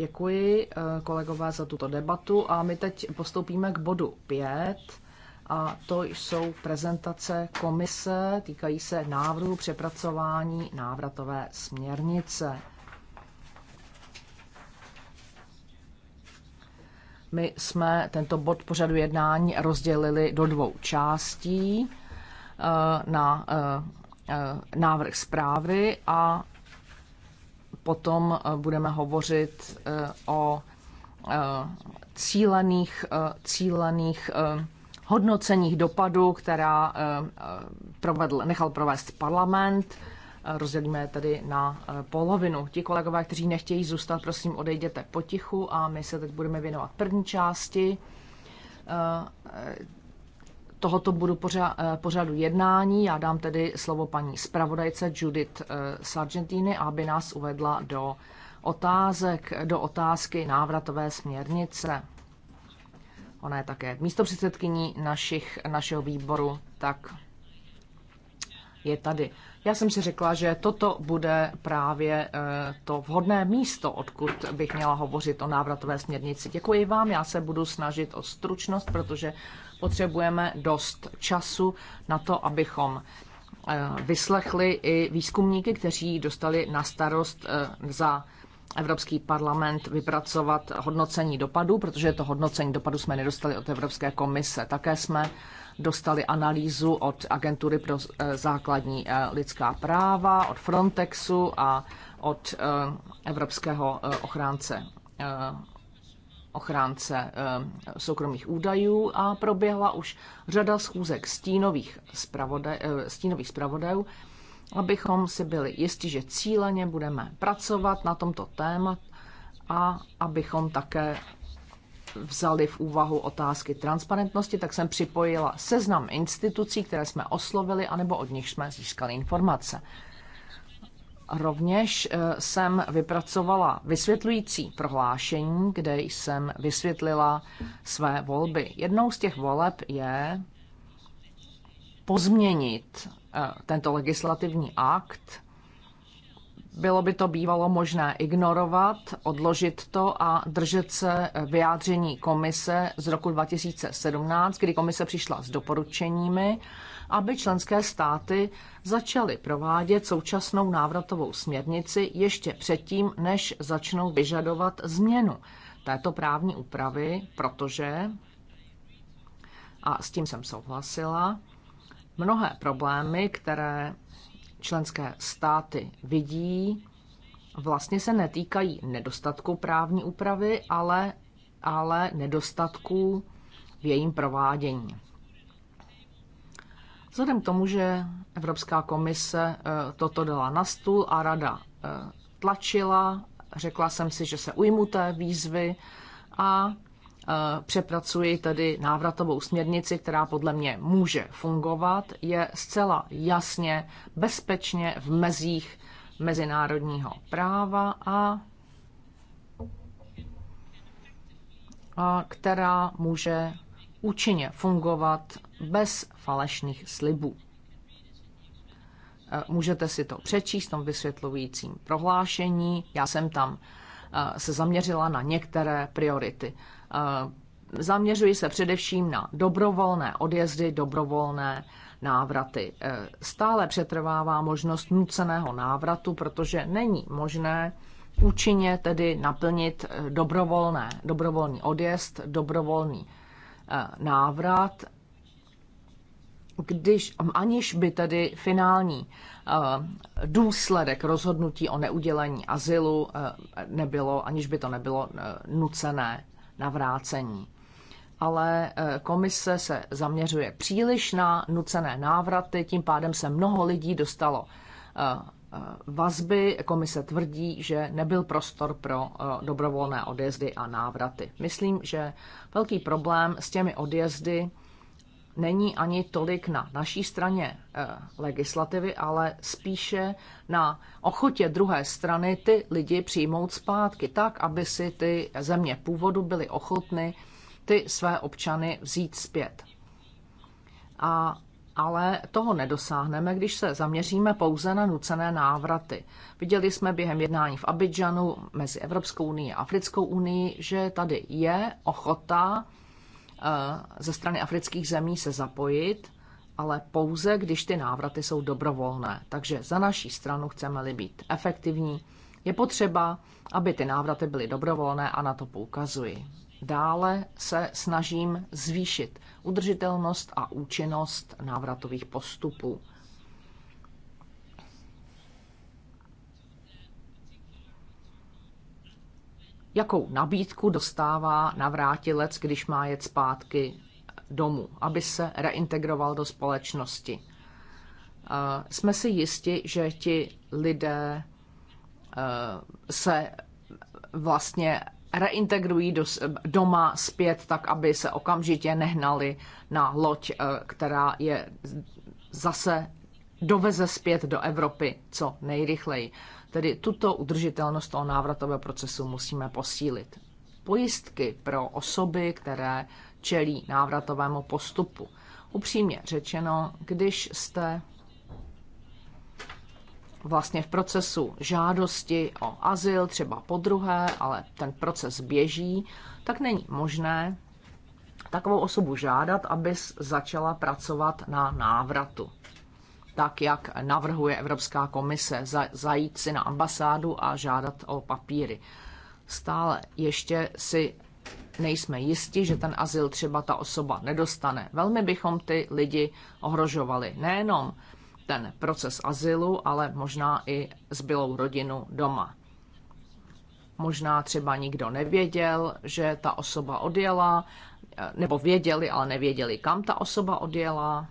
Děkuji eh, kolegové za tuto debatu a my teď postoupíme k bodu 5 a to jsou prezentace komise, týkají se návrhu přepracování návratové směrnice. My jsme tento bod pořadu jednání rozdělili do dvou částí eh, na eh, návrh zprávy a potom eh, budeme hovořit eh, o eh, cílených, cílených hodnoceních dopadu, která provedl, nechal provést parlament. Rozdělíme je tedy na polovinu. Ti kolegové, kteří nechtějí zůstat, prosím, odejděte potichu a my se teď budeme věnovat první části tohoto bodu eh, pořadu jednání. Já dám tedy slovo paní zpravodajce Judith Sargentini, eh, aby nás uvedla do otázek, do otázky návratové směrnice. Ona je také místo předsedkyní našich, našeho výboru, tak je tady. Já jsem si řekla, že toto bude právě eh, to vhodné místo, odkud bych měla hovořit o návratové směrnici. Děkuji vám, já se budu snažit o stručnost, protože Potřebujeme dost času na to, abychom eh, vyslechli i výzkumníky, kteří dostali na starost eh, za Evropský parlament vypracovat hodnocení dopadu, protože to hodnocení dopadu jsme nedostali od Evropské komise. Také jsme dostali analýzu od Agentury pro eh, základní lidská práva, od Frontexu a od Evropského ochránce ochránce eh, soukromých údajů a proběhla už řada schůzek stínových, spravodaj, eh, stínových spravodajů, abychom si byli jistí, že cíleně budeme pracovat na tomto téma a abychom také vzali v úvahu otázky transparentnosti, tak jsem připojila seznam institucí, které jsme oslovili, anebo od nich jsme získali informace. Rovněž eh, jsem vypracovala vysvětlující prohlášení, kde jsem vysvětlila své volby. Jednou z těch voleb je pozměnit eh, tento legislativní akt. Bylo by to bývalo možné ignorovat, odložit to a držet se eh, vyjádření komise z roku 2017, kdy komise přišla s doporučeními aby členské státy začaly provádět současnou návratovou směrnici ještě předtím, než začnou vyžadovat změnu této právní úpravy, protože, a s tím jsem souhlasila, mnohé problémy, které členské státy vidí, vlastně se netýkají nedostatku právní úpravy, ale, ale nedostatků v jejím provádění. Vzhledem k tomu, že Evropská komise eh, toto dala na stůl a rada eh, tlačila, řekla jsem si, že se ujmu té výzvy a eh, přepracuji tedy návratovou směrnici, která podle mě může fungovat, je zcela jasně bezpečně v mezích mezinárodního práva a, a která může účinně fungovat bez falešných slibů. Eh, můžete si to přečíst v tom vysvětlujícím prohlášení. Já jsem tam eh, se zaměřila na některé priority. Eh, zaměřuji se především na dobrovolné odjezdy, dobrovolné návraty. Stále přetrvává možnost nuceného návratu, protože není možné účinně tedy naplnit dobrovolné, dobrovolný odjezd, dobrovolný návrat když, aniž by tedy finální eh, důsledek rozhodnutí o neudělení azylu eh, nebylo, aniž by to nebylo eh, nucené navrácení. Ale komise se zaměřuje příliš na nucené návraty, tím pádem se mnoho lidí dostalo vazby. Komise tvrdí, že nebyl prostor pro dobrovolné odjezdy a návraty. Myslím, že velký problém s těmi odjezdy není ani tolik na naší straně eh, legislativy, ale spíše na ochotě druhé strany ty lidi přijmout zpátky, tak, aby si ty země původu byly ochotny ty své občany vzít zpět. A, ale toho nedosáhneme, když se zaměříme pouze na nucené návraty. Viděli jsme během jednání v Abidžanu mezi Evropskou unii a Africkou unii, že tady je ochota Eh, ze strany afrických zemí se zapojit, ale pouze, když ty návraty jsou dobrovolné. Takže za naší stranu chceme-li být efektivní, je potřeba, aby ty návraty byly dobrovolné a na to poukazuji. Dále se snažím zvýšit udržitelnost a účinnost návratových postupů. jakou nabídku dostává navrátilec, když má jet zpátky domů, aby se reintegroval do společnosti. Eh, jsme si jisti, že ti lidé eh, se vlastně reintegrují do, doma zpět tak, aby se okamžitě nehnali na loď, eh, která je zase doveze zpět do Evropy co nejrychleji. Tedy tuto udržitelnost toho návratového procesu musíme posílit. Pojistky pro osoby, které čelí návratovému postupu. Upřímně řečeno, když jste vlastně v procesu žádosti o azyl, třeba po druhé, ale ten proces běží, tak není možné takovou osobu žádat, aby začala pracovat na návratu tak jak navrhuje Evropská komise, zajít si na ambasádu a žádat o papíry. Stále ještě si nejsme jisti, že ten azyl třeba ta osoba nedostane. Velmi bychom ty lidi ohrožovali. Nejenom ten proces azylu, ale možná i zbylou rodinu doma. Možná třeba nikdo nevěděl, že ta osoba odjela, nebo věděli, ale nevěděli, kam ta osoba odjela.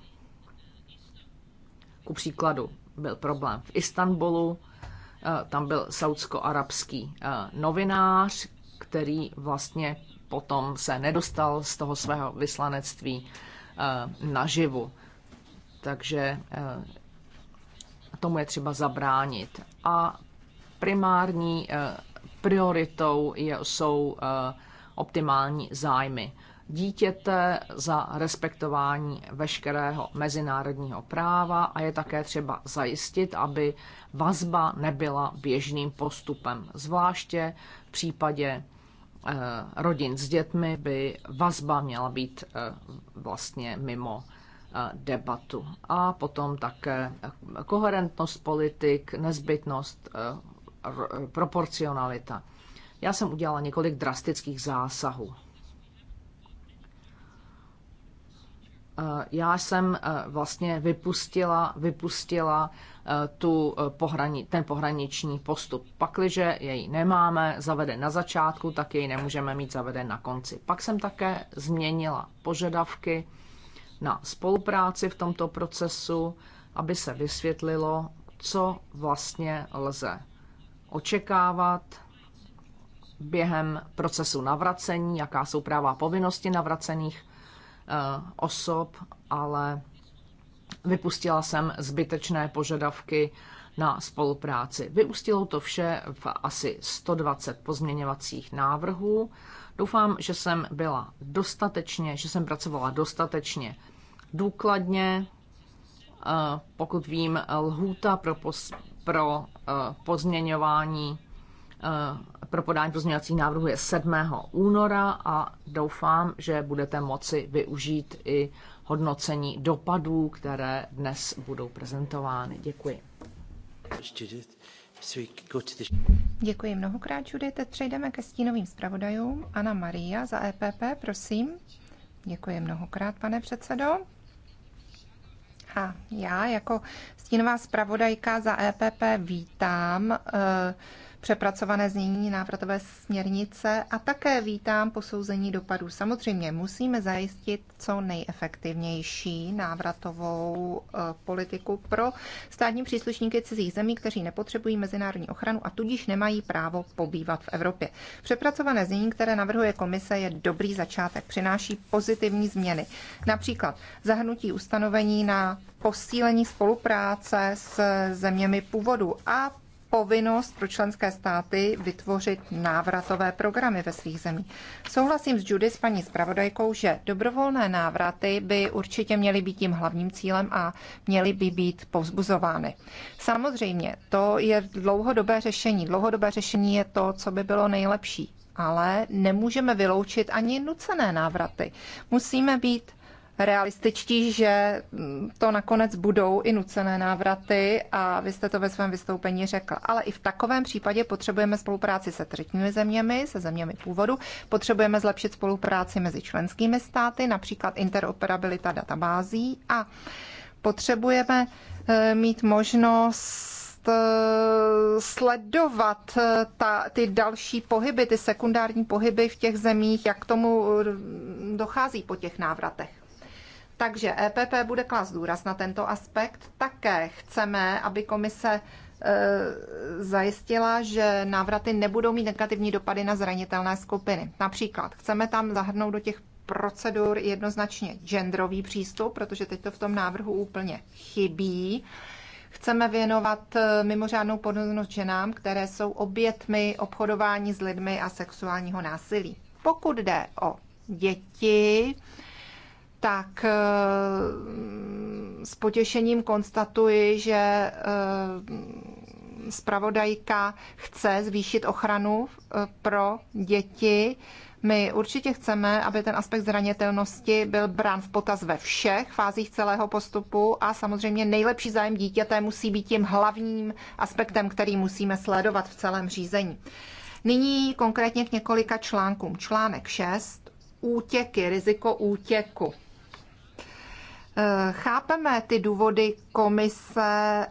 Ku příkladu byl problém v Istanbulu, eh, tam byl saudsko-arabský eh, novinář, který vlastně potom se nedostal z toho svého vyslanectví eh, naživu. Takže tomu je třeba zabránit. A primární prioritou jsou optimální zájmy dítěte, za respektování veškerého mezinárodního práva a je také třeba zajistit, aby vazba nebyla běžným postupem. Zvláště v případě eh, rodin s dětmi by vazba měla být eh, vlastně mimo eh, debatu. A potom také koherentnost politik, nezbytnost, proporcionalita. Já jsem udělala několik drastických zásahů Eh, já jsem eh, vlastně vypustila, vypustila eh, tu pohrani, ten pohraniční postup. Pakliže jej nemáme zaveden na začátku, tak jej nemůžeme mít zaveden na konci. Pak jsem také změnila požadavky na spolupráci v tomto procesu, aby se vysvětlilo, co vlastně lze očekávat během procesu navracení, jaká jsou práva povinnosti navracených Eh, osob, ale vypustila jsem zbytečné požadavky na spolupráci. Vyustilo to vše v asi 120 pozměňovacích návrhů. Doufám, že jsem byla dostatečně, že jsem pracovala dostatečně důkladně. Eh, pokud vím, lhůta pro, pos, pro eh, pozměňování pro podání pozměňovacích návrhů je 7. února a doufám, že budete moci využít i hodnocení dopadů, které dnes budou prezentovány. Děkuji. Děkuji mnohokrát, Judith. Teď přejdeme ke stínovým zpravodajům. Ana Maria za EPP, prosím. Děkuji mnohokrát, pane předsedo. A já jako stínová zpravodajka za EPP vítám uh, přepracované znění návratové směrnice a také vítám posouzení dopadů. Samozřejmě musíme zajistit co nejefektivnější návratovou e, politiku pro státní příslušníky cizích zemí, kteří nepotřebují mezinárodní ochranu a tudíž nemají právo pobývat v Evropě. Přepracované znění, které navrhuje komise, je dobrý začátek, přináší pozitivní změny. Například zahrnutí ustanovení na posílení spolupráce s zeměmi původu a povinnost pro členské státy vytvořit návratové programy ve svých zemích. Souhlasím s Judy, s paní zpravodajkou, že dobrovolné návraty by určitě měly být tím hlavním cílem a měly by být povzbuzovány. Samozřejmě, to je dlouhodobé řešení. Dlouhodobé řešení je to, co by bylo nejlepší. Ale nemůžeme vyloučit ani nucené návraty. Musíme být realističtí, že to nakonec budou i nucené návraty a vy jste to ve svém vystoupení řekl. Ale i v takovém případě potřebujeme spolupráci se třetími zeměmi, se zeměmi původu, potřebujeme zlepšit spolupráci mezi členskými státy, například interoperabilita databází a potřebujeme eh, mít možnost eh, sledovat eh, ta, ty další pohyby, ty sekundární pohyby v těch zemích, jak k tomu dochází po těch návratech. Takže EPP bude klást důraz na tento aspekt. Také chceme, aby komise e, zajistila, že návraty nebudou mít negativní dopady na zranitelné skupiny. Například chceme tam zahrnout do těch procedur jednoznačně genderový přístup, protože teď to v tom návrhu úplně chybí. Chceme věnovat e, mimořádnou pozornost ženám, které jsou obětmi obchodování s lidmi a sexuálního násilí. Pokud jde o děti, tak eh, s potěšením konstatuji, že spravodajka eh, chce zvýšit ochranu eh, pro děti. My určitě chceme, aby ten aspekt zranitelnosti byl brán v potaz ve všech fázích celého postupu a samozřejmě nejlepší zájem dítěte musí být tím hlavním aspektem, který musíme sledovat v celém řízení. Nyní konkrétně k několika článkům. Článek 6. Útěky, riziko útěku. Chápeme ty důvody komise,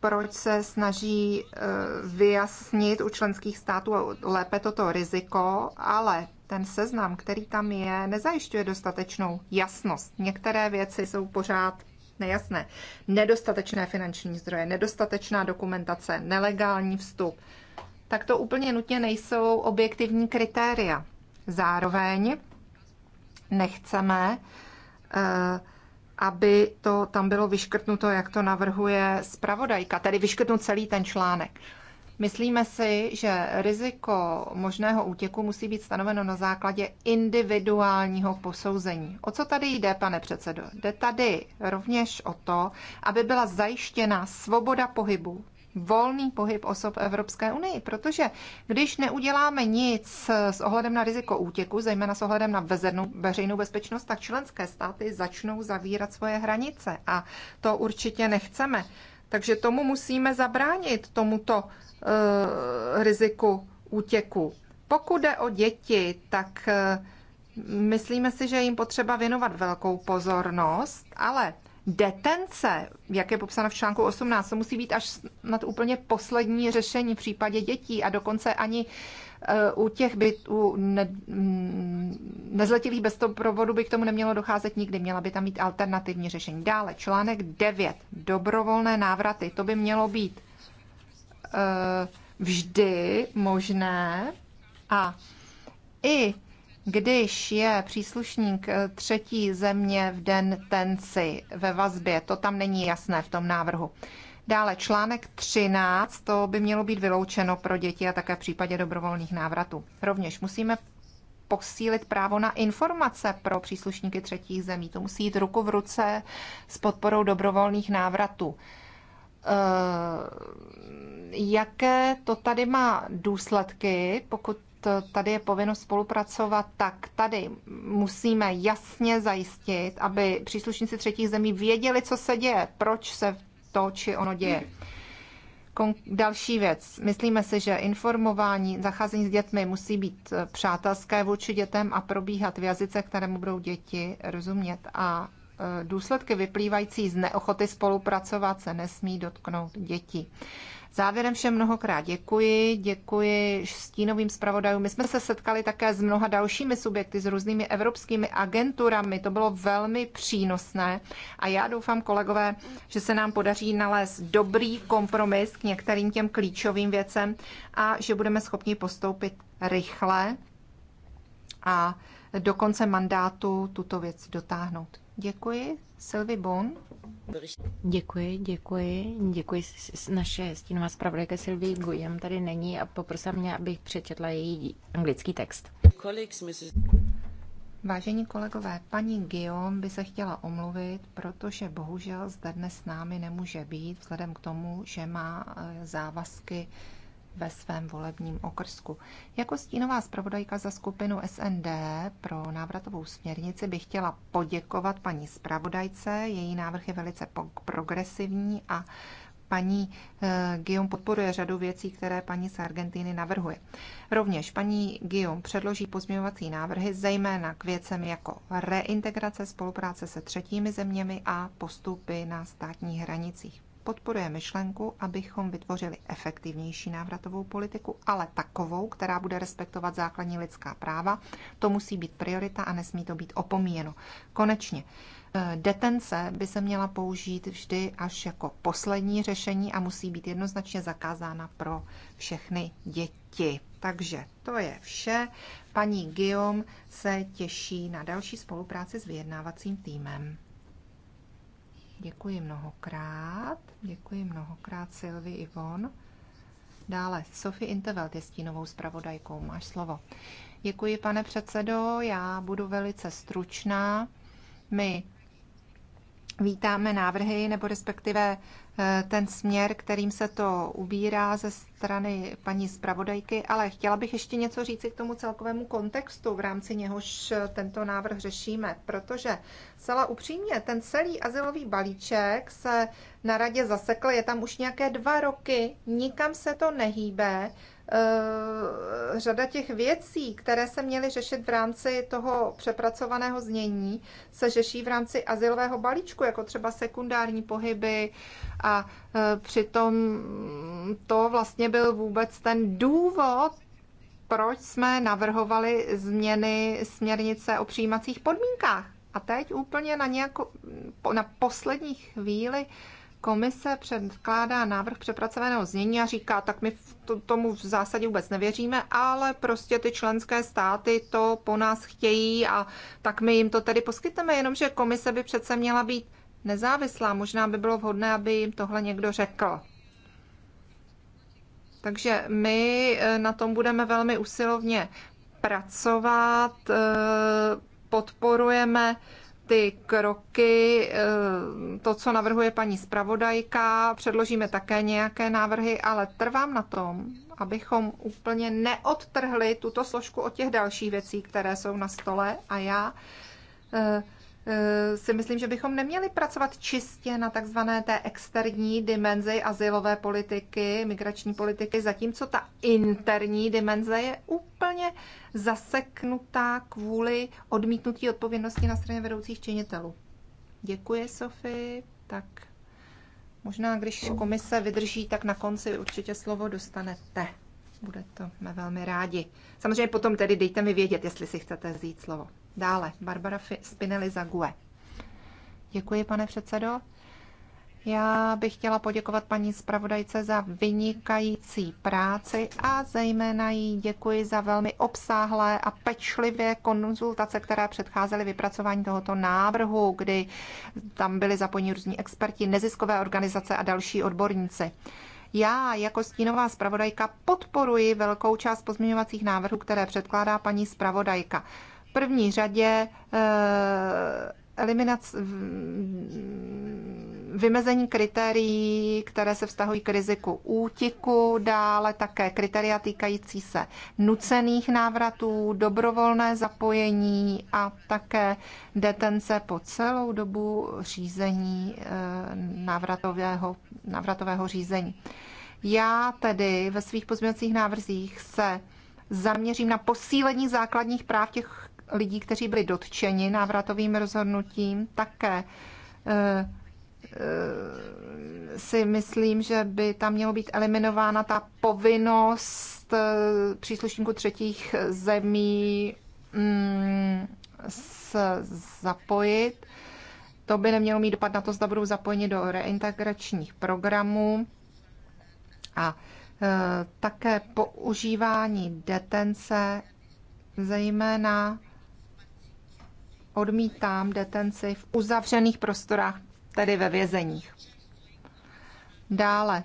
proč se snaží eh, vyjasnit u členských států lépe toto riziko, ale ten seznam, který tam je, nezajišťuje dostatečnou jasnost. Některé věci jsou pořád nejasné. Nedostatečné finanční zdroje, nedostatečná dokumentace, nelegální vstup. Tak to úplně nutně nejsou objektivní kritéria. Zároveň nechceme uh, aby to tam bylo vyškrtnuto, jak to navrhuje zpravodajka, tedy vyškrtnout celý ten článek. Myslíme si, že riziko možného útěku musí být stanoveno na základě individuálního posouzení. O co tady jde, pane předsedo? Jde tady rovněž o to, aby byla zajištěna svoboda pohybu volný pohyb osob v Evropské unii, protože když neuděláme nic s ohledem na riziko útěku, zejména s ohledem na vezernou, veřejnou bezpečnost, tak členské státy začnou zavírat svoje hranice a to určitě nechceme. Takže tomu musíme zabránit, tomuto uh, riziku útěku. Pokud jde o děti, tak uh, myslíme si, že jim potřeba věnovat velkou pozornost, ale detence, jak je popsáno v článku 18, to musí být až nad úplně poslední řešení v případě dětí a dokonce ani eh, u těch bytů ne, mm, nezletilých bez toho provodu by k tomu nemělo docházet nikdy. Měla by tam mít alternativní řešení. Dále, článek 9. Dobrovolné návraty. To by mělo být eh, vždy možné a i když je příslušník eh, třetí země v den tenci ve vazbě, to tam není jasné v tom návrhu. Dále článek 13, to by mělo být vyloučeno pro děti a také v případě dobrovolných návratů. Rovněž musíme posílit právo na informace pro příslušníky třetích zemí. To musí jít ruku v ruce s podporou dobrovolných návratů. Eh, jaké to tady má důsledky, pokud tady je povinnost spolupracovat, tak tady musíme jasně zajistit, aby příslušníci třetích zemí věděli, co se děje, proč se to či ono děje. Kon- další věc. Myslíme si, že informování, zacházení s dětmi musí být eh, přátelské vůči dětem a probíhat v jazyce, kterému budou děti rozumět. A eh, důsledky vyplývající z neochoty spolupracovat se nesmí dotknout dětí. Závěrem všem mnohokrát děkuji, děkuji stínovým zpravodajům. My jsme se setkali také s mnoha dalšími subjekty, s různými evropskými agenturami, to bylo velmi přínosné a já doufám, kolegové, že se nám podaří nalézt dobrý kompromis k některým těm klíčovým věcem a že budeme schopni postoupit rychle a do konce mandátu tuto věc dotáhnout. Děkuji, Sylvie Bon. Děkuji, děkuji. Děkuji naše stínová zpravodajka Sylvie Gujem tady není a poprosím mě, abych přečetla její anglický text. Vážení kolegové, paní Guillaume by se chtěla omluvit, protože bohužel zde dnes s námi nemůže být, vzhledem k tomu, že má eh, závazky ve svém volebním okrsku. Jako stínová zpravodajka za skupinu SND pro návratovou směrnici bych chtěla poděkovat paní zpravodajce. Její návrh je velice progresivní a paní eh, Gion podporuje řadu věcí, které paní z Argentiny navrhuje. Rovněž paní Gion předloží pozměňovací návrhy zejména k věcem jako reintegrace, spolupráce se třetími zeměmi a postupy na státních hranicích podporuje myšlenku, abychom vytvořili efektivnější návratovou politiku, ale takovou, která bude respektovat základní lidská práva. To musí být priorita a nesmí to být opomíjeno. Konečně, eh, detence by se měla použít vždy až jako poslední řešení a musí být jednoznačně zakázána pro všechny děti. Takže to je vše. Paní Guillaume se těší na další spolupráci s vyjednávacím týmem. Děkuji mnohokrát. Děkuji mnohokrát Silvi Ivon. Dále Sofie Intervelt je stínovou zpravodajkou. Máš slovo. Děkuji, pane předsedo. Já budu velice stručná. My vítáme návrhy nebo respektive Eh, ten směr, kterým se to ubírá ze strany paní zpravodajky, ale chtěla bych ještě něco říci k tomu celkovému kontextu, v rámci něhož eh, tento návrh řešíme, protože celá upřímně ten celý asilový balíček se na radě zasekl, je tam už nějaké dva roky, nikam se to nehýbe Eh, řada těch věcí, které se měly řešit v rámci toho přepracovaného znění, se řeší v rámci asilového balíčku, jako třeba sekundární pohyby a eh, přitom to vlastně byl vůbec ten důvod, proč jsme navrhovali změny směrnice o přijímacích podmínkách. A teď úplně na, nějakou, na poslední chvíli Komise předkládá návrh přepracovaného znění a říká, tak my tomu v zásadě vůbec nevěříme, ale prostě ty členské státy to po nás chtějí a tak my jim to tedy poskytneme, jenomže komise by přece měla být nezávislá. Možná by bylo vhodné, aby jim tohle někdo řekl. Takže my eh, na tom budeme velmi usilovně pracovat, eh, podporujeme ty kroky, eh, to, co navrhuje paní zpravodajka, předložíme také nějaké návrhy, ale trvám na tom, abychom úplně neodtrhli tuto složku od těch dalších věcí, které jsou na stole a já eh, Eh, si myslím, že bychom neměli pracovat čistě na takzvané té externí dimenzi asilové politiky, migrační politiky, zatímco ta interní dimenze je úplně zaseknutá kvůli odmítnutí odpovědnosti na straně vedoucích činitelů. Děkuji, Sofie. Tak možná, když komise vydrží, tak na konci určitě slovo dostanete. Bude to jsme velmi rádi. Samozřejmě potom tedy dejte mi vědět, jestli si chcete vzít slovo. Dále, Barbara Spinelli za GUE. Děkuji, pane předsedo. Já bych chtěla poděkovat paní zpravodajce za vynikající práci a zejména jí děkuji za velmi obsáhlé a pečlivé konzultace, které předcházely vypracování tohoto návrhu, kdy tam byli zapojeni různí experti, neziskové organizace a další odborníci. Já jako stínová zpravodajka podporuji velkou část pozměňovacích návrhů, které předkládá paní zpravodajka první řadě eh, eliminace, vymezení kritérií, které se vztahují k riziku útiku, dále také kritéria týkající se nucených návratů, dobrovolné zapojení a také detence po celou dobu řízení eh, návratového, návratového řízení. Já tedy ve svých pozměňovacích návrzích se zaměřím na posílení základních práv těch lidí, kteří byli dotčeni návratovým rozhodnutím, také eh, eh, si myslím, že by tam mělo být eliminována ta povinnost eh, příslušníků třetích zemí mm, se zapojit. To by nemělo mít dopad na to, zda budou zapojeni do reintegračních programů. A také používání detence, zejména Odmítám detenci v uzavřených prostorách, tedy ve vězeních. Dále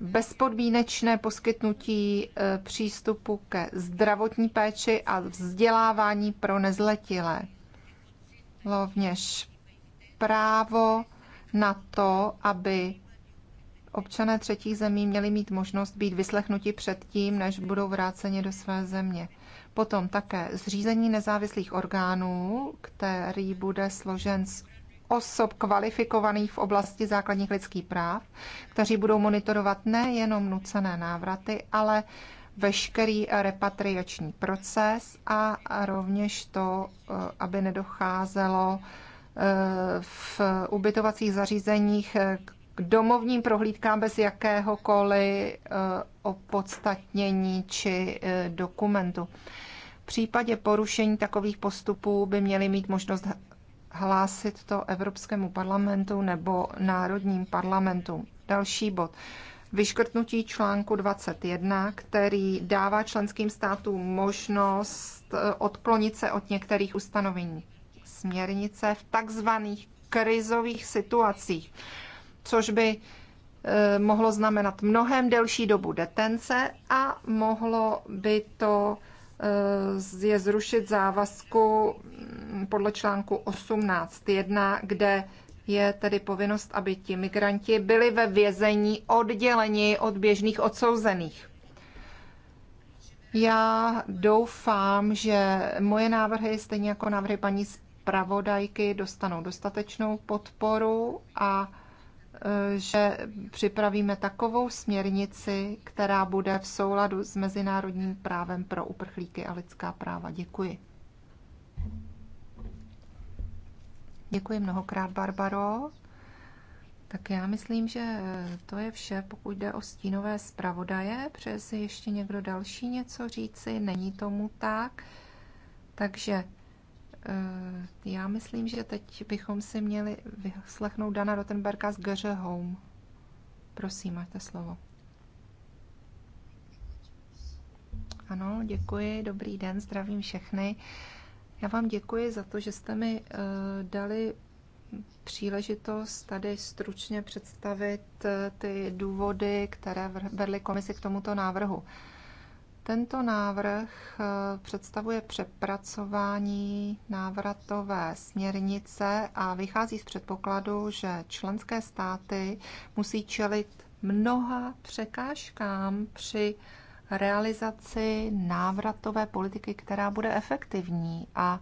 bezpodmínečné poskytnutí e, přístupu ke zdravotní péči a vzdělávání pro nezletilé. Lovněž právo na to, aby občané třetích zemí měli mít možnost být vyslechnuti předtím, než budou vráceni do své země. Potom také zřízení nezávislých orgánů, který bude složen z osob kvalifikovaných v oblasti základních lidských práv, kteří budou monitorovat nejenom nucené návraty, ale veškerý repatriační proces a rovněž to, eh, aby nedocházelo eh, v ubytovacích zařízeních k domovním prohlídkám bez jakéhokoliv eh, opodstatnění či dokumentu případě porušení takových postupů by měli mít možnost hlásit to Evropskému parlamentu nebo národním parlamentu. Další bod. Vyškrtnutí článku 21, který dává členským státům možnost eh, odklonit se od některých ustanovení směrnice v takzvaných krizových situacích, což by eh, mohlo znamenat mnohem delší dobu detence a mohlo by to Eh, je zrušit závazku mm, podle článku 18.1, kde je tedy povinnost, aby ti migranti byli ve vězení odděleni od běžných odsouzených. Já doufám, že moje návrhy, stejně jako návrhy paní zpravodajky, dostanou dostatečnou podporu a že připravíme takovou směrnici, která bude v souladu s mezinárodním právem pro uprchlíky a lidská práva. Děkuji. Děkuji mnohokrát, Barbaro. Tak já myslím, že to je vše, pokud jde o stínové zpravodaje. Přeje si ještě někdo další něco říci? Není tomu tak. Takže Eh, já myslím, že teď bychom si měli vyslechnout Dana Rottenberga z Geře Home. Prosím, máte slovo. Ano, děkuji, dobrý den, zdravím všechny. Já vám děkuji za to, že jste mi eh, dali příležitost tady stručně představit eh, ty důvody, které vedly komisi k tomuto návrhu. Tento návrh eh, představuje přepracování návratové směrnice a vychází z předpokladu, že členské státy musí čelit mnoha překážkám při realizaci návratové politiky, která bude efektivní a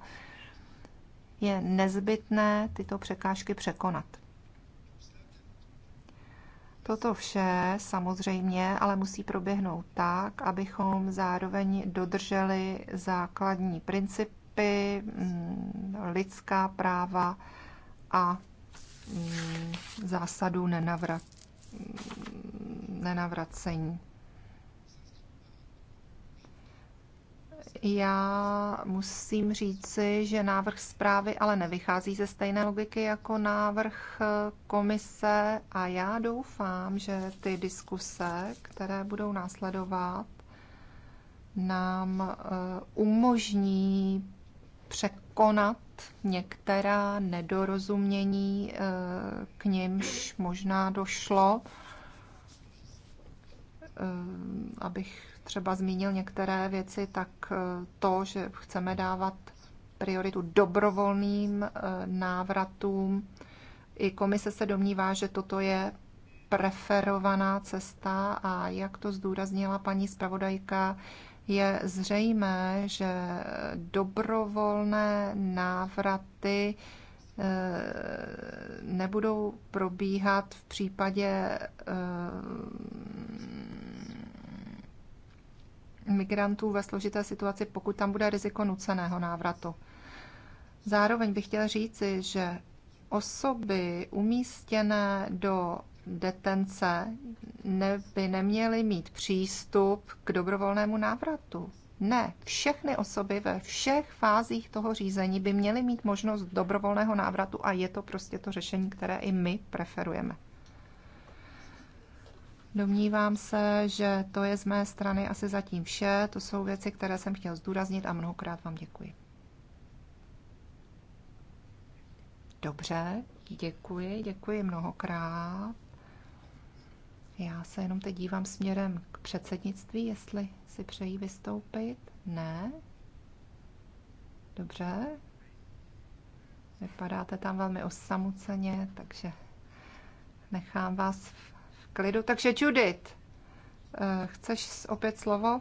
je nezbytné tyto překážky překonat. Toto vše samozřejmě ale musí proběhnout tak, abychom zároveň dodrželi základní principy, mm, lidská práva a mm, zásadu nenavracení. Já musím říci, že návrh zprávy ale nevychází ze stejné logiky jako návrh eh, komise a já doufám, že ty diskuse, které budou následovat, nám eh, umožní překonat některá nedorozumění, eh, k nimž možná došlo, abych třeba zmínil některé věci, tak eh, to, že chceme dávat prioritu dobrovolným eh, návratům. I komise se domnívá, že toto je preferovaná cesta a jak to zdůraznila paní zpravodajka, je zřejmé, že dobrovolné návraty eh, nebudou probíhat v případě migrantů ve složité situaci, pokud tam bude riziko nuceného návratu. Zároveň bych chtěla říci, že osoby umístěné do detence ne, by neměly mít přístup k dobrovolnému návratu. Ne, všechny osoby ve všech fázích toho řízení by měly mít možnost dobrovolného návratu a je to prostě to řešení, které i my preferujeme. Domnívám se, že to je z mé strany asi zatím vše. To jsou věci, které jsem chtěl zdůraznit a mnohokrát vám děkuji. Dobře, děkuji, děkuji mnohokrát. Já se jenom teď dívám směrem k předsednictví, jestli si přejí vystoupit. Ne? Dobře. Vypadáte tam velmi osamuceně, takže nechám vás v klidu. Takže Judith, eh, chceš opět slovo?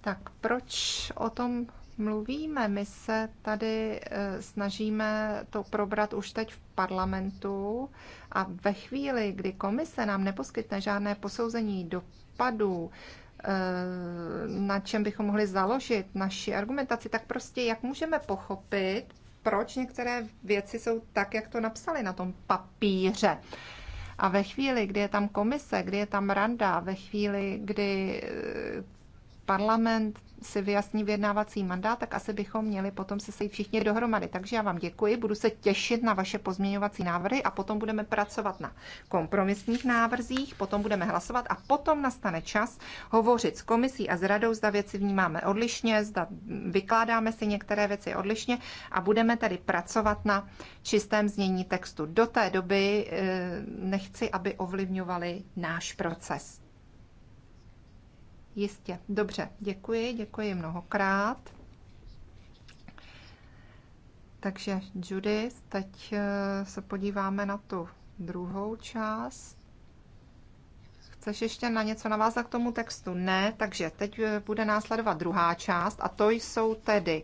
Tak proč o tom mluvíme? My se tady eh, snažíme to probrat už teď v parlamentu a ve chvíli, kdy komise nám neposkytne žádné posouzení dopadů, eh, na čem bychom mohli založit naši argumentaci, tak prostě jak můžeme pochopit, proč některé věci jsou tak, jak to napsali na tom papíře. A ve chvíli, kdy je tam komise, kdy je tam randa, ve chvíli, kdy parlament si vyjasní vyjednávací mandát, tak asi bychom měli potom se sejít všichni dohromady. Takže já vám děkuji, budu se těšit na vaše pozměňovací návrhy a potom budeme pracovat na kompromisních návrzích, potom budeme hlasovat a potom nastane čas hovořit s komisí a s radou, zda věci vnímáme odlišně, zda vykládáme si některé věci odlišně a budeme tedy pracovat na čistém znění textu. Do té doby eh, nechci, aby ovlivňovali náš proces. Jistě, dobře, děkuji, děkuji mnohokrát. Takže Judy, teď eh, se podíváme na tu druhou část. Chceš ještě na něco navázat k tomu textu? Ne, takže teď eh, bude následovat druhá část a to jsou tedy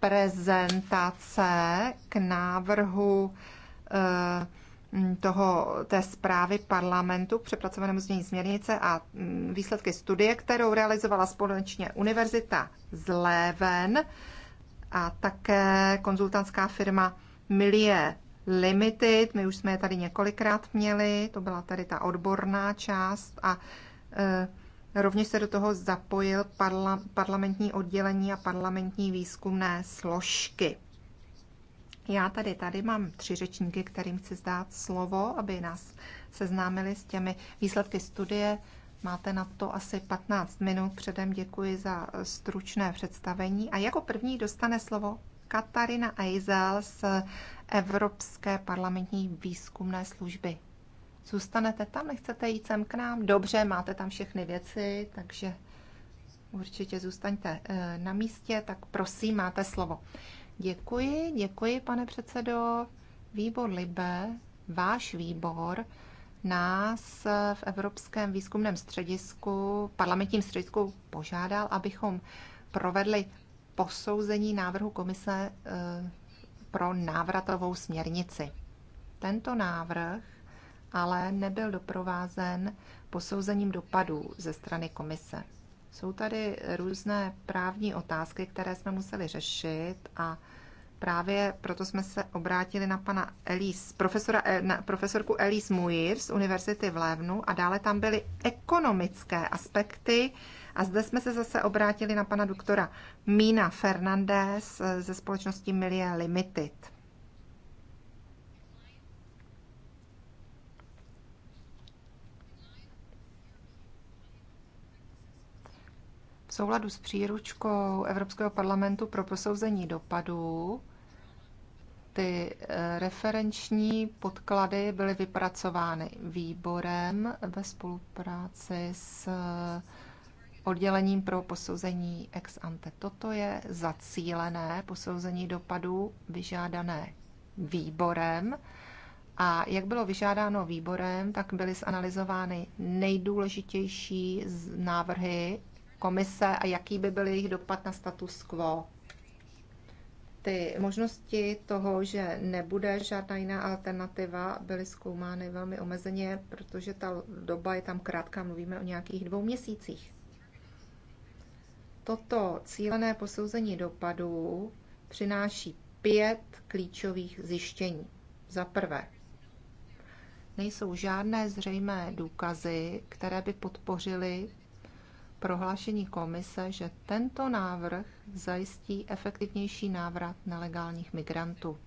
prezentace k návrhu eh, Mm, toho, té zprávy parlamentu k přepracovanému změní směrnice a mm, výsledky studie, kterou realizovala společně Univerzita z Léven a také konzultantská firma Milie Limited. My už jsme je tady několikrát měli, to byla tady ta odborná část a e, rovněž se do toho zapojil parla, parlamentní oddělení a parlamentní výzkumné složky. Já tady, tady mám tři řečníky, kterým chci zdát slovo, aby nás seznámili s těmi výsledky studie. Máte na to asi 15 minut. Předem děkuji za stručné představení. A jako první dostane slovo Katarina Eizal z Evropské parlamentní výzkumné služby. Zůstanete tam, nechcete jít sem k nám? Dobře, máte tam všechny věci, takže určitě zůstaňte eh, na místě, tak prosím, máte slovo. Děkuji, děkuji, pane předsedo. Výbor Libe, váš výbor, nás v Evropském výzkumném středisku, parlamentním středisku požádal, abychom provedli posouzení návrhu komise eh, pro návratovou směrnici. Tento návrh ale nebyl doprovázen posouzením dopadů ze strany komise. Jsou tady různé právní otázky, které jsme museli řešit a právě proto jsme se obrátili na pana Elise, profesora, eh, na profesorku Elise Muir z Univerzity v Lévnu a dále tam byly ekonomické aspekty a zde jsme se zase obrátili na pana doktora Mína Fernandez eh, ze společnosti Milie Limited. souladu s příručkou Evropského parlamentu pro posouzení dopadů ty eh, referenční podklady byly vypracovány výborem ve spolupráci s eh, oddělením pro posouzení ex ante. Toto je zacílené posouzení dopadů vyžádané výborem. A jak bylo vyžádáno výborem, tak byly zanalizovány nejdůležitější návrhy komise a jaký by byl jejich dopad na status quo. Ty možnosti toho, že nebude žádná jiná alternativa, byly zkoumány velmi omezeně, protože ta doba je tam krátká, mluvíme o nějakých dvou měsících. Toto cílené posouzení dopadů přináší pět klíčových zjištění. Za prvé, nejsou žádné zřejmé důkazy, které by podpořily prohlášení komise, že tento návrh zajistí efektivnější návrat nelegálních migrantů.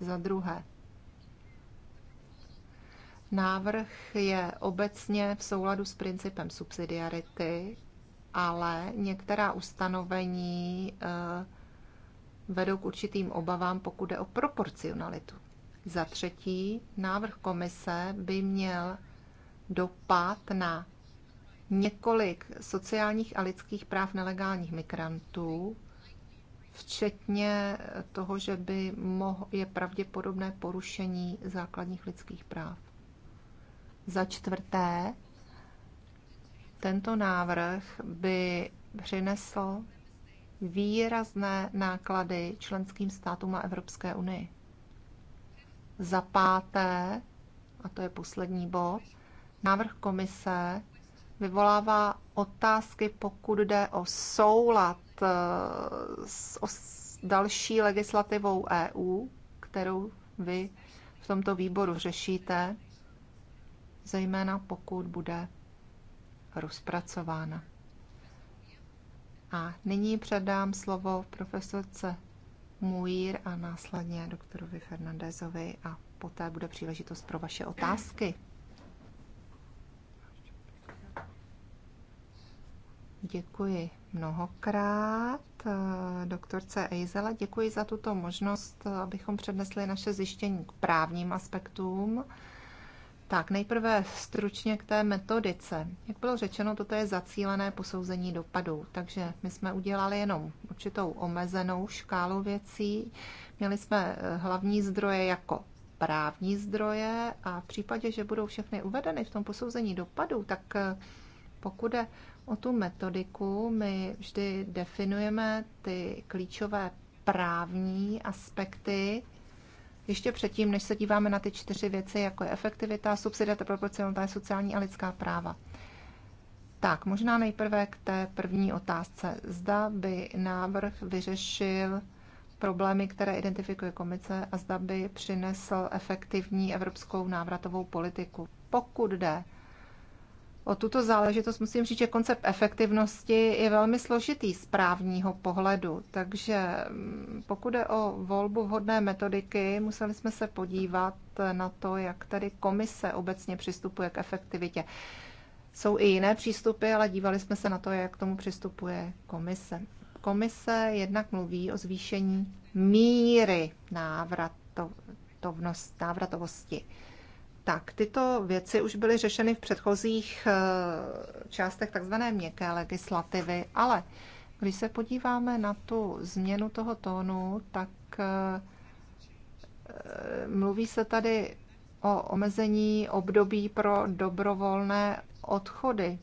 Za druhé, návrh je obecně v souladu s principem subsidiarity, ale některá ustanovení eh, vedou k určitým obavám, pokud jde o proporcionalitu. Za třetí, návrh komise by měl dopad na několik sociálních a lidských práv nelegálních migrantů, včetně toho, že by moho, je pravděpodobné porušení základních lidských práv. Za čtvrté, tento návrh by přinesl výrazné náklady členským státům a Evropské unii. Za páté, a to je poslední bod, návrh komise vyvolává otázky, pokud jde o soulad eh, s, další legislativou EU, kterou vy v tomto výboru řešíte, zejména pokud bude rozpracována. A nyní předám slovo profesorce Muir a následně doktorovi Fernandezovi a poté bude příležitost pro vaše otázky. Děkuji mnohokrát eh, doktorce Ejzela. Děkuji za tuto možnost, eh, abychom přednesli naše zjištění k právním aspektům. Tak nejprve stručně k té metodice. Jak bylo řečeno, toto je zacílené posouzení dopadů, takže my jsme udělali jenom určitou omezenou škálu věcí. Měli jsme eh, hlavní zdroje jako právní zdroje a v případě, že budou všechny uvedeny v tom posouzení dopadů, tak pokud je o tu metodiku. My vždy definujeme ty klíčové právní aspekty, ještě předtím, než se díváme na ty čtyři věci, jako je efektivita, subsidiarita, proporcionalita, sociální a lidská práva. Tak, možná nejprve k té první otázce. Zda by návrh vyřešil problémy, které identifikuje komice a zda by přinesl efektivní evropskou návratovou politiku. Pokud jde o tuto záležitost musím říct, že koncept efektivnosti je velmi složitý z právního pohledu. Takže mm, pokud je o volbu vhodné metodiky, museli jsme se podívat na to, jak tady komise obecně přistupuje k efektivitě. Jsou i jiné přístupy, ale dívali jsme se na to, jak k tomu přistupuje komise. Komise jednak mluví o zvýšení míry návratovnosti. návratovosti. Tak, tyto věci už byly řešeny v předchozích eh, částech takzvané měkké legislativy, ale když se podíváme na tu změnu toho tónu, tak eh, eh, mluví se tady o omezení období pro dobrovolné odchody.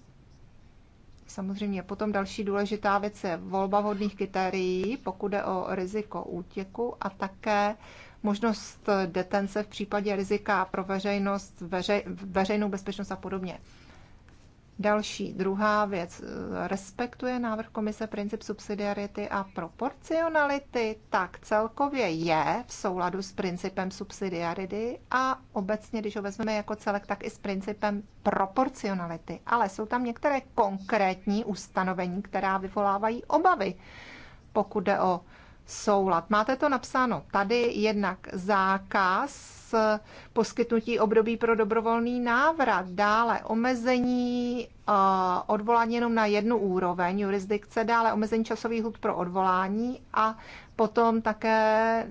Samozřejmě potom další důležitá věc je volba vhodných kritérií, pokud jde o riziko útěku a také možnost eh, detence v případě rizika pro veřejnost, veřej, veřejnou bezpečnost a podobně. Další, druhá věc. Eh, respektuje návrh komise princip subsidiarity a proporcionality? Tak celkově je v souladu s principem subsidiarity a obecně, když ho vezmeme jako celek, tak i s principem proporcionality. Ale jsou tam některé konkrétní ustanovení, která vyvolávají obavy, pokud jde o soulad. Máte to napsáno tady jednak zákaz eh, poskytnutí období pro dobrovolný návrat, dále omezení eh, odvolání jenom na jednu úroveň jurisdikce, dále omezení časových hud pro odvolání a potom také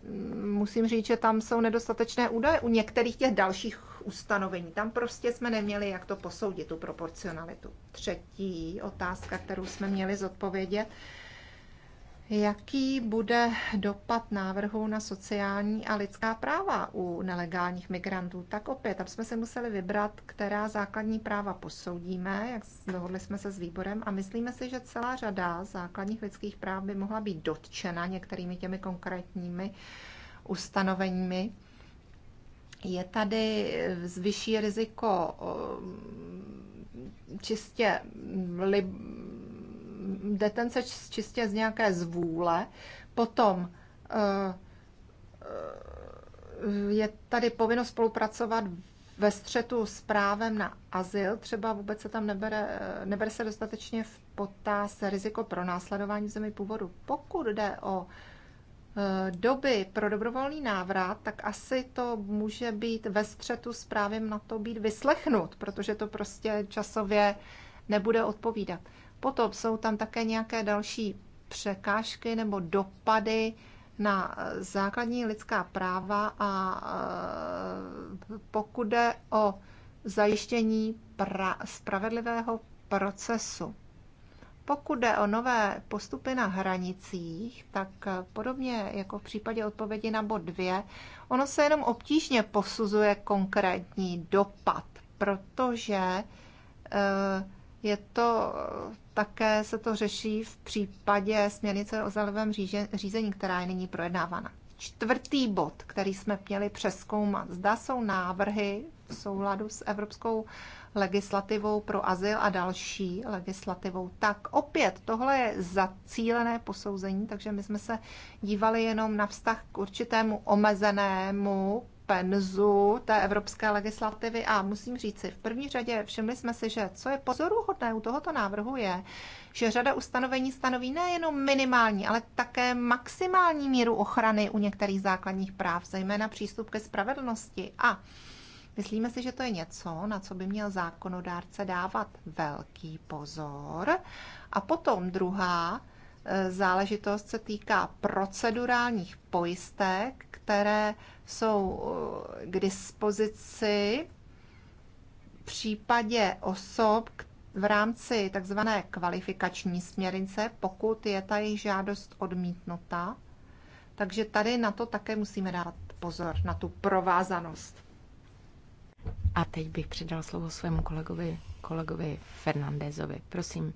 mm, musím říct, že tam jsou nedostatečné údaje u některých těch dalších ustanovení. Tam prostě jsme neměli, jak to posoudit, tu proporcionalitu. Třetí otázka, kterou jsme měli zodpovědět, Jaký bude dopad návrhu na sociální a lidská práva u nelegálních migrantů? Tak opět, tam jsme se museli vybrat, která základní práva posoudíme, jak dohodli jsme se s výborem a myslíme si, že celá řada základních lidských práv by mohla být dotčena některými těmi konkrétními ustanoveními. Je tady eh, vyšší riziko eh, čistě li, detence čistě z nějaké zvůle. Potom eh, eh, je tady povinnost spolupracovat ve střetu s právem na azyl, třeba vůbec se tam nebere, eh, nebere se dostatečně v potaz riziko pro následování zemi původu. Pokud jde o doby pro dobrovolný návrat, tak asi to může být ve střetu s právem na to být vyslechnut, protože to prostě časově nebude odpovídat. Potom jsou tam také nějaké další překážky nebo dopady na základní lidská práva a e, pokud jde o zajištění pra- spravedlivého procesu. Pokud jde o nové postupy na hranicích, tak podobně jako v případě odpovědi na bod 2, ono se jenom obtížně posuzuje konkrétní dopad, protože e, je to také se to řeší v případě směrnice o zálivém řízení, která je nyní projednávána. Čtvrtý bod, který jsme měli přeskoumat, zda jsou návrhy v souladu s evropskou legislativou pro azyl a další legislativou. Tak opět, tohle je zacílené posouzení, takže my jsme se dívali jenom na vztah k určitému omezenému penzu té evropské legislativy a musím říci, v první řadě všimli jsme si, že co je pozoruhodné u tohoto návrhu je, že řada ustanovení stanoví nejenom minimální, ale také maximální míru ochrany u některých základních práv, zejména přístup ke spravedlnosti. A myslíme si, že to je něco, na co by měl zákonodárce dávat velký pozor. A potom druhá záležitost se týká procedurálních pojistek, které jsou eh, k dispozici v případě osob v rámci tzv. kvalifikační směrnice, pokud je ta jejich žádost odmítnuta. Takže tady na to také musíme dát pozor, na tu provázanost. A teď bych předal slovo svému kolegovi, kolegovi Fernandezovi. Prosím.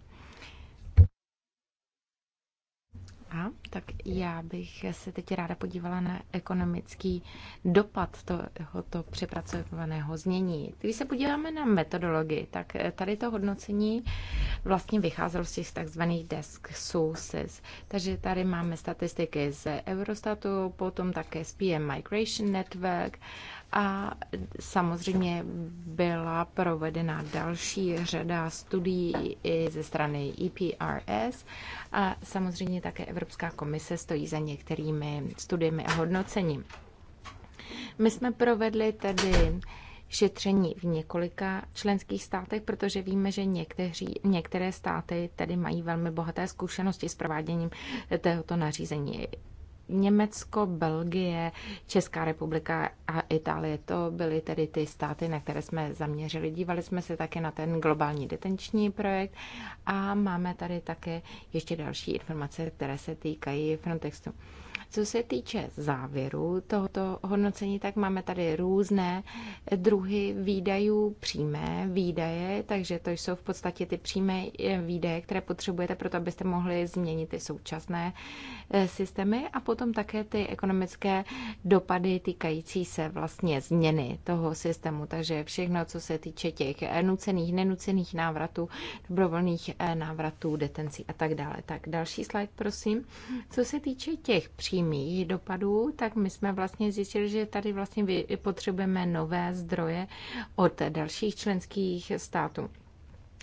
A tak já bych se teď ráda podívala na ekonomický dopad tohoto přepracovaného znění. Když se podíváme na metodologii, tak tady to hodnocení vlastně vycházelo z těch takzvaných desk sources. Takže tady máme statistiky z Eurostatu, potom také z PM Migration Network a samozřejmě byla provedena další řada studií i ze strany EPRS a samozřejmě také Evropská komise stojí za některými studiemi a hodnocením. My jsme provedli tedy šetření v několika členských státech, protože víme, že někteří, některé státy tedy mají velmi bohaté zkušenosti s prováděním tohoto nařízení. Německo, Belgie, Česká republika a Itálie. To byly tedy ty státy, na které jsme zaměřili. Dívali jsme se také na ten globální detenční projekt a máme tady také ještě další informace, které se týkají Frontextu. Co se týče závěru tohoto hodnocení, tak máme tady různé druhy výdajů, přímé výdaje, takže to jsou v podstatě ty přímé eh, výdaje, které potřebujete pro to, abyste mohli změnit ty současné eh, systémy a potom také ty ekonomické dopady týkající se vlastně změny toho systému. Takže všechno, co se týče těch nucených, nenucených návratů, dobrovolných eh, návratů, detencí a tak dále. Tak další slide, prosím. Co se týče těch přímých jejich dopadů, tak my jsme vlastně zjistili, že tady vlastně potřebujeme nové zdroje od dalších členských států.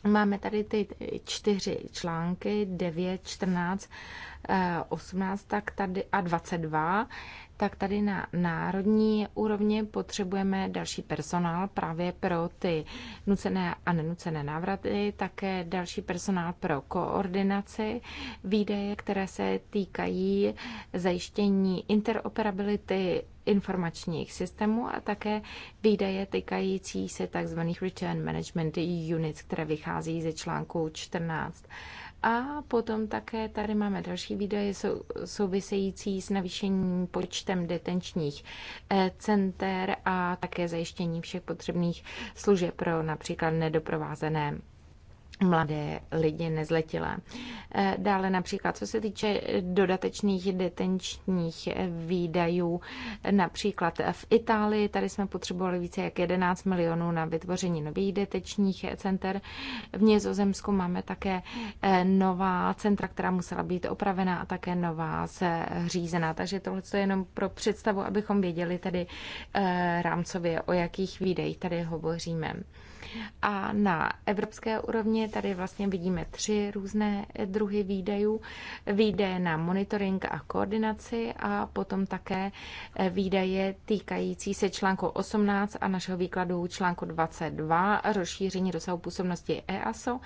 Máme tady ty čtyři články, 9, 14, 18 tak tady a 22, tak tady na národní úrovni potřebujeme další personál právě pro ty nucené a nenucené návraty, také další personál pro koordinaci, výdeje, které se týkají zajištění interoperability informačních systémů a také výdaje týkající se tzv. return management units, které vychází ze článku 14. A potom také tady máme další výdaje související s navýšením počtem detenčních eh, center a také zajištění všech potřebných služeb pro například nedoprovázené mladé lidi nezletilé. Eh, dále například, co se týče dodatečných detenčních výdajů, například v Itálii, tady jsme potřebovali více jak 11 milionů na vytvoření nových detenčních center. V Nizozemsku máme také eh, nová centra, která musela být opravená a také nová zřízená. Takže tohle je jenom pro představu, abychom věděli tedy eh, rámcově, o jakých výdejích tady hovoříme. A na evropské úrovni tady vlastně vidíme tři různé druhy výdajů. Výdaje na monitoring a koordinaci a potom také výdaje týkající se článku 18 a našeho výkladu článku 22, rozšíření dosahu působnosti EASO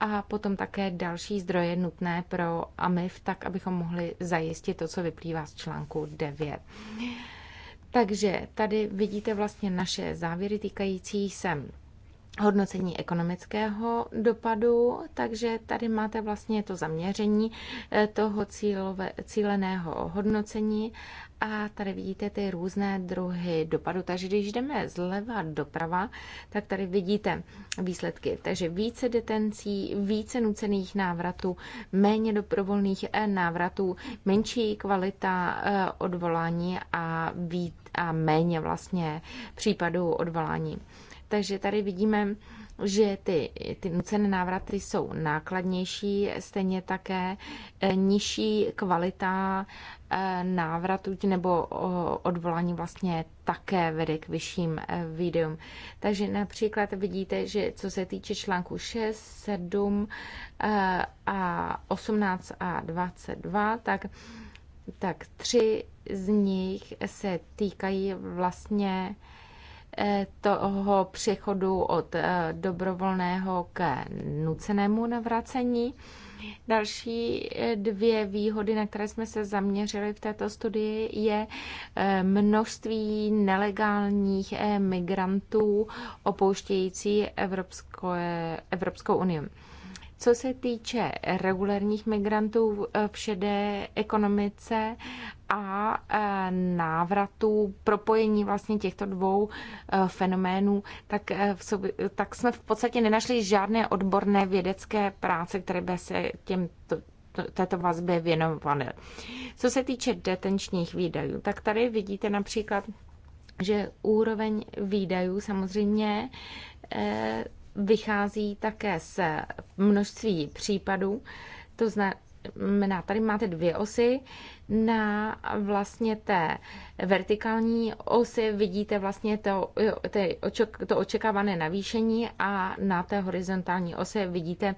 a potom také další zdroje nutné pro AMIF, tak abychom mohli zajistit to, co vyplývá z článku 9. Takže tady vidíte vlastně naše závěry týkající se hodnocení ekonomického dopadu, takže tady máte vlastně to zaměření eh, toho cílové, cíleného hodnocení a tady vidíte ty různé druhy dopadu. Takže když jdeme zleva doprava, tak tady vidíte výsledky. Takže více detencí, více nucených návratů, méně doprovolných eh, návratů, menší kvalita eh, odvolání a, víc, a méně vlastně případů odvolání. Takže tady vidíme, že ty, ty nucené návraty jsou nákladnější, stejně také eh, nižší kvalita eh, návratu nebo odvolání vlastně také vede k vyšším eh, videům. Takže například vidíte, že co se týče článku 6, 7 a 18 a 22, tak, tak tři z nich se týkají vlastně Eh, toho přechodu od eh, dobrovolného k nucenému navracení. Další eh, dvě výhody, na které jsme se zaměřili v této studii, je množství nelegálních migrantů opouštějící Evropskou, Evropskou unii. Co se týče regulérních migrantů v eh, šedé ekonomice a eh, návratu, propojení vlastně těchto dvou eh, fenoménů, tak, v sobě, tak jsme v podstatě nenašli žádné odborné vědecké práce, které by se těm, této vazbě věnovaly. Co se týče detenčních výdajů, tak tady vidíte například, že úroveň výdajů samozřejmě vychází také z množství případů. To znamená, tady máte dvě osy na vlastně té vertikální osy vidíte vlastně to, to očekávané navýšení a na té horizontální ose vidíte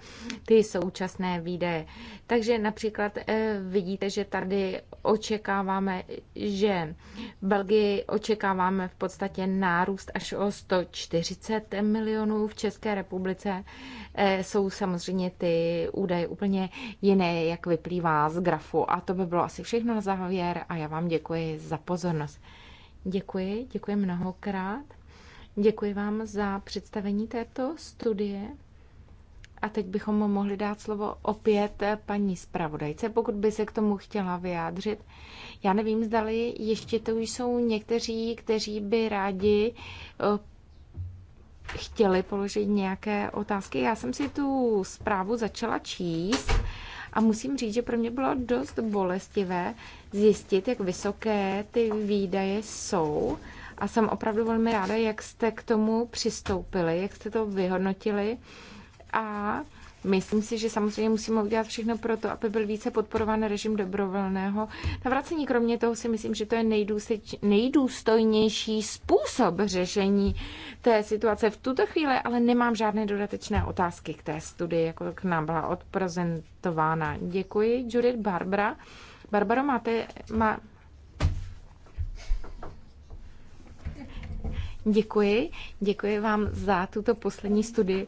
ty současné výdaje. Takže například eh, vidíte, že tady očekáváme, že v Belgii očekáváme v podstatě nárůst až o 140 milionů. V České republice eh, jsou samozřejmě ty údaje úplně jiné, jak vyplývá z grafu. A to by bylo asi všechno všechno na závěr a já vám děkuji za pozornost. Děkuji, děkuji mnohokrát. Děkuji vám za představení této studie. A teď bychom mohli dát slovo opět paní zpravodajce, pokud by se k tomu chtěla vyjádřit. Já nevím, zdali ještě to už jsou někteří, kteří by rádi eh, chtěli položit nějaké otázky. Já jsem si tu zprávu začala číst a musím říct, že pro mě bylo dost bolestivé zjistit, jak vysoké ty výdaje jsou. A jsem opravdu velmi ráda, jak jste k tomu přistoupili, jak jste to vyhodnotili. A Myslím si, že samozřejmě musíme udělat všechno pro to, aby byl více podporován režim dobrovolného navracení. Kromě toho si myslím, že to je nejdůstojnější způsob řešení té situace v tuto chvíli, ale nemám žádné dodatečné otázky k té studii, jako k nám byla odprezentována. Děkuji, Judith Barbara. Barbaro, máte... Má... Děkuji, děkuji vám za tuto poslední studii.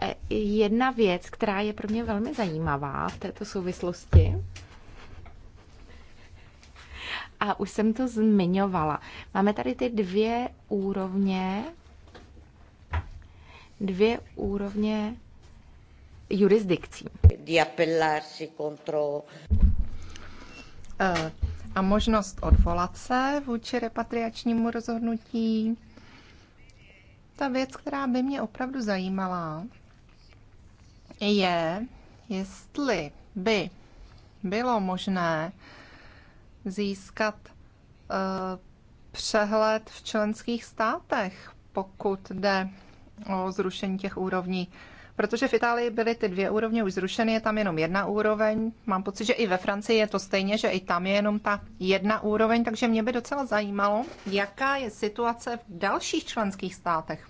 E, jedna věc, která je pro mě velmi zajímavá v této souvislosti, a už jsem to zmiňovala. Máme tady ty dvě úrovně, dvě úrovně jurisdikcí. Di appellarsi contro... E, a možnost odvolat se vůči repatriačnímu rozhodnutí. Ta věc, která by mě opravdu zajímala, je, jestli by bylo možné získat uh, přehled v členských státech, pokud jde o zrušení těch úrovní. Protože v Itálii byly ty dvě úrovně už zrušeny, je tam jenom jedna úroveň. Mám pocit, že i ve Francii je to stejně, že i tam je jenom ta jedna úroveň, takže mě by docela zajímalo, jaká je situace v dalších členských státech.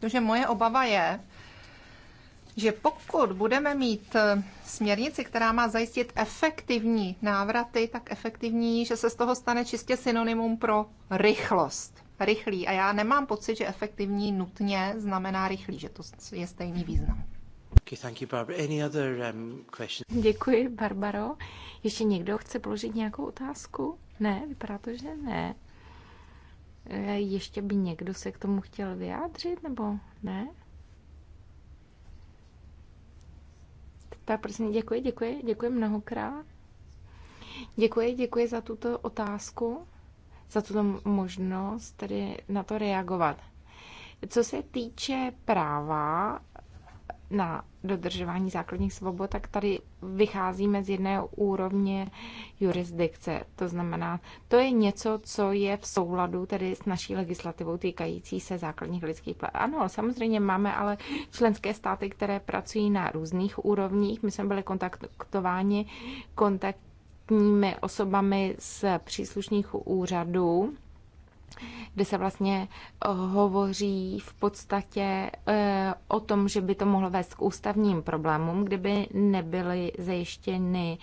Protože moje obava je, že pokud budeme mít eh, směrnici, která má zajistit efektivní návraty, tak efektivní, že se z toho stane čistě synonymum pro rychlost. Rychlý. A já nemám pocit, že efektivní nutně znamená rychlý, že to je stejný význam. Okay, thank you, Barbara. Any other, um, Děkuji, Barbaro. Ještě někdo chce položit nějakou otázku? Ne, vypadá to, že ne. Eh, ještě by někdo se k tomu chtěl vyjádřit, nebo ne? Tak prosím, děkuji, děkuji, děkuji mnohokrát. Děkuji, děkuji za tuto otázku, za tuto možnost tedy na to reagovat. Co se týče práva na dodržování základních svobod, tak tady vycházíme z jedné úrovně jurisdikce. To znamená, to je něco, co je v souladu tedy s naší legislativou týkající se základních lidských práv. Ano, samozřejmě máme ale členské státy, které pracují na různých úrovních. My jsme byli kontaktováni kontaktními osobami z příslušných úřadů kde se vlastně eh, hovoří v podstatě eh, o tom, že by to mohlo vést k ústavním problémům, kdyby nebyly zajištěny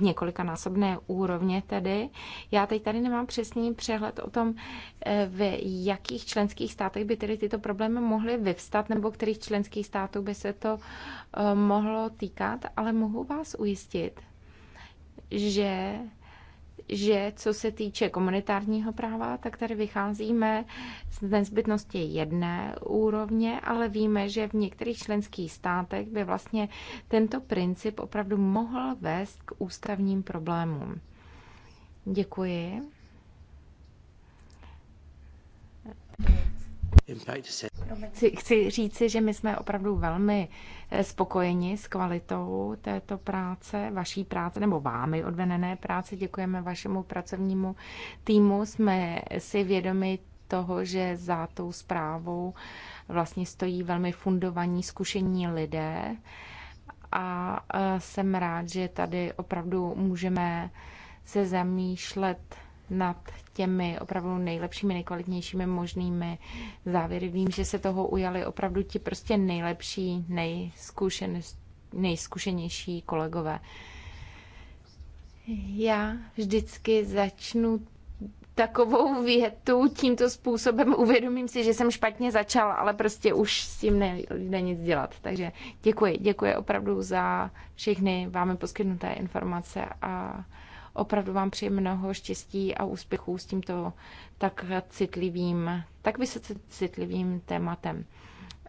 několikanásobné úrovně tedy. Já teď tady nemám přesný přehled o tom, eh, v jakých členských státech by tedy tyto problémy mohly vyvstat, nebo kterých členských států by se to mohlo týkat, ale mohu vás ujistit, že že co se týče komunitárního práva, tak tady vycházíme z nezbytnosti jedné úrovně, ale víme, že v některých členských státech by vlastně tento princip opravdu mohl vést k ústavním problémům. Děkuji. Chci, chci říci, že my jsme opravdu velmi eh, spokojeni s kvalitou této práce, vaší práce nebo vámi odvenené práce. Děkujeme vašemu pracovnímu týmu. Jsme si vědomi toho, že za tou zprávou vlastně stojí velmi fundovaní, zkušení lidé. A eh, jsem rád, že tady opravdu můžeme se zamýšlet nad těmi opravdu nejlepšími, nejkvalitnějšími možnými závěry. Vím, že se toho ujali opravdu ti prostě nejlepší, nejzkušen, nejzkušenější kolegové. Já vždycky začnu takovou větu tímto způsobem. Uvědomím si, že jsem špatně začala, ale prostě už s tím nejde nic dělat. Takže děkuji, děkuji opravdu za všechny vámi poskytnuté informace a Opravdu vám přeji mnoho štěstí a úspěchů s tímto tak citlivým, tak vysoce citlivým tématem.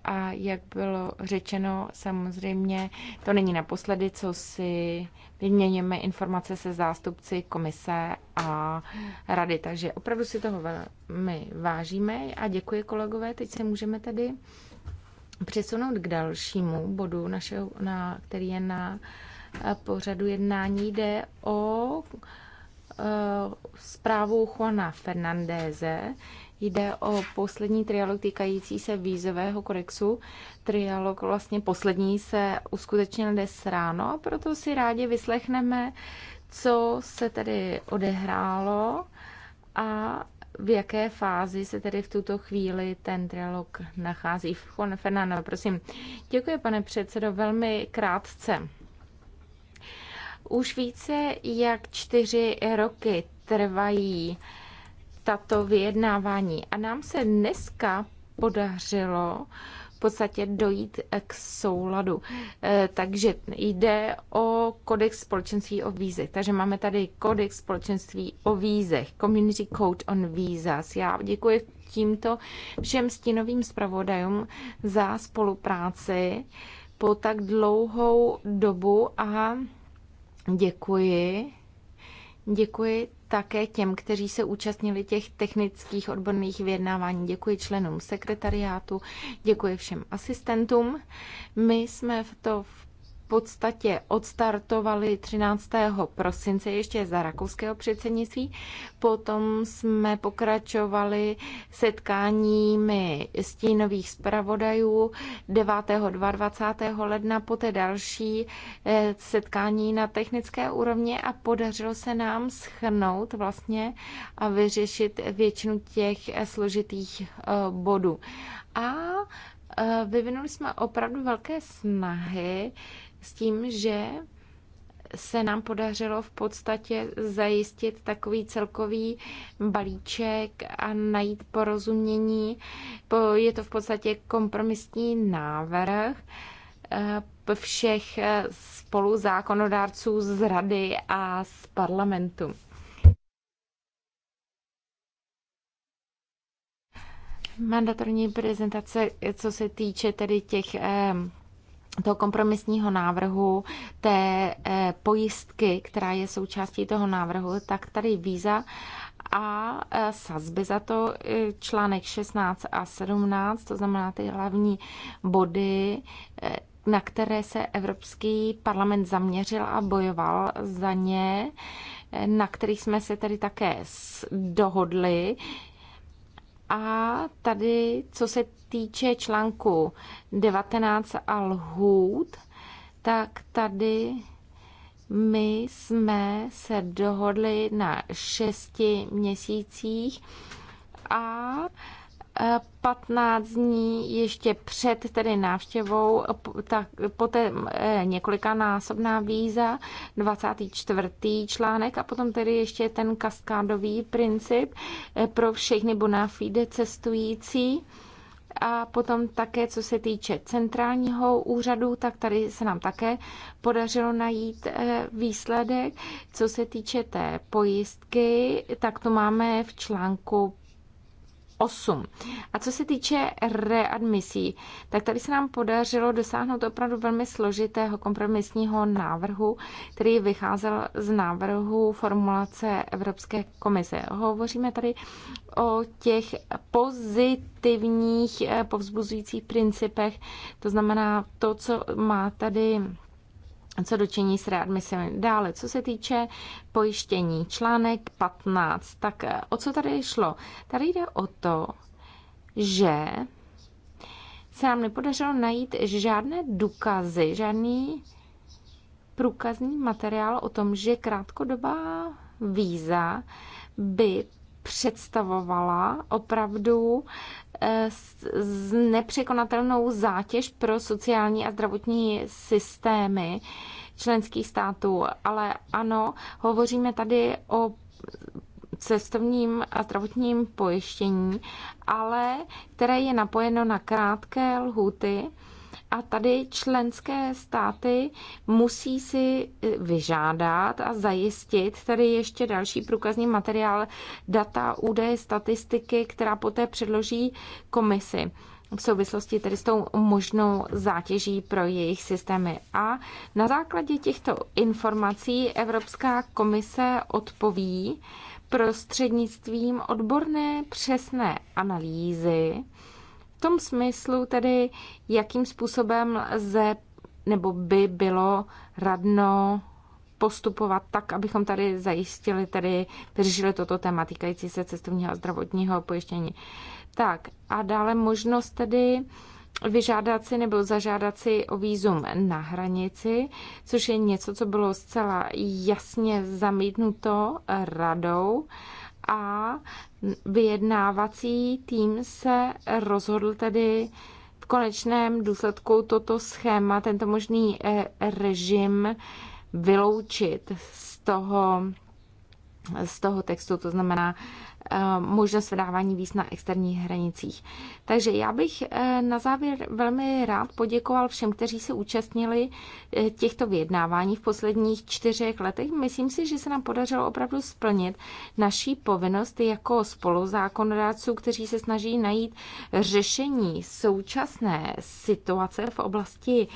A jak bylo řečeno, samozřejmě to není naposledy, co si vyměňujeme informace se zástupci komise a rady. Takže opravdu si toho velmi vážíme a děkuji kolegové. Teď se můžeme tedy přesunout k dalšímu bodu našeho, na, který je na pořadu jednání jde o e, zprávu Juana Fernandéze. Jde o poslední trialog týkající se vízového kodexu. Trialog vlastně poslední se uskutečnil dnes ráno, a proto si rádi vyslechneme, co se tedy odehrálo a v jaké fázi se tedy v tuto chvíli ten trialog nachází. Juan Fernando, prosím. Děkuji, pane předsedo, velmi krátce. Už více jak čtyři roky trvají tato vyjednávání a nám se dneska podařilo v podstatě dojít k souladu. Eh, takže jde o kodex společenství o vízech. Takže máme tady kodex společenství o vízech, Community Code on Visas. Já děkuji tímto všem stínovým zpravodajům za spolupráci po tak dlouhou dobu a Děkuji. Děkuji také těm, kteří se účastnili těch technických odborných vyjednávání. Děkuji členům sekretariátu, děkuji všem asistentům. My jsme v to v podstatě odstartovali 13. prosince ještě za rakouského předsednictví. Potom jsme pokračovali setkáními stínových zpravodajů 9. 22. ledna, poté další eh, setkání na technické úrovni a podařilo se nám schrnout vlastně a vyřešit většinu těch eh, složitých eh, bodů. A vyvinuli jsme opravdu velké snahy s tím, že se nám podařilo v podstatě zajistit takový celkový balíček a najít porozumění. Je to v podstatě kompromisní návrh eh, všech eh, spoluzákonodárců z Rady a z parlamentu. Mandatorní prezentace, co se týče tedy těch eh, toho kompromisního návrhu, té eh, pojistky, která je součástí toho návrhu, tak tady víza a eh, sazby za to eh, článek 16 a 17, to znamená ty hlavní body, na které se Evropský parlament zaměřil a bojoval za ně, na kterých jsme se tedy také dohodli, a tady, co se týče článku 19 a lhůt, tak tady my jsme se dohodli na šesti měsících a 15 dní ještě před tedy návštěvou, tak poté eh, několika násobná víza, 24. článek a potom tedy ještě ten kaskádový princip eh, pro všechny bona fide cestující. A potom také, co se týče centrálního úřadu, tak tady se nám také podařilo najít eh, výsledek. Co se týče té pojistky, tak to máme v článku 8. A co se týče readmisí, tak tady se nám podařilo dosáhnout opravdu velmi složitého kompromisního návrhu, který vycházel z návrhu formulace Evropské komise. Hovoříme tady o těch pozitivních eh, povzbuzujících principech, to znamená to, co má tady co dočení s readmisemi. Dále, co se týče pojištění, článek 15, tak eh, o co tady šlo? Tady jde o to, že se nám nepodařilo najít žádné důkazy, žádný průkazní materiál o tom, že krátkodobá víza by představovala opravdu s nepřekonatelnou zátěž pro sociální a zdravotní systémy členských států. Ale ano, hovoříme tady o cestovním a zdravotním pojištění, ale které je napojeno na krátké lhuty a tady členské státy musí si eh, vyžádat a zajistit tady ještě další průkazní materiál, data, údaje, statistiky, která poté předloží komisi v souvislosti tedy s tou možnou zátěží pro jejich systémy. A na základě těchto informací Evropská komise odpoví prostřednictvím odborné přesné analýzy v tom smyslu tedy, jakým způsobem lze nebo by bylo radno postupovat tak, abychom tady zajistili, tedy vyřešili toto téma týkající se cestovního a zdravotního pojištění. Tak a dále možnost tedy vyžádat si nebo zažádat si o výzum na hranici, což je něco, co bylo zcela jasně zamítnuto radou a vyjednávací tým se rozhodl tedy v konečném důsledku toto schéma, tento možný eh, režim vyloučit z toho, z toho textu, to znamená Eh, možnost vydávání víc na externích hranicích. Takže já bych eh, na závěr velmi rád poděkoval všem, kteří se účastnili eh, těchto vyjednávání v posledních čtyřech letech. Myslím si, že se nám podařilo opravdu splnit naší povinnost jako spoluzákonodáců, kteří se snaží najít řešení současné situace v oblasti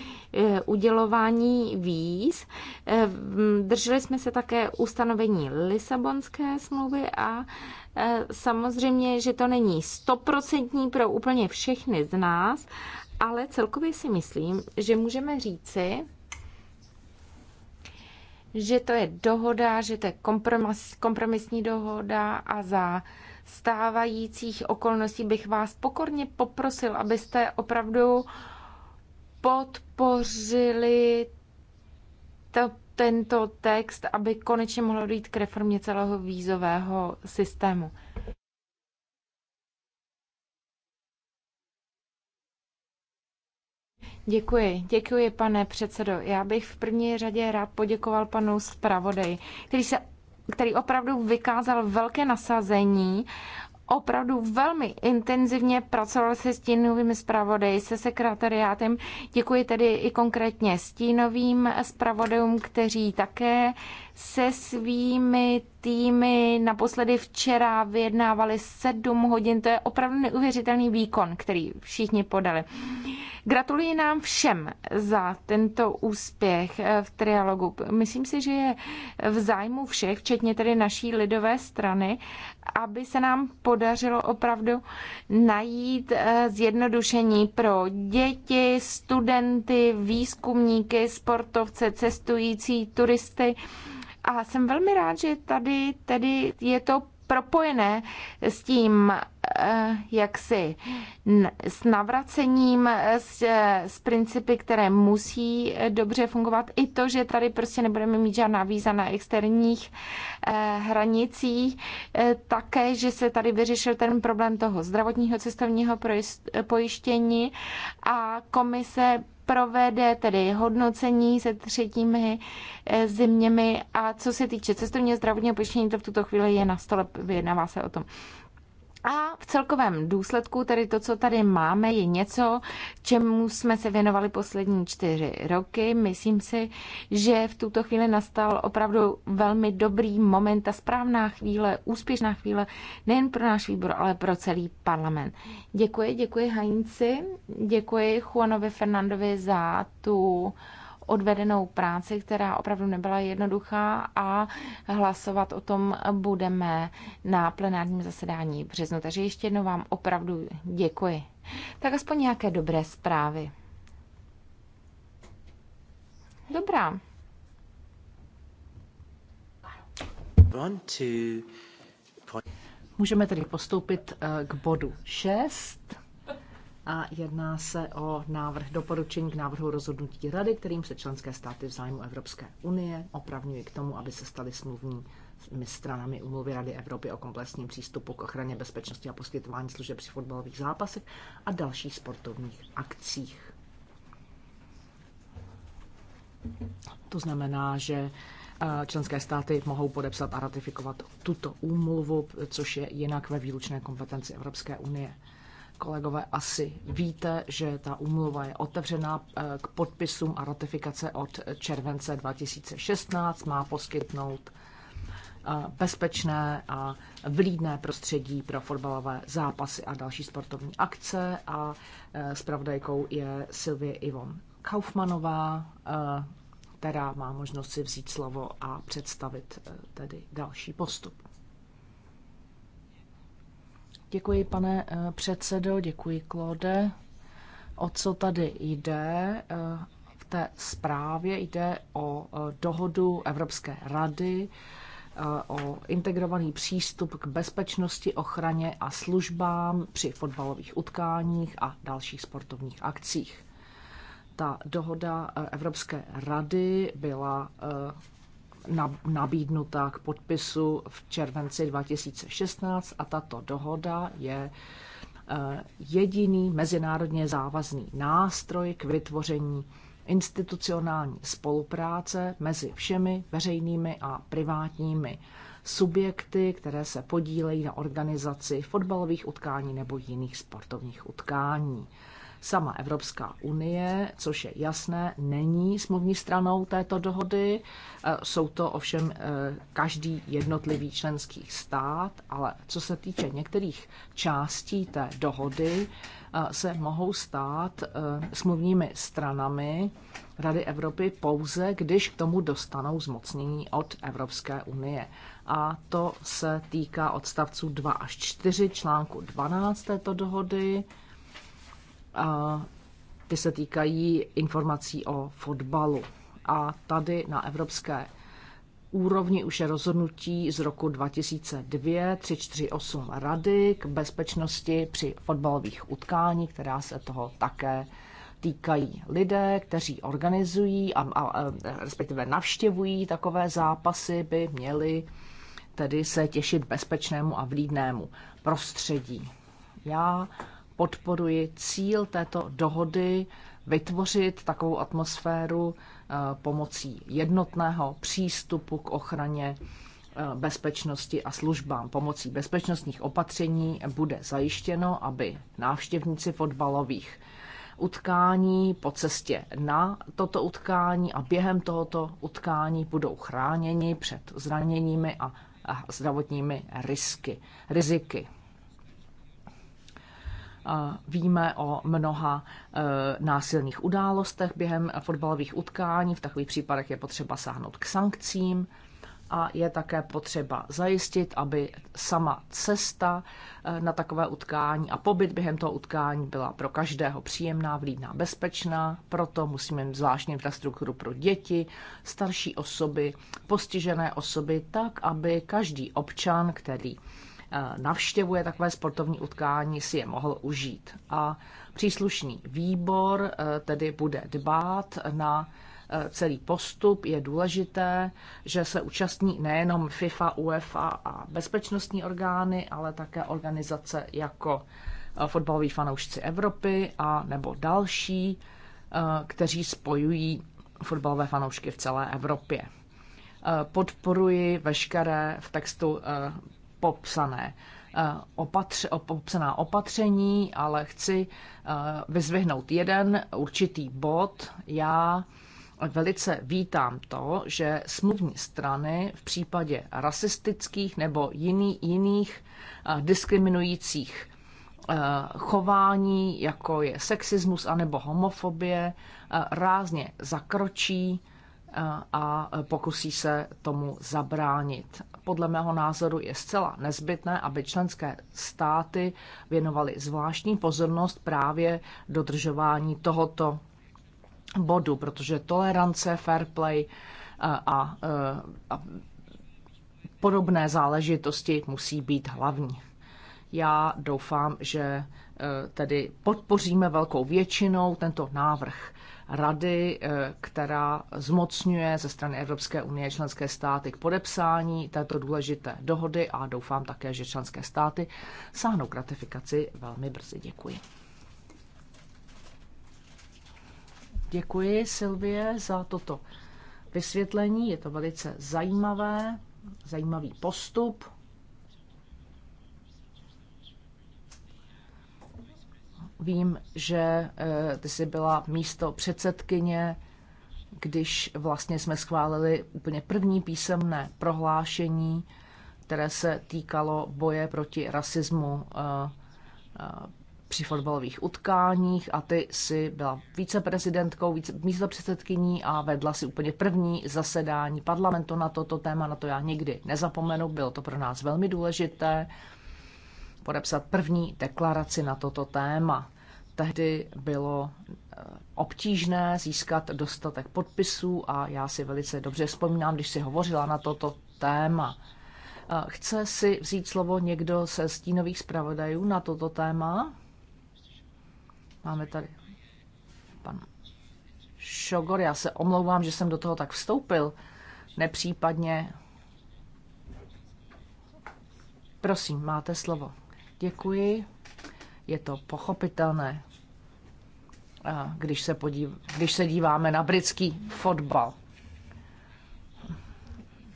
udělování víz. Drželi jsme se také ustanovení Lisabonské smlouvy a Eh, samozřejmě, že to není stoprocentní pro úplně všechny z nás, ale celkově si myslím, že můžeme říci, že to je dohoda, že to je kompromis, kompromisní dohoda a za stávajících okolností bych vás pokorně poprosil, abyste opravdu podpořili to tento text, aby konečně mohlo dojít k reformě celého vízového systému. Děkuji, děkuji pane předsedo. Já bych v první řadě rád poděkoval panu zpravodaji, který se který opravdu vykázal velké nasazení opravdu velmi intenzivně pracoval se stínovými zpravodaji, se sekretariátem. Děkuji tedy i konkrétně stínovým zpravodajům, kteří také se svými týmy. Naposledy včera vyjednávali 7 hodin. To je opravdu neuvěřitelný výkon, který všichni podali. Gratuluji nám všem za tento úspěch v trialogu. Myslím si, že je v zájmu všech, včetně tedy naší lidové strany, aby se nám podařilo opravdu najít eh, zjednodušení pro děti, studenty, výzkumníky, sportovce, cestující, turisty a jsem velmi rád, že tady, tady je to propojené s tím, eh, jak si s navracením, eh, s, eh, s principy, které musí dobře fungovat. I to, že tady prostě nebudeme mít žádná víza na externích hranicích. Také, že se tady vyřešil ten problém toho zdravotního cestovního pojištění a komise provede tedy hodnocení se třetími eh, zeměmi a co se týče cestovního zdravotního pojištění, to v tuto chvíli je na stole, vyjednává se o tom. A v celkovém důsledku tedy to, co tady máme, je něco, čemu jsme se věnovali poslední čtyři roky. Myslím si, že v tuto chvíli nastal opravdu velmi dobrý moment, a správná chvíle, úspěšná chvíle, nejen pro náš výbor, ale pro celý parlament. Děkuji, děkuji Hajinci, děkuji Juanovi Fernandovi za tu odvedenou práci, která opravdu nebyla jednoduchá a hlasovat o tom budeme na plenárním zasedání v březnu. Takže ještě jednou vám opravdu děkuji. Tak aspoň nějaké dobré zprávy. Dobrá. Můžeme tedy postoupit eh, k bodu 6 a jedná se o návrh doporučení k návrhu rozhodnutí Rady, kterým se členské státy v zájmu Evropské unie opravňují k tomu, aby se staly smluvní stranami umluvy Rady Evropy o komplexním přístupu k ochraně bezpečnosti a poskytování služeb při fotbalových zápasech a dalších sportovních akcích. To znamená, že eh, členské státy mohou podepsat a ratifikovat tuto úmluvu, což je jinak ve výlučné kompetenci Evropské unie kolegové, asi víte, že ta úmluva je otevřená eh, k podpisům a ratifikace od července 2016. Má poskytnout eh, bezpečné a vlídné prostředí pro fotbalové zápasy a další sportovní akce. A spravodajkou eh, je Sylvie Ivon Kaufmanová, která má možnost si vzít slovo a představit tedy další postup. Děkuji, pane eh, předsedo, děkuji, Klode. O co tady jde? Eh, v té zprávě jde o eh, dohodu Evropské rady o integrovaný přístup k bezpečnosti, ochraně a službám při fotbalových utkáních a dalších sportovních akcích. Ta dohoda Evropské rady byla nabídnuta k podpisu v červenci 2016 a tato dohoda je eh, jediný mezinárodně závazný nástroj k vytvoření institucionální spolupráce mezi všemi veřejnými a privátními subjekty, které se podílejí na organizaci fotbalových utkání nebo jiných sportovních utkání. Sama Evropská unie, což je jasné, není smluvní stranou této dohody. E, jsou to ovšem e, každý jednotlivý členský stát, ale co se týče některých částí té dohody, e, se mohou stát smluvními stranami Rady Evropy pouze, když k tomu dostanou zmocnění od Evropské unie. A to se týká odstavců 2 až 4 článku 12 této dohody a ty se týkají informací o fotbalu. A tady na evropské úrovni už je rozhodnutí z roku 2002 348 Rady k bezpečnosti při fotbalových utkání, která se toho také týkají lidé, kteří organizují a, a, a respektive navštěvují takové zápasy, by měli tedy se těšit bezpečnému a vlídnému prostředí. Já podporuji cíl této dohody vytvořit takovou atmosféru eh, pomocí jednotného přístupu k ochraně eh, bezpečnosti a službám. Pomocí bezpečnostních opatření bude zajištěno, aby návštěvníci fotbalových utkání po cestě na toto utkání a během tohoto utkání budou chráněni před zraněními a zdravotními risky, riziky. Víme o mnoha eh, násilných událostech během fotbalových utkání. V takových případech je potřeba sáhnout k sankcím a je také potřeba zajistit, aby sama cesta eh, na takové utkání a pobyt během toho utkání byla pro každého příjemná, vlídná, bezpečná. Proto musíme mít zvláštní infrastrukturu pro děti, starší osoby, postižené osoby, tak, aby každý občan, který Eh, navštěvuje takové sportovní utkání, si je mohl užít. A příslušný výbor eh, tedy bude dbát na eh, celý postup. Je důležité, že se účastní nejenom FIFA, UEFA a bezpečnostní orgány, ale také organizace jako fotbaloví fanoušci Evropy a nebo další, kteří spojují fotbalové fanoušky v celé Evropě. Podporuji veškeré v textu popsané eh, opatře, popsaná opatření, ale chci eh, vyzvihnout jeden určitý bod. Já velice vítám to, že smluvní strany v případě rasistických nebo jiný, jiných eh, diskriminujících chování, jako je sexismus anebo homofobie, rázně zakročí a pokusí se tomu zabránit. Podle mého názoru je zcela nezbytné, aby členské státy věnovaly zvláštní pozornost právě dodržování tohoto bodu, protože tolerance, fair play e, a, a, e, a podobné záležitosti musí být hlavní. Já doufám, že e, tedy podpoříme velkou většinou tento návrh rady, eh, která zmocňuje ze strany Evropské unie členské státy k podepsání této důležité dohody a doufám také, že členské státy sáhnou k ratifikaci velmi brzy. Děkuji. Děkuji Silvie za toto vysvětlení. Je to velice zajímavé, zajímavý postup. Vím, že eh, ty jsi byla místo předsedkyně, když vlastně jsme schválili úplně první písemné prohlášení, které se týkalo boje proti rasismu eh, eh, při fotbalových utkáních a ty si byla víceprezidentkou, více, předsedkyní a vedla si úplně první zasedání parlamentu na toto téma, na to já nikdy nezapomenu, bylo to pro nás velmi důležité podepsat první deklaraci na toto téma. Tehdy bylo eh, obtížné získat dostatek podpisů a já si velice dobře vzpomínám, když si hovořila na toto téma. Eh, chce si vzít slovo někdo se stínových zpravodajů na toto téma? Máme tady pan Šogor. Já se omlouvám, že jsem do toho tak vstoupil. Nepřípadně. Prosím, máte slovo. Děkuji. Je to pochopitelné, když se, podív, když se díváme na britský fotbal.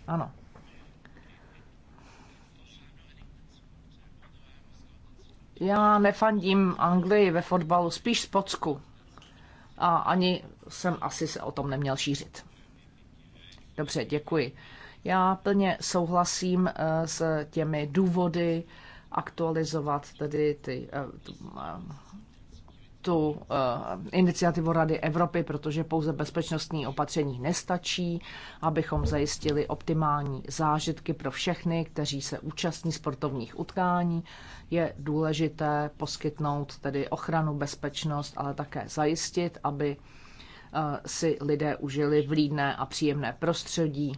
Ano. Já nefandím Anglii ve fotbalu, spíš z Pocku. A ani jsem asi se o tom neměl šířit. Dobře, děkuji. Já plně souhlasím eh, s těmi důvody, aktualizovat tedy ty, eh, tu eh, eh, iniciativu Rady Evropy, protože pouze bezpečnostní opatření nestačí, abychom zajistili optimální zážitky pro všechny, kteří se účastní sportovních utkání. Je důležité poskytnout tedy ochranu, bezpečnost, ale také zajistit, aby si lidé užili vlídné a příjemné prostředí.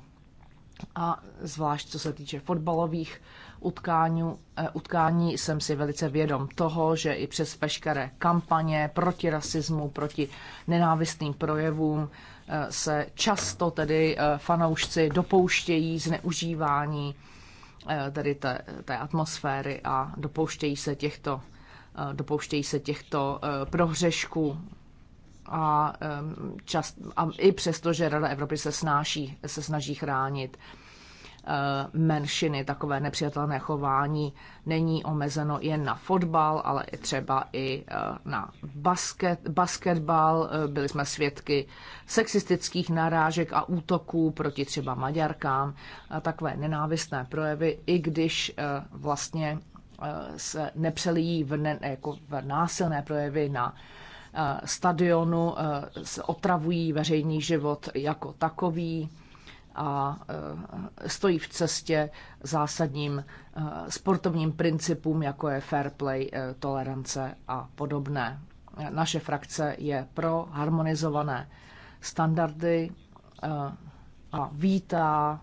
A zvlášť co se týče fotbalových utkání, eh, utkání jsem si velice vědom toho, že i přes veškeré kampaně proti rasismu, proti nenávistným projevům eh, se často tedy eh, fanoušci dopouštějí zneužívání tedy té, té atmosféry a dopouštějí se těchto, dopouštějí se těchto prohřešků a, čas, a i přesto, že Rada Evropy se, snáší, se snaží chránit Eh, menšiny. Takové nepřijatelné chování není omezeno jen na fotbal, ale i třeba i eh, na basket, basketbal. Eh, byli jsme svědky sexistických narážek a útoků proti třeba Maďarkám. Takové nenávistné projevy, i když vlastně se nepřelijí v, ne, jako v násilné projevy na stadionu, otravují veřejný život jako takový a e, stojí v cestě zásadním e, sportovním principům, jako je fair play, e, tolerance a podobné. Naše frakce je pro harmonizované standardy a vítá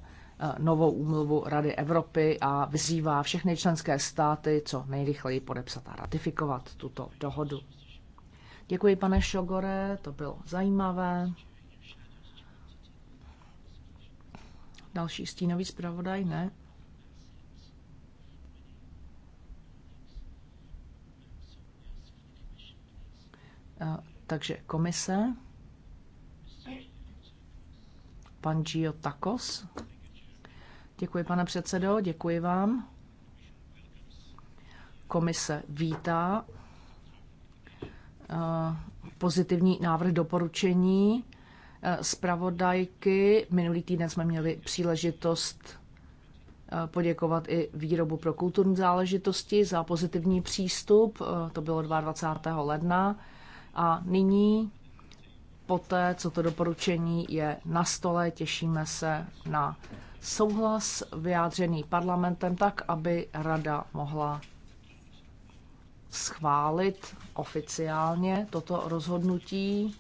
novou úmluvu Rady Evropy a vyzývá všechny členské státy, co nejrychleji podepsat a ratifikovat tuto dohodu. Děkuji, pane Šogore, to bylo zajímavé. Další stínový zpravodaj ne. Takže komise. Pan Gio Takos. Děkuji, pane předsedo, děkuji vám. Komise vítá pozitivní návrh doporučení zpravodajky. Minulý týden jsme měli příležitost eh, poděkovat i výrobu pro kulturní záležitosti za pozitivní přístup. Eh, to bylo 22. ledna. A nyní, po té, co to doporučení je na stole, těšíme se na souhlas vyjádřený parlamentem tak, aby rada mohla schválit oficiálně toto rozhodnutí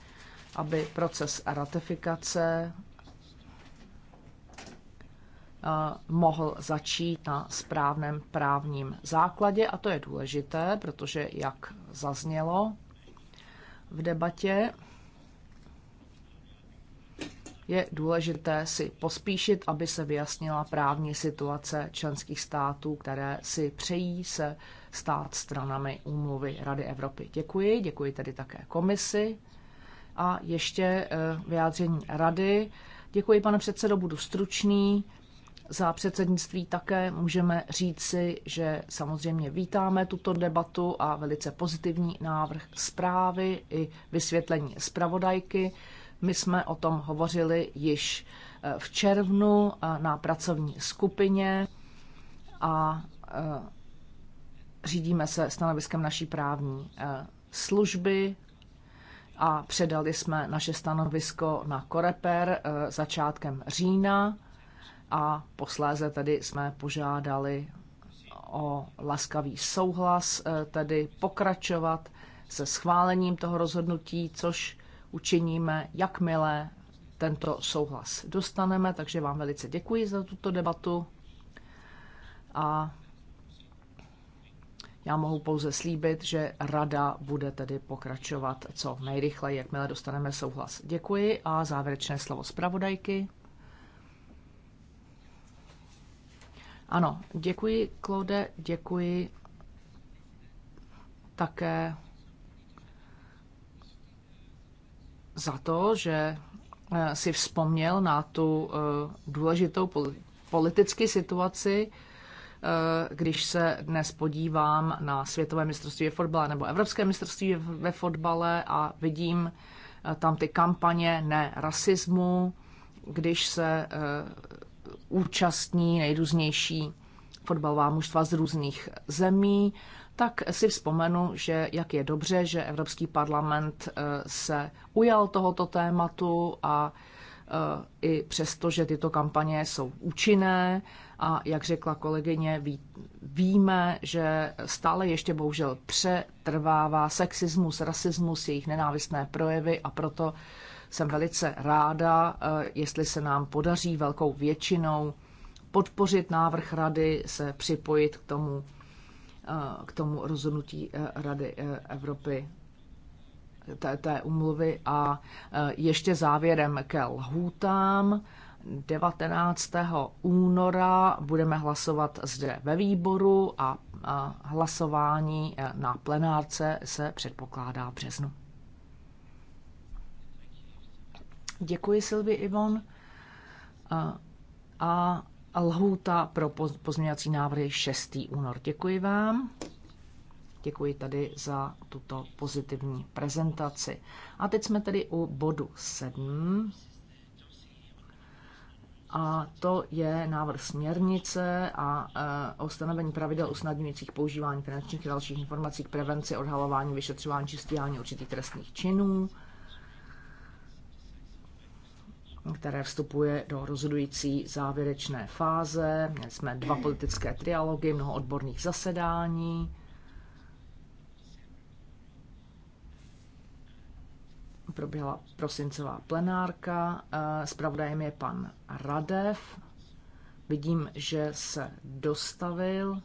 aby proces ratifikace eh, mohl začít na správném právním základě. A to je důležité, protože, jak zaznělo v debatě, je důležité si pospíšit, aby se vyjasnila právní situace členských států, které si přejí se stát stranami úmluvy Rady Evropy. Děkuji, děkuji tedy také komisi. A ještě eh, vyjádření rady. Děkuji, pane předsedo, budu stručný. Za předsednictví také můžeme říci, že samozřejmě vítáme tuto debatu a velice pozitivní návrh zprávy i vysvětlení zpravodajky. My jsme o tom hovořili již eh, v červnu eh, na pracovní skupině a řídíme se stanoviskem naší právní služby a předali jsme naše stanovisko na Koreper eh, začátkem října a posléze tedy jsme požádali o laskavý souhlas, eh, tedy pokračovat se schválením toho rozhodnutí, což učiníme, jakmile tento souhlas dostaneme. Takže vám velice děkuji za tuto debatu a já mohu pouze slíbit, že rada bude tedy pokračovat co nejrychleji, jakmile dostaneme souhlas. Děkuji a závěrečné slovo zpravodajky. Ano, děkuji, Claude, děkuji také za to, že eh, si vzpomněl na tu eh, důležitou politickou situaci, Eh, když se dnes podívám na světové mistrovství ve fotbale nebo evropské mistrovství ve fotbale a vidím eh, tam ty kampaně ne rasismu, když se eh, účastní nejrůznější fotbalová mužstva z různých zemí, tak si vzpomenu, že jak je dobře, že Evropský parlament se ujal tohoto tématu a i přesto, že tyto kampaně jsou účinné a jak řekla kolegyně, ví, víme, že stále ještě bohužel přetrvává sexismus, rasismus, jejich nenávistné projevy a proto jsem velice ráda, eh, jestli se nám podaří velkou většinou podpořit návrh rady, se připojit k tomu, eh, k tomu rozhodnutí eh, Rady Evropy té, té umluvy. A e, ještě závěrem ke lhůtám. 19. února budeme hlasovat zde ve výboru a hlasování e, na plenárce se předpokládá v březnu. Děkuji Silvi Ivon. A, e, a lhůta pro pozměňovací návrhy 6. únor. Děkuji vám. Děkuji tady za tuto pozitivní prezentaci. A teď jsme tedy u bodu 7. A to je návrh směrnice a e, o stanovení pravidel usnadňujících používání finančních a dalších informací k prevenci, odhalování, vyšetřování či stíhání určitých trestných činů které vstupuje do rozhodující závěrečné fáze. Měli jsme dva politické trialogy, mnoho odborných zasedání proběhla prosincová plenárka. Spravodajem eh, je pan Radev. Vidím, že se dostavil,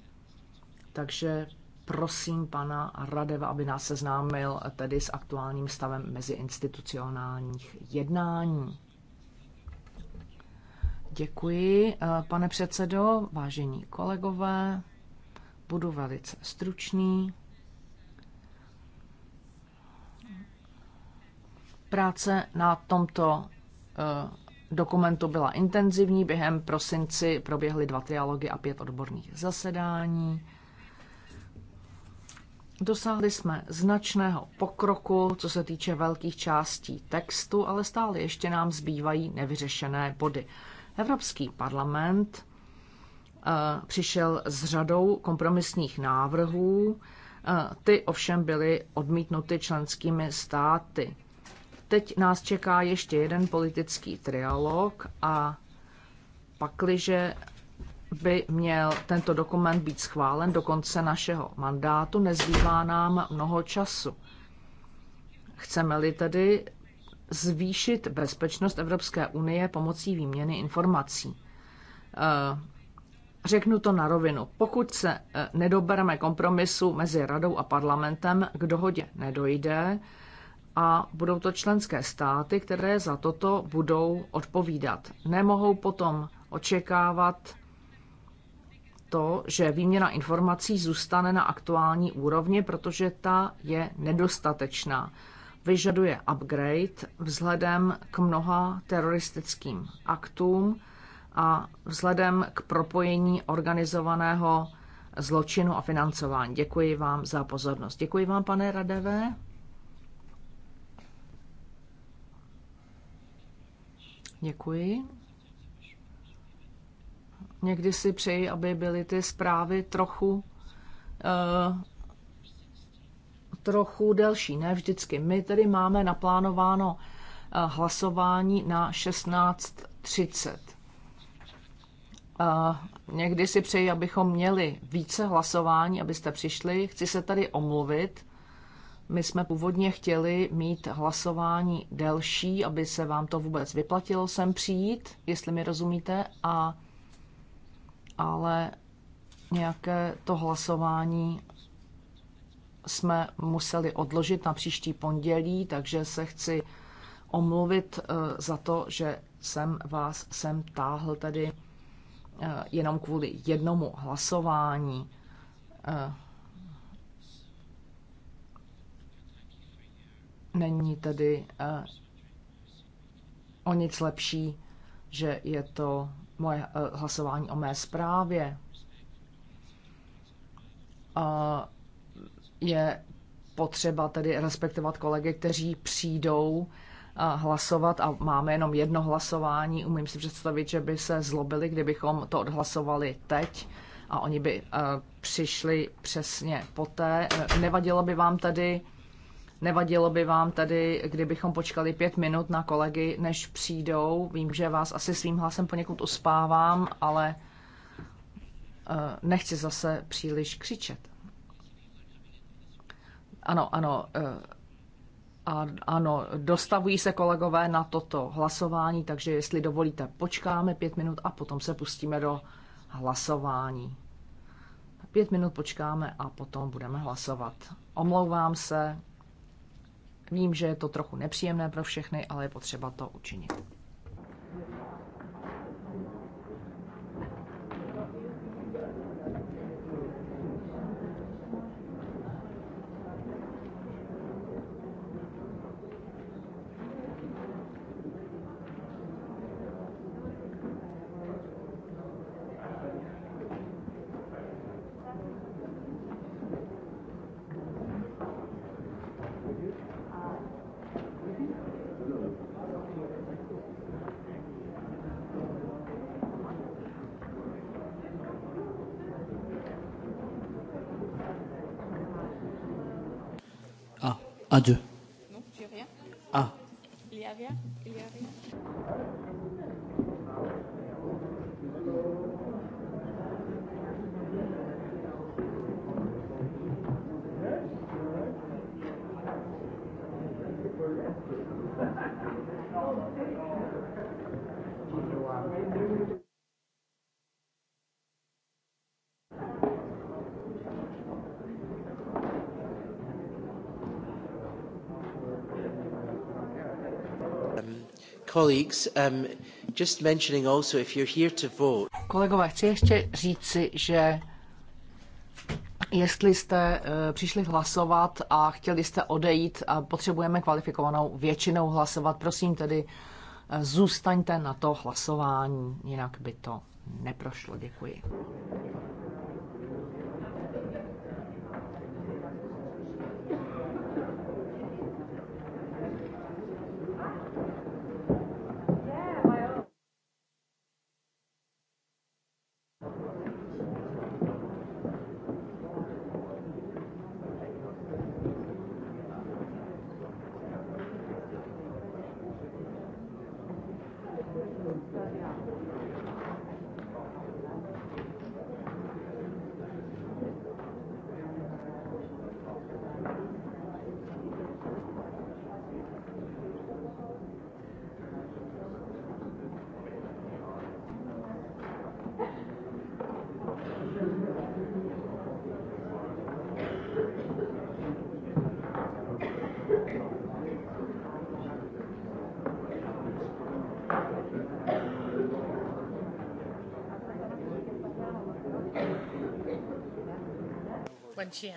takže prosím pana Radeva, aby nás seznámil tedy s aktuálním stavem meziinstitucionálních jednání. Děkuji, eh, pane předsedo, vážení kolegové. Budu velice stručný. Práce na tomto eh, dokumentu byla intenzivní. Během prosinci proběhly dva trialogy a pět odborných zasedání. Dosáhli jsme značného pokroku, co se týče velkých částí textu, ale stále ještě nám zbývají nevyřešené body. Evropský parlament eh, přišel s řadou kompromisních návrhů, eh, ty ovšem byly odmítnuty členskými státy. Teď nás čeká ještě jeden politický trialog a pakliže by měl tento dokument být schválen do konce našeho mandátu, nezbývá nám mnoho času. Chceme-li tedy zvýšit bezpečnost Evropské unie pomocí výměny informací. Eh, řeknu to na rovinu. Pokud se eh, nedobereme kompromisu mezi radou a parlamentem, k dohodě nedojde, a budou to členské státy, které za toto budou odpovídat. Nemohou potom očekávat to, že výměna informací zůstane na aktuální úrovni, protože ta je nedostatečná. Vyžaduje upgrade vzhledem k mnoha teroristickým aktům a vzhledem k propojení organizovaného zločinu a financování. Děkuji vám za pozornost. Děkuji vám, pane Radeve. Děkuji. Někdy si přeji, aby byly ty zprávy trochu uh, trochu delší, ne vždycky. My tedy máme naplánováno eh, hlasování na 16.30. Eh, někdy si přeji, abychom měli více hlasování, abyste přišli. Chci se tady omluvit my jsme původně chtěli mít hlasování delší, aby se vám to vůbec vyplatilo sem přijít, jestli mi rozumíte, a, ale nějaké to hlasování jsme museli odložit na příští pondělí, takže se chci omluvit eh, za to, že jsem vás sem táhl tedy eh, jenom kvůli jednomu hlasování eh, Není tedy eh, o nic lepší, že je to moje eh, hlasování o mé zprávě. Je potřeba tedy respektovat kolegy, kteří přijdou eh, hlasovat a máme jenom jedno hlasování. Umím si představit, že by se zlobili, kdybychom to odhlasovali teď a oni by přišli přesně poté. Nevadilo by vám tady Nevadilo by vám tedy, kdybychom počkali pět minut na kolegy, než přijdou. Vím, že vás asi svým hlasem poněkud uspávám, ale eh, nechci zase příliš křičet. Ano, ano, eh, a, ano, dostavují se kolegové na toto hlasování, takže jestli dovolíte, počkáme pět minut a potom se pustíme do hlasování. Pět minut počkáme a potom budeme hlasovat. Omlouvám se, Vím, že je to trochu nepříjemné pro všechny, ale je potřeba to učinit. à Kolegové, chci ještě říci, že jestli jste eh, přišli hlasovat a chtěli jste odejít a potřebujeme kvalifikovanou většinou hlasovat, prosím tedy eh, zůstaňte na to hlasování, jinak by to neprošlo. Děkuji. she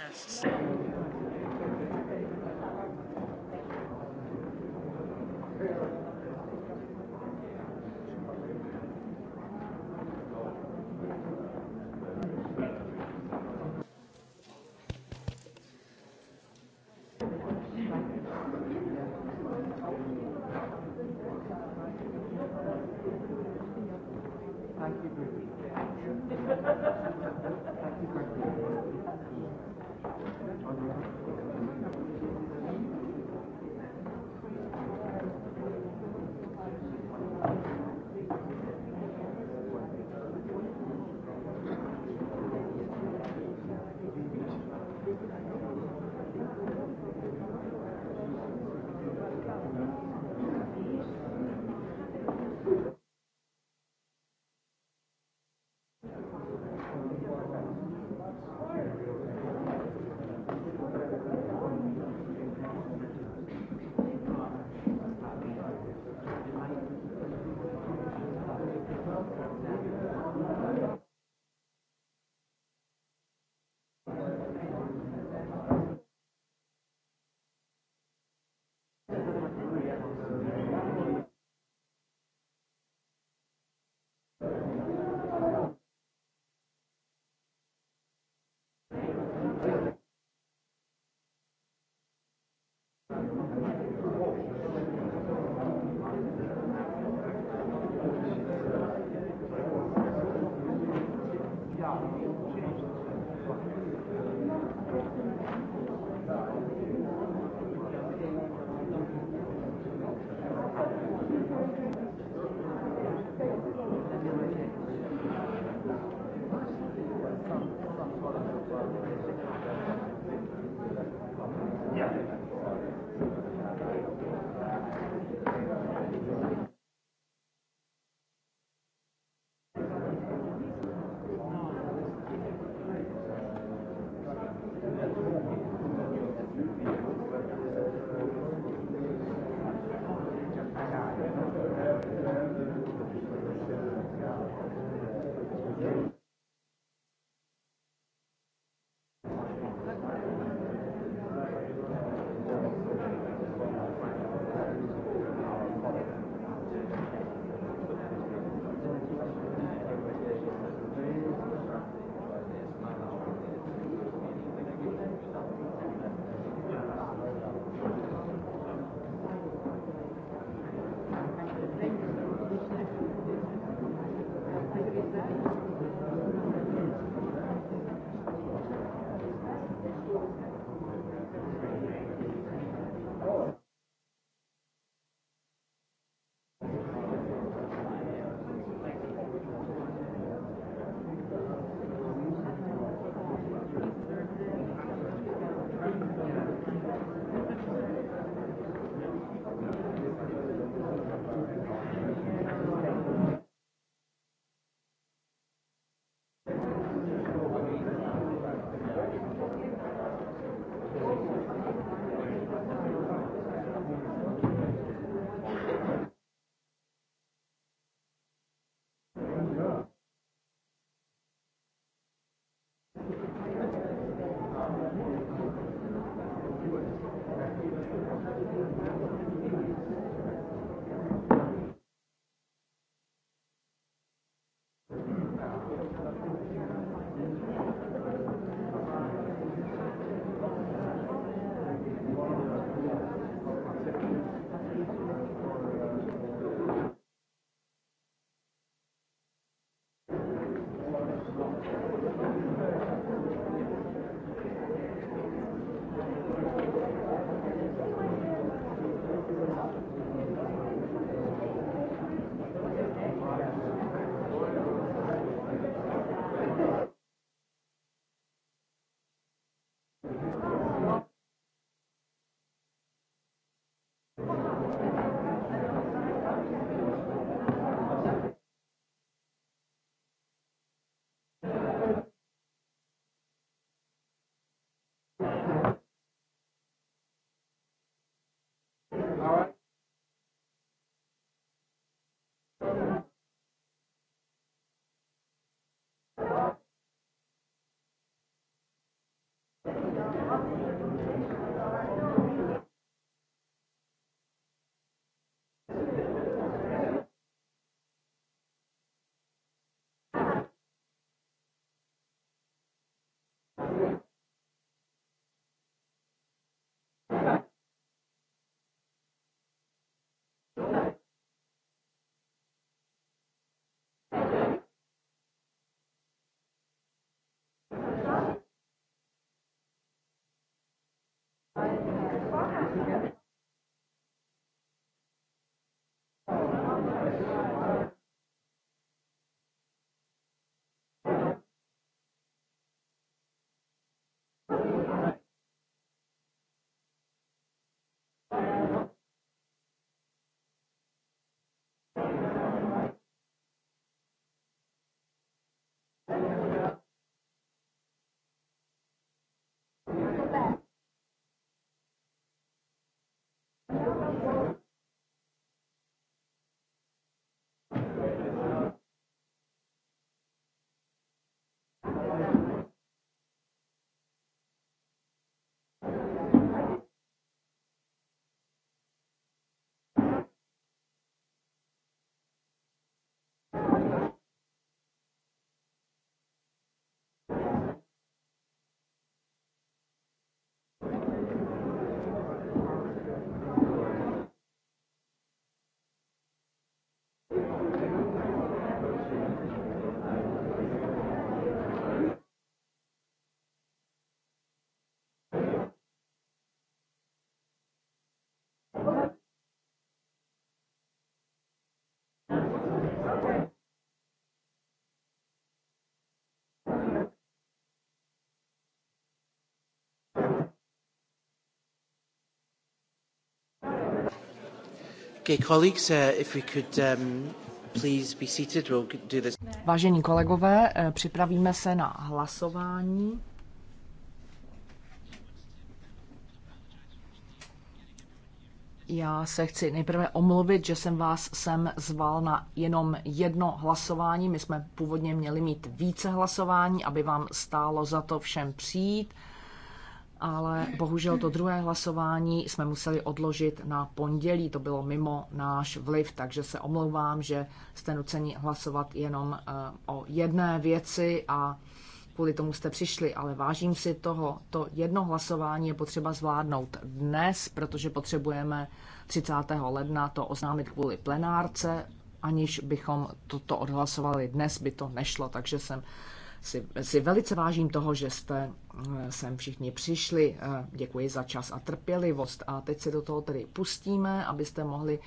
All right. Yeah. Okay, colleagues, uh, if we could, um, Vážení kolegové, eh, připravíme se na hlasování. Já se chci nejprve omluvit, že jsem vás sem zval na jenom jedno hlasování. My jsme původně měli mít více hlasování, aby vám stálo za to všem přijít, ale bohužel to druhé hlasování jsme museli odložit na pondělí. To bylo mimo náš vliv, takže se omlouvám, že jste nuceni hlasovat jenom eh, o jedné věci a kvůli tomu jste přišli, ale vážím si toho. To jedno hlasování je potřeba zvládnout dnes, protože potřebujeme 30. ledna to oznámit kvůli plenárce, aniž bychom toto odhlasovali dnes, by to nešlo, takže jsem si, si velice vážím toho, že jste eh, sem všichni přišli. Eh, děkuji za čas a trpělivost. A teď se do toho tedy pustíme, abyste mohli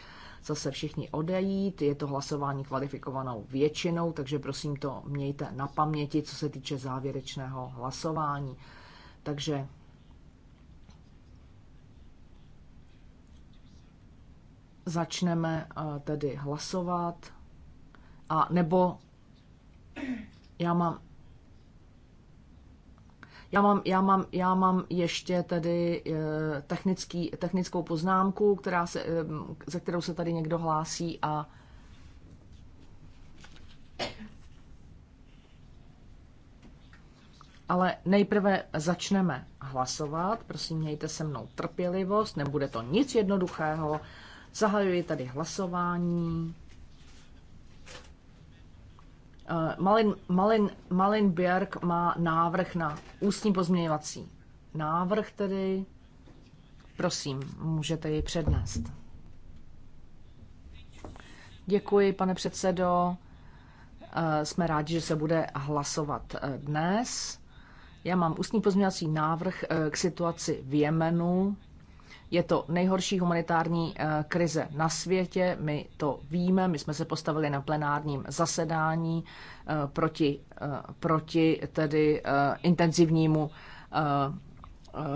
zase všichni odejít. Je to hlasování kvalifikovanou většinou, takže prosím to mějte na paměti, co se týče závěrečného hlasování. Takže začneme eh, tedy hlasovat. A nebo já mám, já mám, já mám, já mám ještě tedy eh, technický, technickou poznámku, která se, eh, za kterou se tady někdo hlásí a Ale nejprve začneme hlasovat. Prosím, mějte se mnou trpělivost, nebude to nic jednoduchého. Zahajuji tady hlasování. Eh, Malin, Malin, Malin Björk má návrh na ústní pozměňovací návrh tedy. Prosím, můžete ji přednést. Děkuji, pane předsedo. Eh, jsme rádi, že se bude hlasovat eh, dnes. Já mám ústní pozměňovací návrh k situaci v Jemenu je to nejhorší humanitární eh, krize na světě, my to víme, my jsme se postavili na plenárním zasedání eh, proti, eh, proti tedy intenzivnímu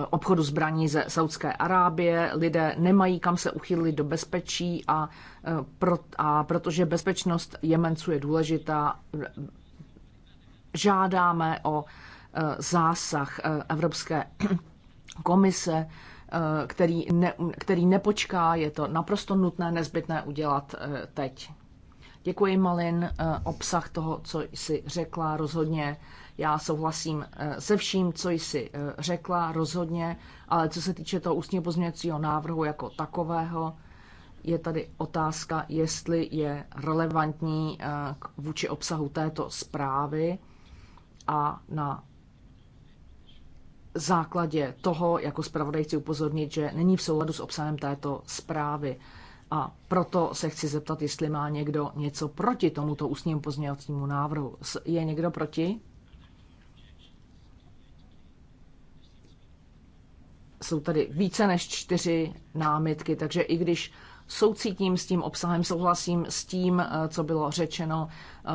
obchodu zbraní ze Saudské Arábie, lidé nemají kam se uchylit do bezpečí a, pro, a protože bezpečnost Jemenců je důležitá, žádáme o zásah Evropské komise Eh, který, ne, který nepočká, je to naprosto nutné, nezbytné udělat eh, teď. Děkuji, Malin. Eh, obsah toho, co jsi řekla, rozhodně. Já souhlasím se vším, co jsi řekla, rozhodně, ale co se týče toho ústního pozměňovacího návrhu jako takového, je tady otázka, jestli je relevantní vůči obsahu této zprávy a na základě toho jako zpravodaj chci upozornit, že není v souladu s obsahem této zprávy. A proto se chci zeptat, jestli má někdo něco proti tomuto ústnímu pozměňovacímu návrhu. Je někdo proti? Jsou tady více než čtyři námitky, takže i když soucítím s tím obsahem, souhlasím s tím, eh, co bylo řečeno. Eh,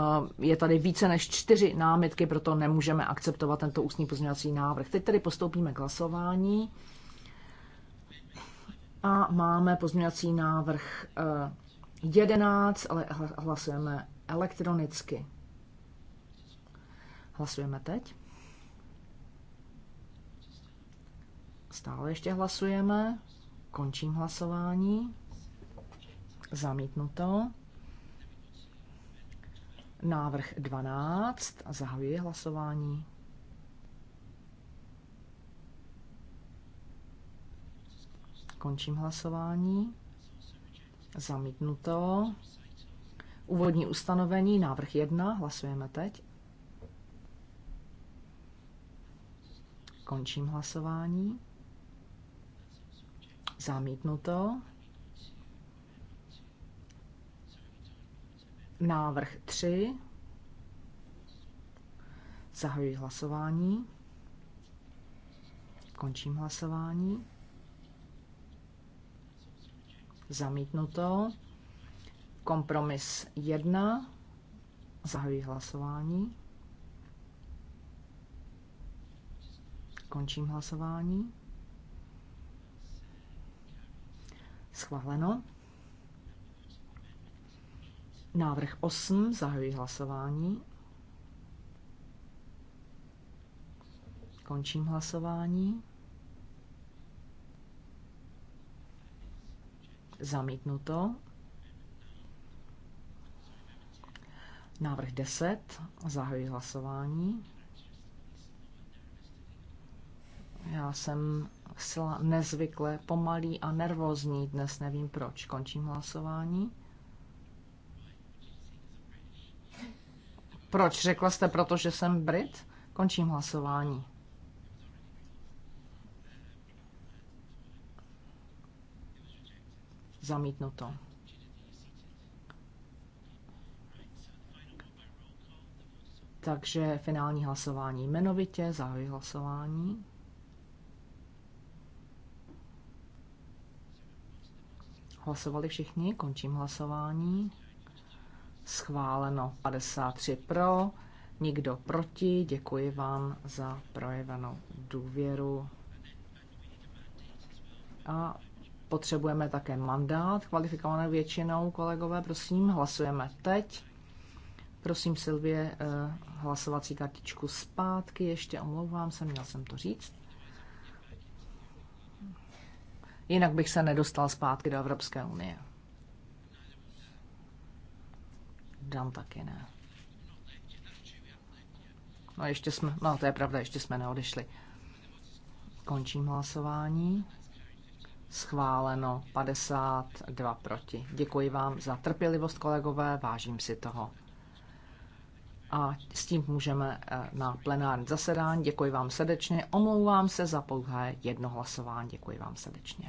je tady více než čtyři námitky, proto nemůžeme akceptovat tento ústní pozměňovací návrh. Teď tedy postoupíme k hlasování. A máme pozměňovací návrh 11, eh, ale hlasujeme elektronicky. Hlasujeme teď. Stále ještě hlasujeme. Končím hlasování. Zamítnuto. Návrh 12. Zahajuji hlasování. Končím hlasování. Zamítnuto. Úvodní ustanovení, návrh 1, hlasujeme teď. Končím hlasování. Zamítnuto. Návrh 3. Zahajuji hlasování. Končím hlasování. Zamítnuto. Kompromis 1. Zahajuji hlasování. Končím hlasování. Schváleno. Návrh 8. Zahajuji hlasování. Končím hlasování. Zamítnuto. Návrh 10. Zahajuji hlasování. Já jsem sila nezvykle pomalý a nervózní dnes, nevím proč. Končím hlasování. Proč? Řekla jste, protože jsem Brit? Končím hlasování. Zamítnuto. Takže finální hlasování jmenovitě, zahajuji hlasování. Hlasovali všichni, končím hlasování schváleno 53 pro, nikdo proti. Děkuji vám za projevenou důvěru. A potřebujeme také mandát kvalifikované většinou, kolegové, prosím, hlasujeme teď. Prosím, Silvie, eh, hlasovací kartičku zpátky, ještě omlouvám se, měl jsem to říct. Jinak bych se nedostal zpátky do Evropské unie. Dan taky ne. No ještě jsme, no to je pravda, ještě jsme neodešli. Končím hlasování. Schváleno 52 proti. Děkuji vám za trpělivost, kolegové, vážím si toho. A s tím můžeme eh, na plenární zasedání. Děkuji vám srdečně. Omlouvám se za pouhé jedno hlasování. Děkuji vám srdečně.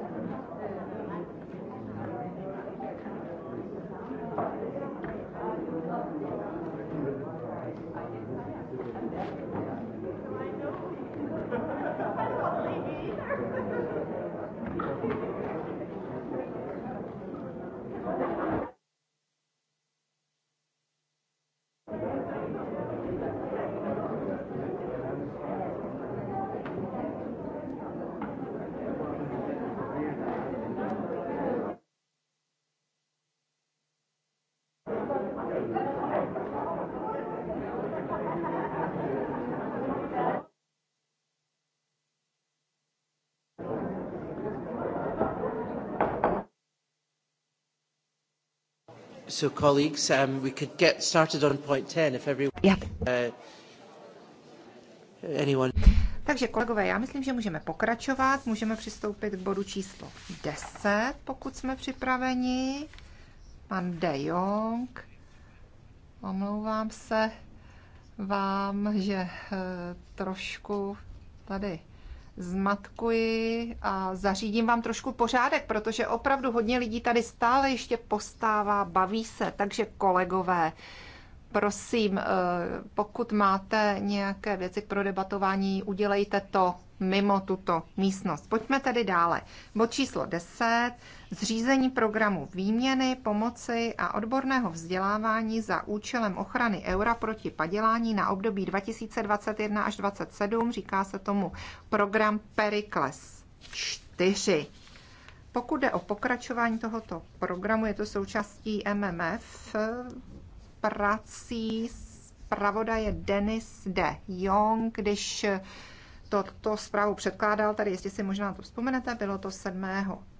so colleagues, um, we could get started on point 10 if everyone... Yeah. Uh, anyone... Takže kolegové, já myslím, že můžeme pokračovat, můžeme přistoupit k bodu číslo 10, pokud jsme připraveni. Pan De Jong, omlouvám se vám, že eh, trošku tady zmatkuji a zařídím vám trošku pořádek, protože opravdu hodně lidí tady stále ještě postává, baví se. Takže kolegové, prosím, eh, pokud máte nějaké věci k prodebatování, udělejte to mimo tuto místnost. Pojďme tedy dále. Bod číslo 10. Zřízení programu výměny, pomoci a odborného vzdělávání za účelem ochrany eura proti padělání na období 2021 až 2027. Říká se tomu program Perikles 4. Pokud jde o pokračování tohoto programu, je to součástí MMF prací zpravodaje Denis de Jong, když toto zprávu předkládal, tady jestli si možná to vzpomenete, bylo to 7.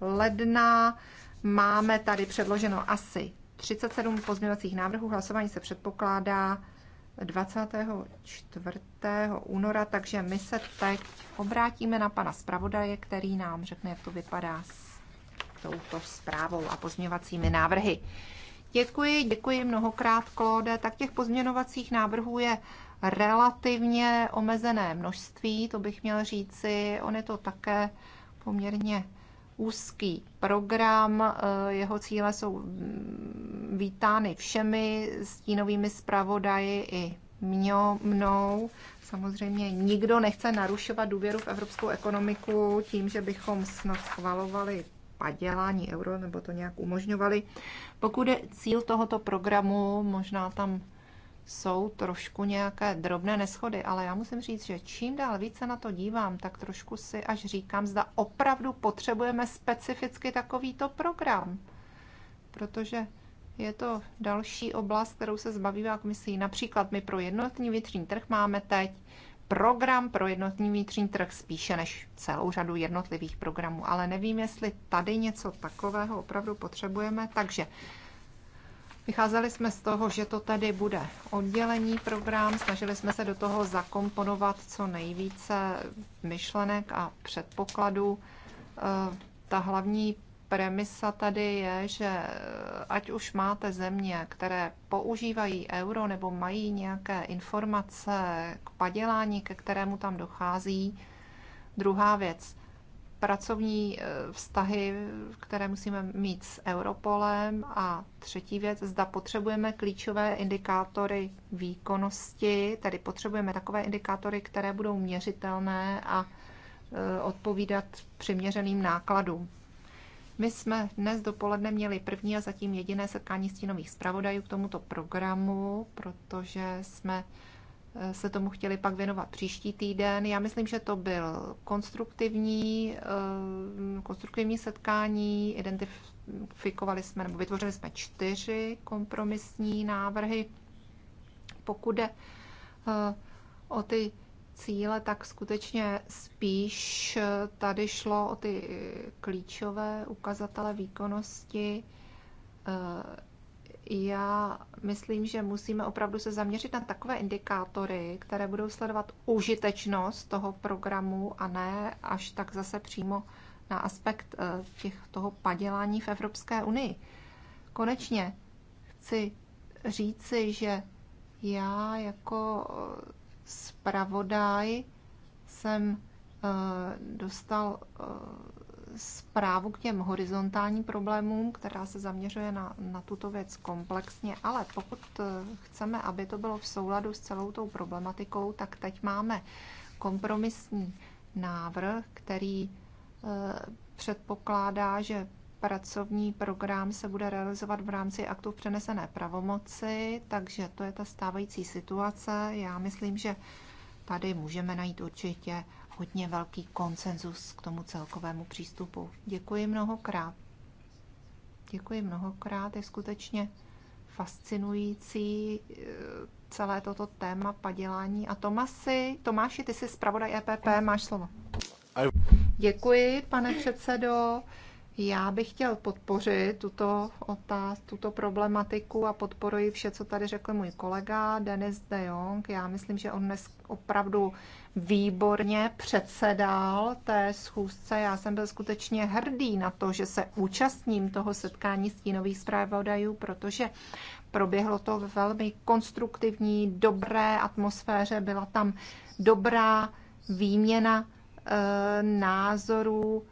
ledna. Máme tady předloženo asi 37 pozměňovacích návrhů. Hlasování se předpokládá 24. února, takže my se teď obrátíme na pana zpravodaje, který nám řekne, jak to vypadá s touto zprávou a pozměňovacími návrhy. Děkuji, děkuji mnohokrát, Klóde. Tak těch pozměňovacích návrhů je relativně omezené množství, to bych měl říci. On je to také poměrně úzký program. Eh, jeho cíle jsou mm, vítány všemi stínovými zpravodaji i mňo, mnou. Samozřejmě nikdo nechce narušovat důvěru v evropskou ekonomiku tím, že bychom snad schvalovali padělání euro, nebo to nějak umožňovali. Pokud je cíl tohoto programu, možná tam jsou trošku nějaké drobné neschody, ale já musím říct, že čím dál více na to dívám, tak trošku si až říkám, zda opravdu potřebujeme specificky takovýto program. Protože je to další oblast, kterou se zbavívá komisí. Jako například my pro jednotný vnitřní trh máme teď program pro jednotný vnitřní trh spíše než celou řadu jednotlivých programů, ale nevím, jestli tady něco takového opravdu potřebujeme, takže Vycházeli jsme z toho, že to tady bude oddělený program, snažili jsme se do toho zakomponovat co nejvíce myšlenek a předpokladů. Eh, ta hlavní premisa tady je, že eh, ať už máte země, které používají euro nebo mají nějaké informace k padělání, ke kterému tam dochází. Druhá věc, pracovní eh, vztahy, které musíme mít s Europolem. A třetí věc, zda potřebujeme klíčové indikátory výkonnosti, tedy potřebujeme takové indikátory, které budou měřitelné a eh, odpovídat přiměřeným nákladům. My jsme dnes dopoledne měli první a zatím jediné setkání stínových zpravodajů k tomuto programu, protože jsme eh, se tomu chtěli pak věnovat příští týden. Já myslím, že to byl konstruktivní, eh, konstruktivní setkání. Identifikovali jsme nebo vytvořili jsme čtyři kompromisní návrhy. Pokud jde eh, o ty cíle, tak skutečně spíš eh, tady šlo o ty klíčové ukazatele výkonnosti. Eh, já myslím, že musíme opravdu se zaměřit na takové indikátory, které budou sledovat užitečnost toho programu a ne až tak zase přímo na aspekt eh, těch, toho padělání v Evropské unii. Konečně chci říci, že já jako zpravodaj jsem eh, dostal eh, zprávu k těm horizontálním problémům, která se zaměřuje na, na tuto věc komplexně, ale pokud eh, chceme, aby to bylo v souladu s celou tou problematikou, tak teď máme kompromisní návrh, který předpokládá, že pracovní program se bude realizovat v rámci aktu přenesené pravomoci, takže to je ta stávající situace. Já myslím, že tady můžeme najít určitě hodně velký konsenzus k tomu celkovému přístupu. Děkuji mnohokrát. Děkuji mnohokrát. Je skutečně fascinující eh, celé toto téma padělání. A Tomasi, Tomáši, ty jsi zpravodaj EPP, máš slovo. Děkuji, pane předsedo. Já bych chtěl podpořit tuto otáz, tuto problematiku a podporuji vše, co tady řekl můj kolega Denis de Jong. Já myslím, že on dnes opravdu výborně předsedal té schůzce. Já jsem byl skutečně hrdý na to, že se účastním toho setkání stínových zpravodajů, protože proběhlo to ve velmi konstruktivní, dobré atmosféře. Byla tam dobrá výměna e, názorů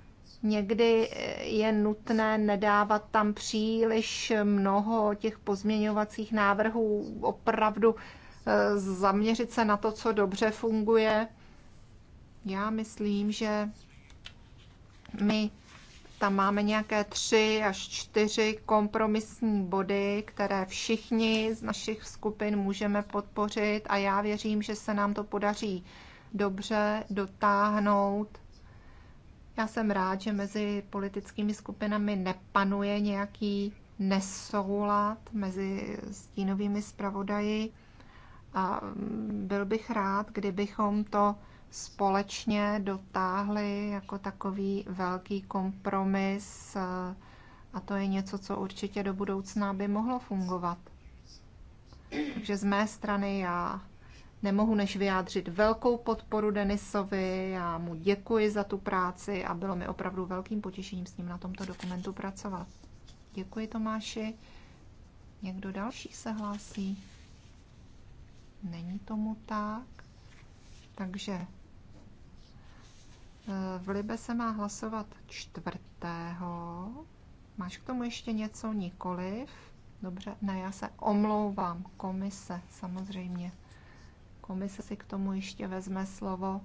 Někdy eh, je nutné nedávat tam příliš mnoho těch pozměňovacích návrhů, opravdu eh, zaměřit se na to, co dobře funguje. Já myslím, že my tam máme nějaké tři až čtyři kompromisní body, které všichni z našich skupin můžeme podpořit a já věřím, že se nám to podaří dobře dotáhnout já jsem rád, že mezi politickými skupinami nepanuje nějaký nesoulad mezi stínovými zpravodaji a byl bych rád, kdybychom to společně dotáhli jako takový velký kompromis a to je něco, co určitě do budoucna by mohlo fungovat. Takže z mé strany já nemohu než vyjádřit velkou podporu Denisovi. Já mu děkuji za tu práci a bylo mi opravdu velkým potěšením s ním na tomto dokumentu pracovat. Děkuji Tomáši. Někdo další se hlásí? Není tomu tak. Takže eh, v Libe se má hlasovat čtvrtého. Máš k tomu ještě něco? Nikoliv. Dobře, ne, já se omlouvám. Komise, samozřejmě komise si k tomu ještě vezme slovo.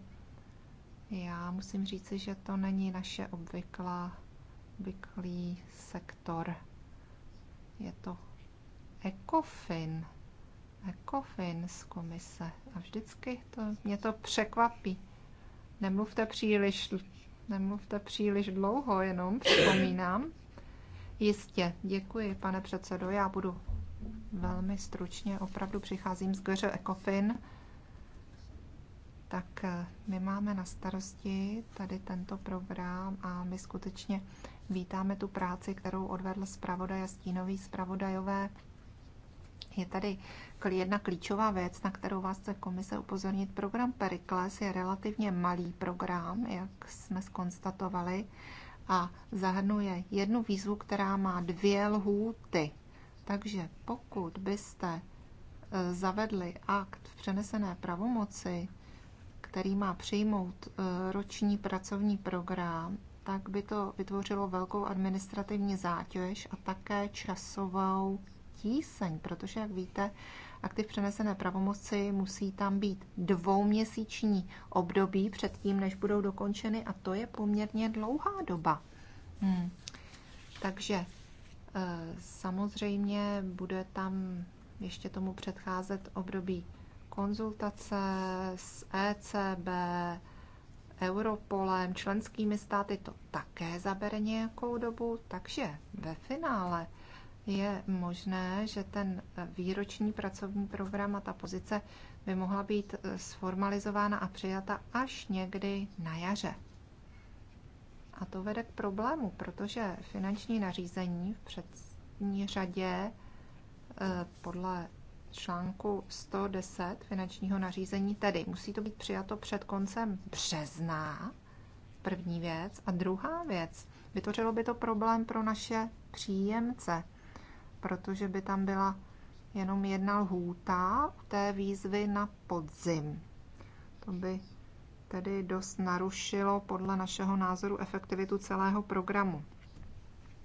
Já musím říci, že to není naše obvyklá, obvyklý sektor. Je to ECOFIN. ECOFIN z komise. A vždycky to, mě to překvapí. Nemluvte příliš, nemluvte příliš dlouho, jenom připomínám. Jistě, děkuji, pane předsedo. Já budu velmi stručně, opravdu přicházím z GŘ ECOFIN tak eh, my máme na starosti tady tento program a my skutečně vítáme tu práci, kterou odvedl zpravodaj a stínový zpravodajové. Je tady jedna klíčová věc, na kterou vás chce komise upozornit. Program Perikles je relativně malý program, jak jsme skonstatovali, a zahrnuje jednu výzvu, která má dvě lhůty. Takže pokud byste eh, zavedli akt v přenesené pravomoci, který má přijmout eh, roční pracovní program, tak by to vytvořilo velkou administrativní zátěž a také časovou tíseň, protože, jak víte, aktiv přenesené pravomoci musí tam být dvouměsíční období předtím, než budou dokončeny a to je poměrně dlouhá doba. Hmm. Takže eh, samozřejmě bude tam ještě tomu předcházet období konzultace s ECB, Europolem, členskými státy to také zabere nějakou dobu, takže ve finále je možné, že ten výroční pracovní program a ta pozice by mohla být eh, sformalizována a přijata až někdy na jaře. A to vede k problému, protože finanční nařízení v přední řadě eh, podle článku 110 finančního nařízení, tedy musí to být přijato před koncem března, první věc. A druhá věc, vytvořilo by to problém pro naše příjemce, protože by tam byla jenom jedna lhůta té výzvy na podzim. To by tedy dost narušilo podle našeho názoru efektivitu celého programu.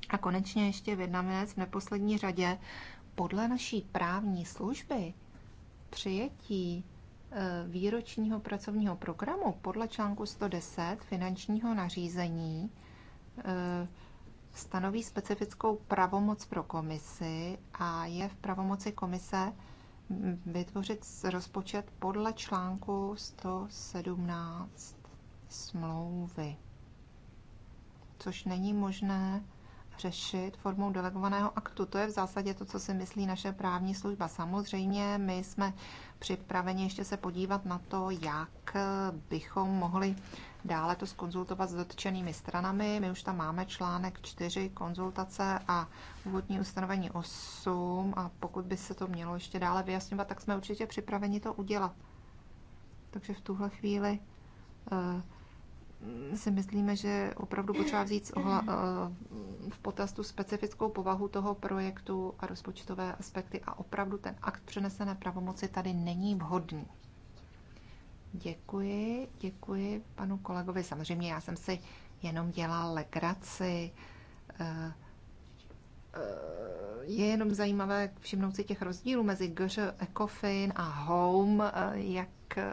A konečně ještě jedna věc v neposlední řadě podle naší právní služby přijetí e, výročního pracovního programu podle článku 110 finančního nařízení e, stanoví specifickou pravomoc pro komisi a je v pravomoci komise vytvořit rozpočet podle článku 117 smlouvy, což není možné řešit formou delegovaného aktu. To je v zásadě to, co si myslí naše právní služba. Samozřejmě my jsme připraveni ještě se podívat na to, jak bychom mohli dále to skonzultovat s dotčenými stranami. My už tam máme článek 4, konzultace a úvodní ustanovení 8 a pokud by se to mělo ještě dále vyjasňovat, tak jsme určitě připraveni to udělat. Takže v tuhle chvíli eh, si myslíme, že opravdu potřeba vzít eh, v potaz tu specifickou povahu toho projektu a rozpočtové aspekty a opravdu ten akt přenesené pravomoci tady není vhodný. Děkuji, děkuji panu kolegovi. Samozřejmě já jsem si jenom dělala legraci. Eh, Eh, je jenom zajímavé všimnout si těch rozdílů mezi GŽ, ECOFIN a HOME, eh, jak eh,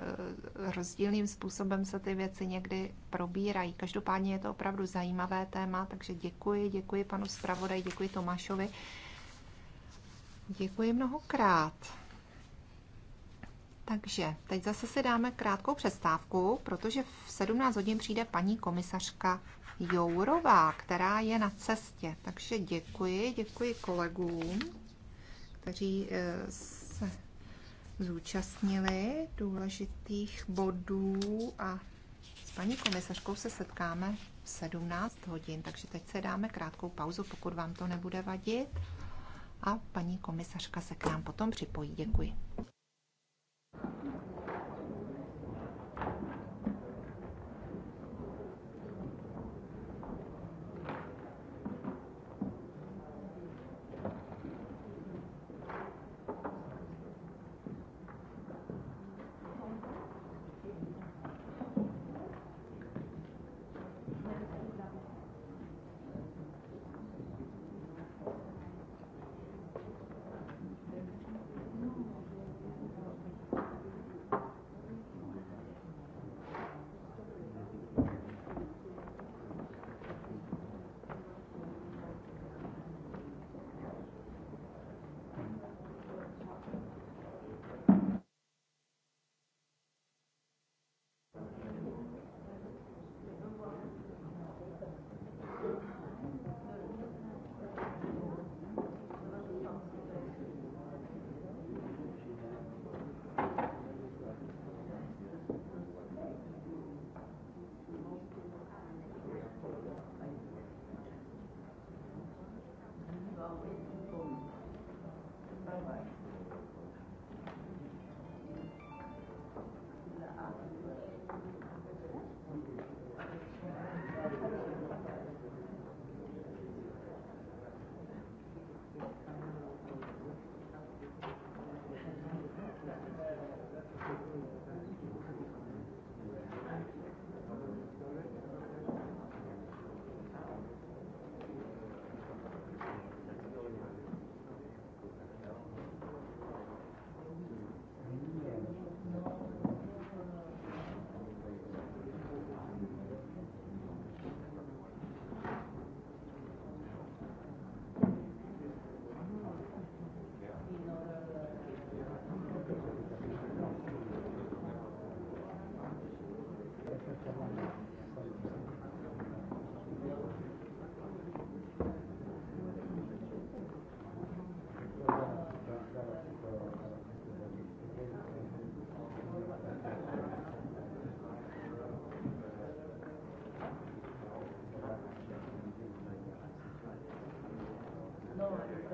rozdílným způsobem se ty věci někdy probírají. Každopádně je to opravdu zajímavé téma, takže děkuji, děkuji panu zpravodaj, děkuji Tomášovi. Děkuji mnohokrát. Takže teď zase si dáme krátkou přestávku, protože v 17 hodin přijde paní komisařka Jourová, která je na cestě. Takže děkuji, děkuji kolegům, kteří eh, se zúčastnili důležitých bodů a s paní komisařkou se setkáme v 17 hodin, takže teď se dáme krátkou pauzu, pokud vám to nebude vadit a paní komisařka se k nám potom připojí. Děkuji.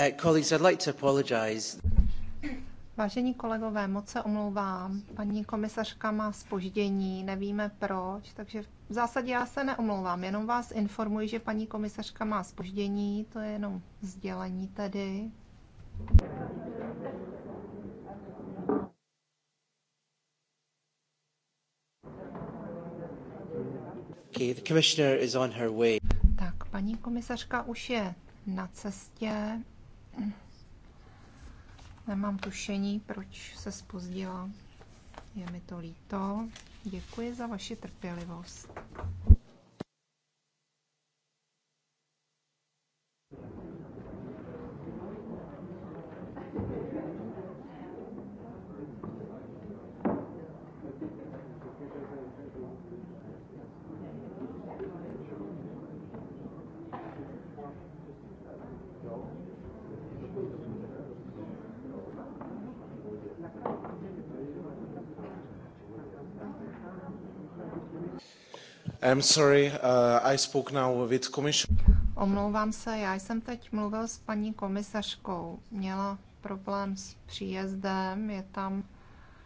Uh, Vážení kolegové, moc se omlouvám. Paní komisařka má spoždění, nevíme proč, takže v zásadě já se neomlouvám, jenom vás informuji, že paní komisařka má spoždění, to je jenom sdělení tedy. Okay, the commissioner is on her way. Tak, paní komisařka už je na cestě. Nemám tušení, proč se spozdila. Je mi to líto. Děkuji za vaši trpělivost. I'm sorry, uh, I spoke now with commission. Omlouvám se, já jsem teď mluvil s paní komisařkou. Měla problém s příjezdem, je tam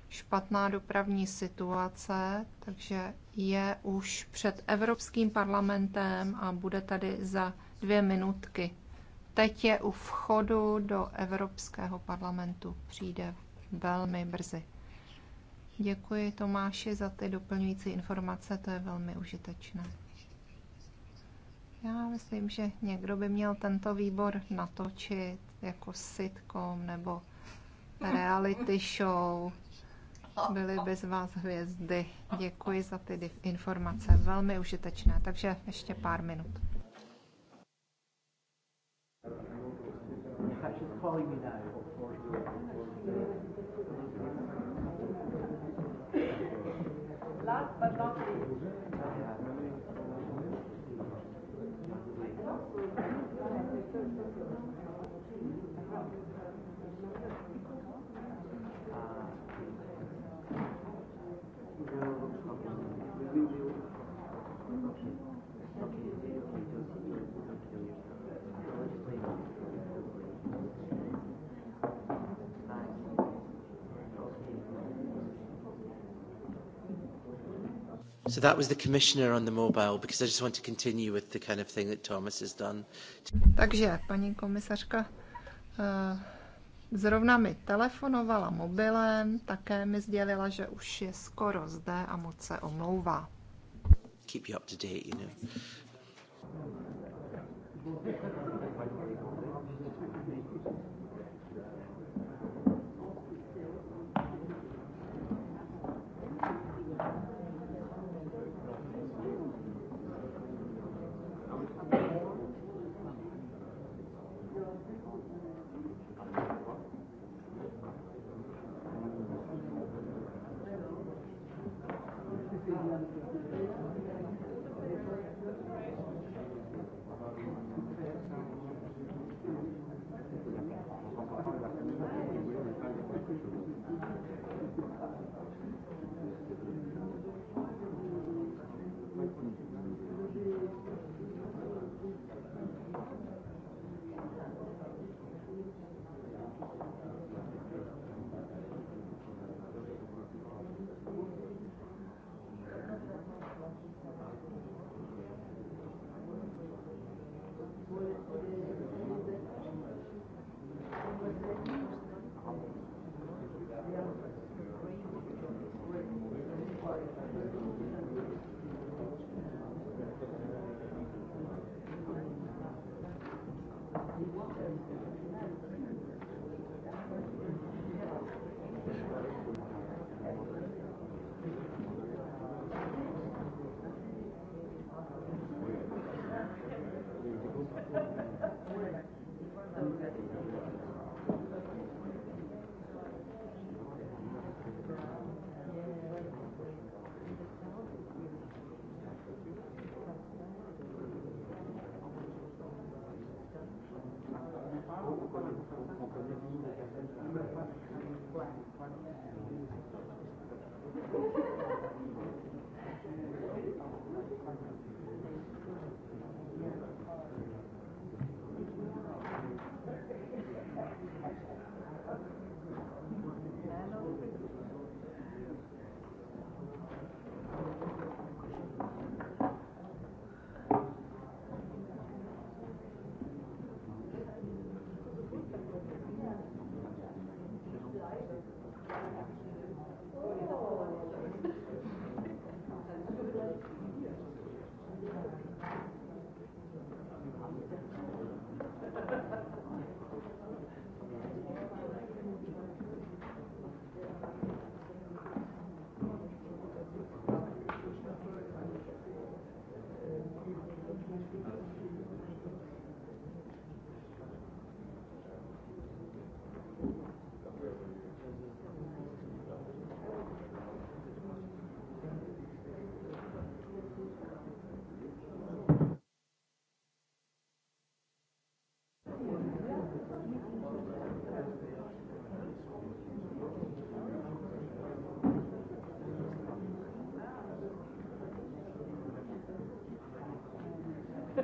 špatná dopravní situace, takže je už před Evropským parlamentem a bude tady za dvě minutky. Teď je u vchodu do Evropského parlamentu, přijde velmi brzy. Děkuji Tomáši za ty doplňující informace, to je velmi užitečné. Já myslím, že někdo by měl tento výbor natočit jako sitcom nebo reality show. Byly by z vás hvězdy. Děkuji za ty informace, velmi užitečné. Takže ještě pár minut. calling me Last but not least. So that was the commissioner on the mobile, because I just want to continue with the kind of thing that Thomas has done. Takže paní komisařka eh, zrovna mi telefonovala mobilem, také mi sdělila, že už je skoro zde a moc se omlouvá. Keep you up to date, you know.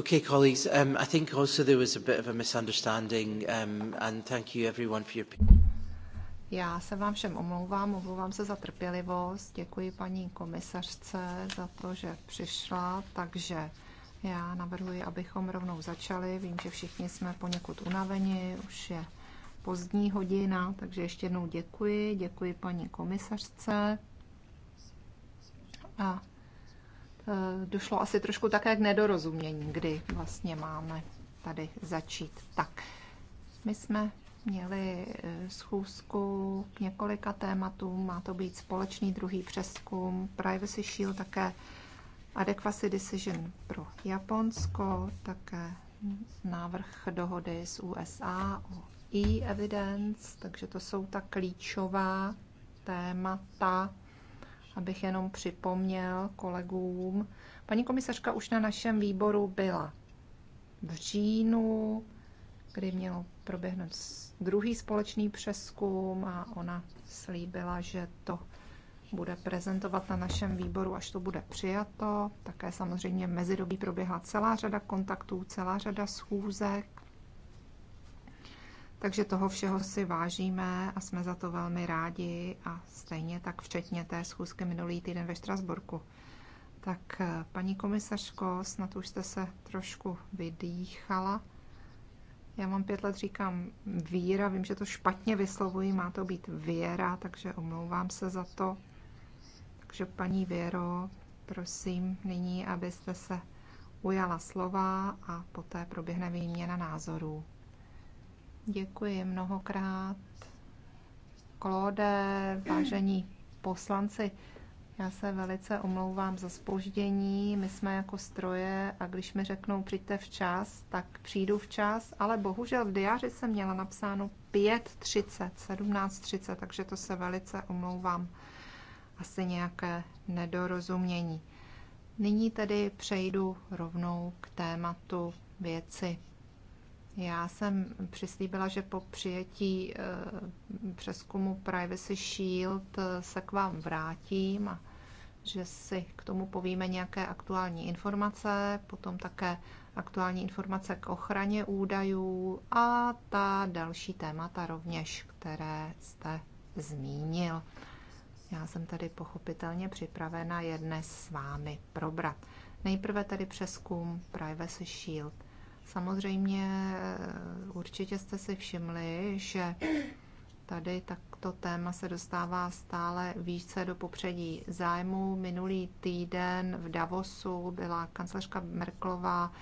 Okay, colleagues, um, I think also there was a bit of a misunderstanding um, and thank you everyone for your... Já se vám všem omlouvám, omlouvám se za trpělivost, děkuji paní komisařce za to, že přišla, takže já navrhuji, abychom rovnou začali. Vím, že všichni jsme poněkud unaveni, už je pozdní hodina, takže ještě jednou děkuji, děkuji paní komisařce. A došlo asi trošku také k nedorozumění, kdy vlastně máme tady začít. Tak, my jsme měli eh, schůzku k několika tématům, má to být společný druhý přeskum, Privacy Shield také Adequacy Decision pro Japonsko, také návrh dohody s USA o e-evidence, takže to jsou ta klíčová témata, abych jenom připomněl kolegům. Paní komisařka už na našem výboru byla v říjnu, kdy měl proběhnout druhý společný přeskum a ona slíbila, že to bude prezentovat na našem výboru, až to bude přijato. Také samozřejmě mezidobí proběhla celá řada kontaktů, celá řada schůzek takže toho všeho si vážíme a jsme za to velmi rádi a stejně tak včetně té schůzky minulý týden ve Štrasburku. Tak eh, paní komisařko, snad už jste se trošku vydýchala. Já mám pět let, říkám víra, vím, že to špatně vyslovuji, má to být věra, takže omlouvám se za to. Takže paní Věro, prosím nyní, abyste se ujala slova a poté proběhne výměna názorů. Děkuji mnohokrát. Klode, vážení poslanci, já se velice omlouvám za spoždění. My jsme jako stroje a když mi řeknou přijďte včas, tak přijdu včas, ale bohužel v diáři jsem měla napsáno 5.30, 17.30, takže to se velice omlouvám. Asi nějaké nedorozumění. Nyní tedy přejdu rovnou k tématu věci. Já jsem přislíbila, že po přijetí eh, přeskumu Privacy Shield eh, se k vám vrátím a že si k tomu povíme nějaké aktuální informace, potom také aktuální informace k ochraně údajů a ta další témata rovněž, které jste zmínil. Já jsem tady pochopitelně připravena je dnes s vámi probrat. Nejprve tedy přeskum Privacy Shield – Samozřejmě eh, určitě jste si všimli, že tady takto téma se dostává stále více do popředí zájmu. Minulý týden v Davosu byla kancelářka Merklová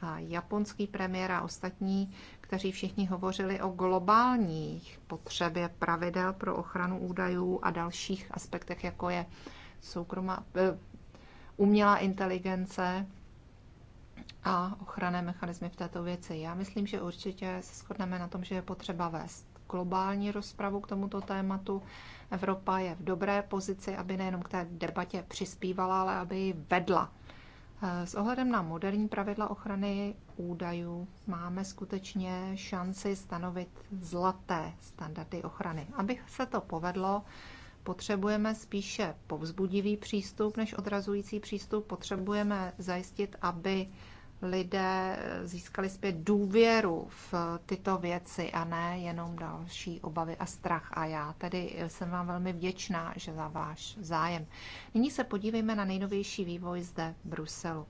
a japonský premiér a ostatní, kteří všichni hovořili o globálních potřebě pravidel pro ochranu údajů a dalších aspektech, jako je soukromá, eh, umělá inteligence a ochranné mechanismy v této věci. Já myslím, že určitě se shodneme na tom, že je potřeba vést globální rozpravu k tomuto tématu. Evropa je v dobré pozici, aby nejenom k té debatě přispívala, ale aby ji vedla. S ohledem na moderní pravidla ochrany údajů máme skutečně šanci stanovit zlaté standardy ochrany. Aby se to povedlo, potřebujeme spíše povzbudivý přístup než odrazující přístup. Potřebujeme zajistit, aby lidé eh, získali zpět důvěru v tyto věci a ne jenom další obavy a strach. A já tedy jsem vám velmi vděčná že za váš zájem. Nyní se podívejme na nejnovější vývoj zde v Bruselu.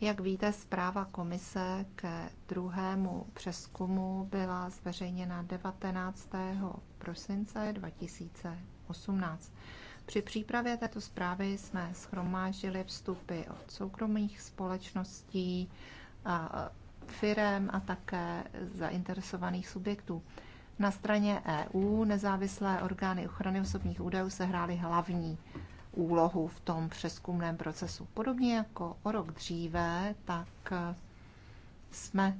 Jak víte, zpráva komise ke druhému přeskumu byla zveřejněna 19. prosince 2018. Při přípravě této zprávy jsme schromáždili vstupy od soukromých společností, a firem a také zainteresovaných subjektů. Na straně EU nezávislé orgány ochrany osobních údajů sehrály hlavní úlohu v tom přeskumném procesu. Podobně jako o rok dříve, tak eh, jsme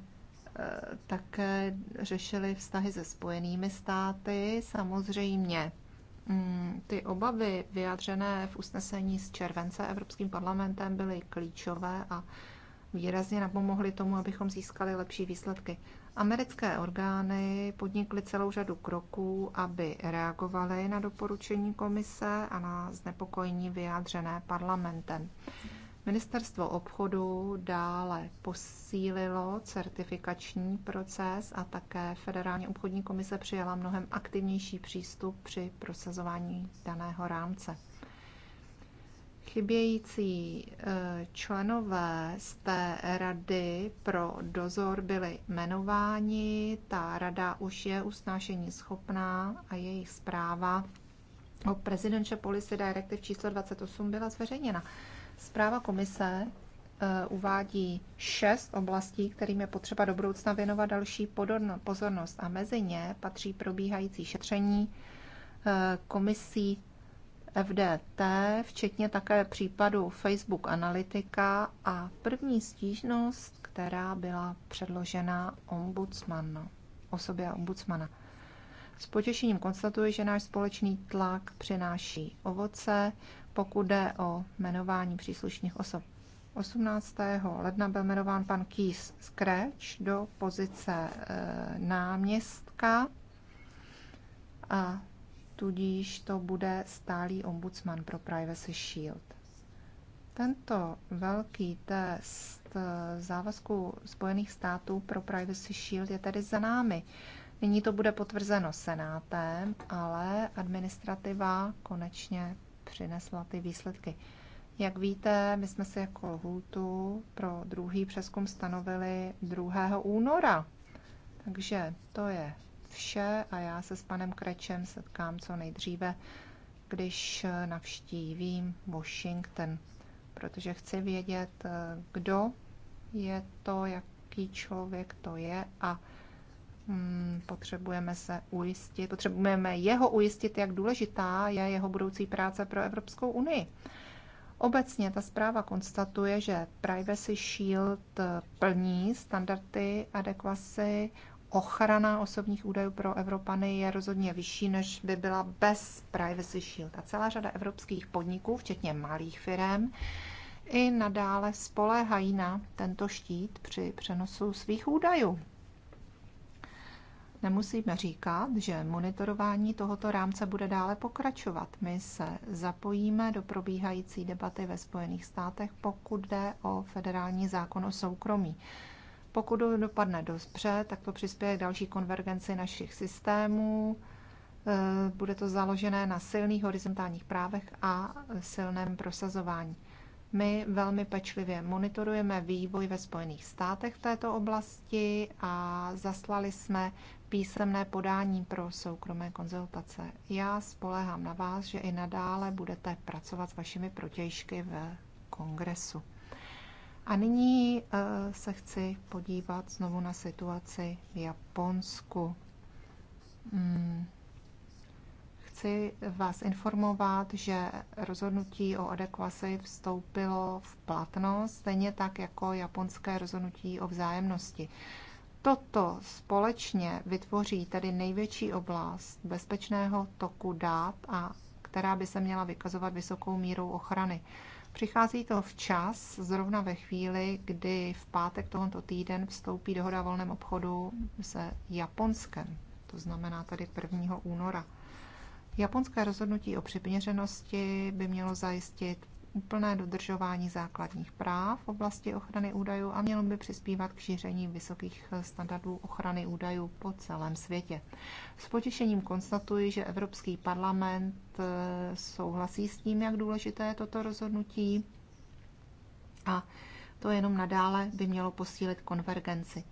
eh, také řešili vztahy se spojenými státy. Samozřejmě Mm, ty obavy vyjádřené v usnesení z července Evropským parlamentem byly klíčové a výrazně napomohly tomu, abychom získali lepší výsledky. Americké orgány podnikly celou řadu kroků, aby reagovaly na doporučení komise a na znepokojení vyjádřené parlamentem. Ministerstvo obchodu dále posílilo certifikační proces a také Federální obchodní komise přijala mnohem aktivnější přístup při prosazování daného rámce. Chybějící eh, členové z té rady pro dozor byli jmenováni, ta rada už je usnášení schopná a jejich zpráva o Presidential Policy Directive číslo 28 byla zveřejněna. Zpráva komise eh, uvádí šest oblastí, kterým je potřeba do budoucna věnovat další pozornost a mezi ně patří probíhající šetření eh, komisí FDT, včetně také případu Facebook Analytica a první stížnost, která byla předložena ombudsmanu, osobě ombudsmana. S potěšením konstatuji, že náš společný tlak přináší ovoce pokud jde o jmenování příslušných osob. 18. ledna byl jmenován pan Kýs Scratch do pozice eh, náměstka a tudíž to bude stálý ombudsman pro Privacy Shield. Tento velký test eh, závazku Spojených států pro Privacy Shield je tedy za námi. Nyní to bude potvrzeno Senátem, ale administrativa konečně přinesla ty výsledky. Jak víte, my jsme si jako lhůtu pro druhý přeskum stanovili 2. února. Takže to je vše a já se s panem Krečem setkám co nejdříve, když navštívím Washington, protože chci vědět, kdo je to, jaký člověk to je a Hmm, potřebujeme se ujistit, potřebujeme jeho ujistit, jak důležitá je jeho budoucí práce pro Evropskou unii. Obecně ta zpráva konstatuje, že Privacy Shield plní standardy adekvasy, ochrana osobních údajů pro Evropany je rozhodně vyšší, než by byla bez Privacy Shield. A celá řada evropských podniků, včetně malých firm, i nadále spoléhají na tento štít při přenosu svých údajů. Nemusíme říkat, že monitorování tohoto rámce bude dále pokračovat. My se zapojíme do probíhající debaty ve Spojených státech, pokud jde o federální zákon o soukromí. Pokud dopadne dobře, tak to přispěje k další konvergenci našich systémů. Eh, bude to založené na silných horizontálních právech a silném prosazování. My velmi pečlivě monitorujeme vývoj ve Spojených státech v této oblasti a zaslali jsme písemné podání pro soukromé konzultace. Já spolehám na vás, že i nadále budete pracovat s vašimi protějšky v kongresu. A nyní eh, se chci podívat znovu na situaci v Japonsku. Hmm. Chci vás informovat, že rozhodnutí o adekvaci vstoupilo v platnost, stejně tak jako japonské rozhodnutí o vzájemnosti toto společně vytvoří tedy největší oblast bezpečného toku dát a která by se měla vykazovat vysokou mírou ochrany. Přichází to včas, zrovna ve chvíli, kdy v pátek tohoto týden vstoupí dohoda o volném obchodu se Japonskem, to znamená tady 1. února. Japonské rozhodnutí o přiměřenosti by mělo zajistit úplné dodržování základních práv v oblasti ochrany údajů a mělo by přispívat k šíření vysokých standardů ochrany údajů po celém světě. S potěšením konstatuji, že Evropský parlament eh, souhlasí s tím, jak důležité je toto rozhodnutí a to jenom nadále by mělo posílit konvergenci.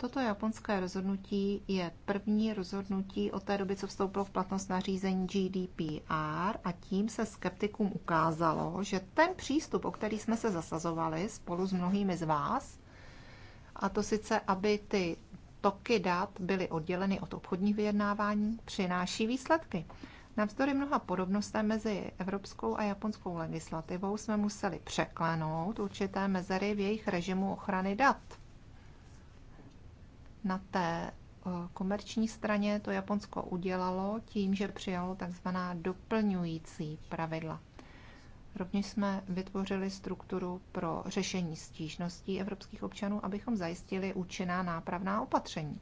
Toto japonské rozhodnutí je první rozhodnutí od té doby, co vstoupilo v platnost nařízení GDPR a tím se skeptikům ukázalo, že ten přístup, o který jsme se zasazovali spolu s mnohými z vás, a to sice, aby ty toky dat byly odděleny od obchodních vyjednávání, přináší výsledky. Navzdory mnoha podobnostem mezi evropskou a japonskou legislativou jsme museli překlenout určité mezery v jejich režimu ochrany dat. Na té eh, komerční straně to Japonsko udělalo tím, že přijalo takzvaná doplňující pravidla. Rovněž jsme vytvořili strukturu pro řešení stížností evropských občanů, abychom zajistili účinná nápravná opatření.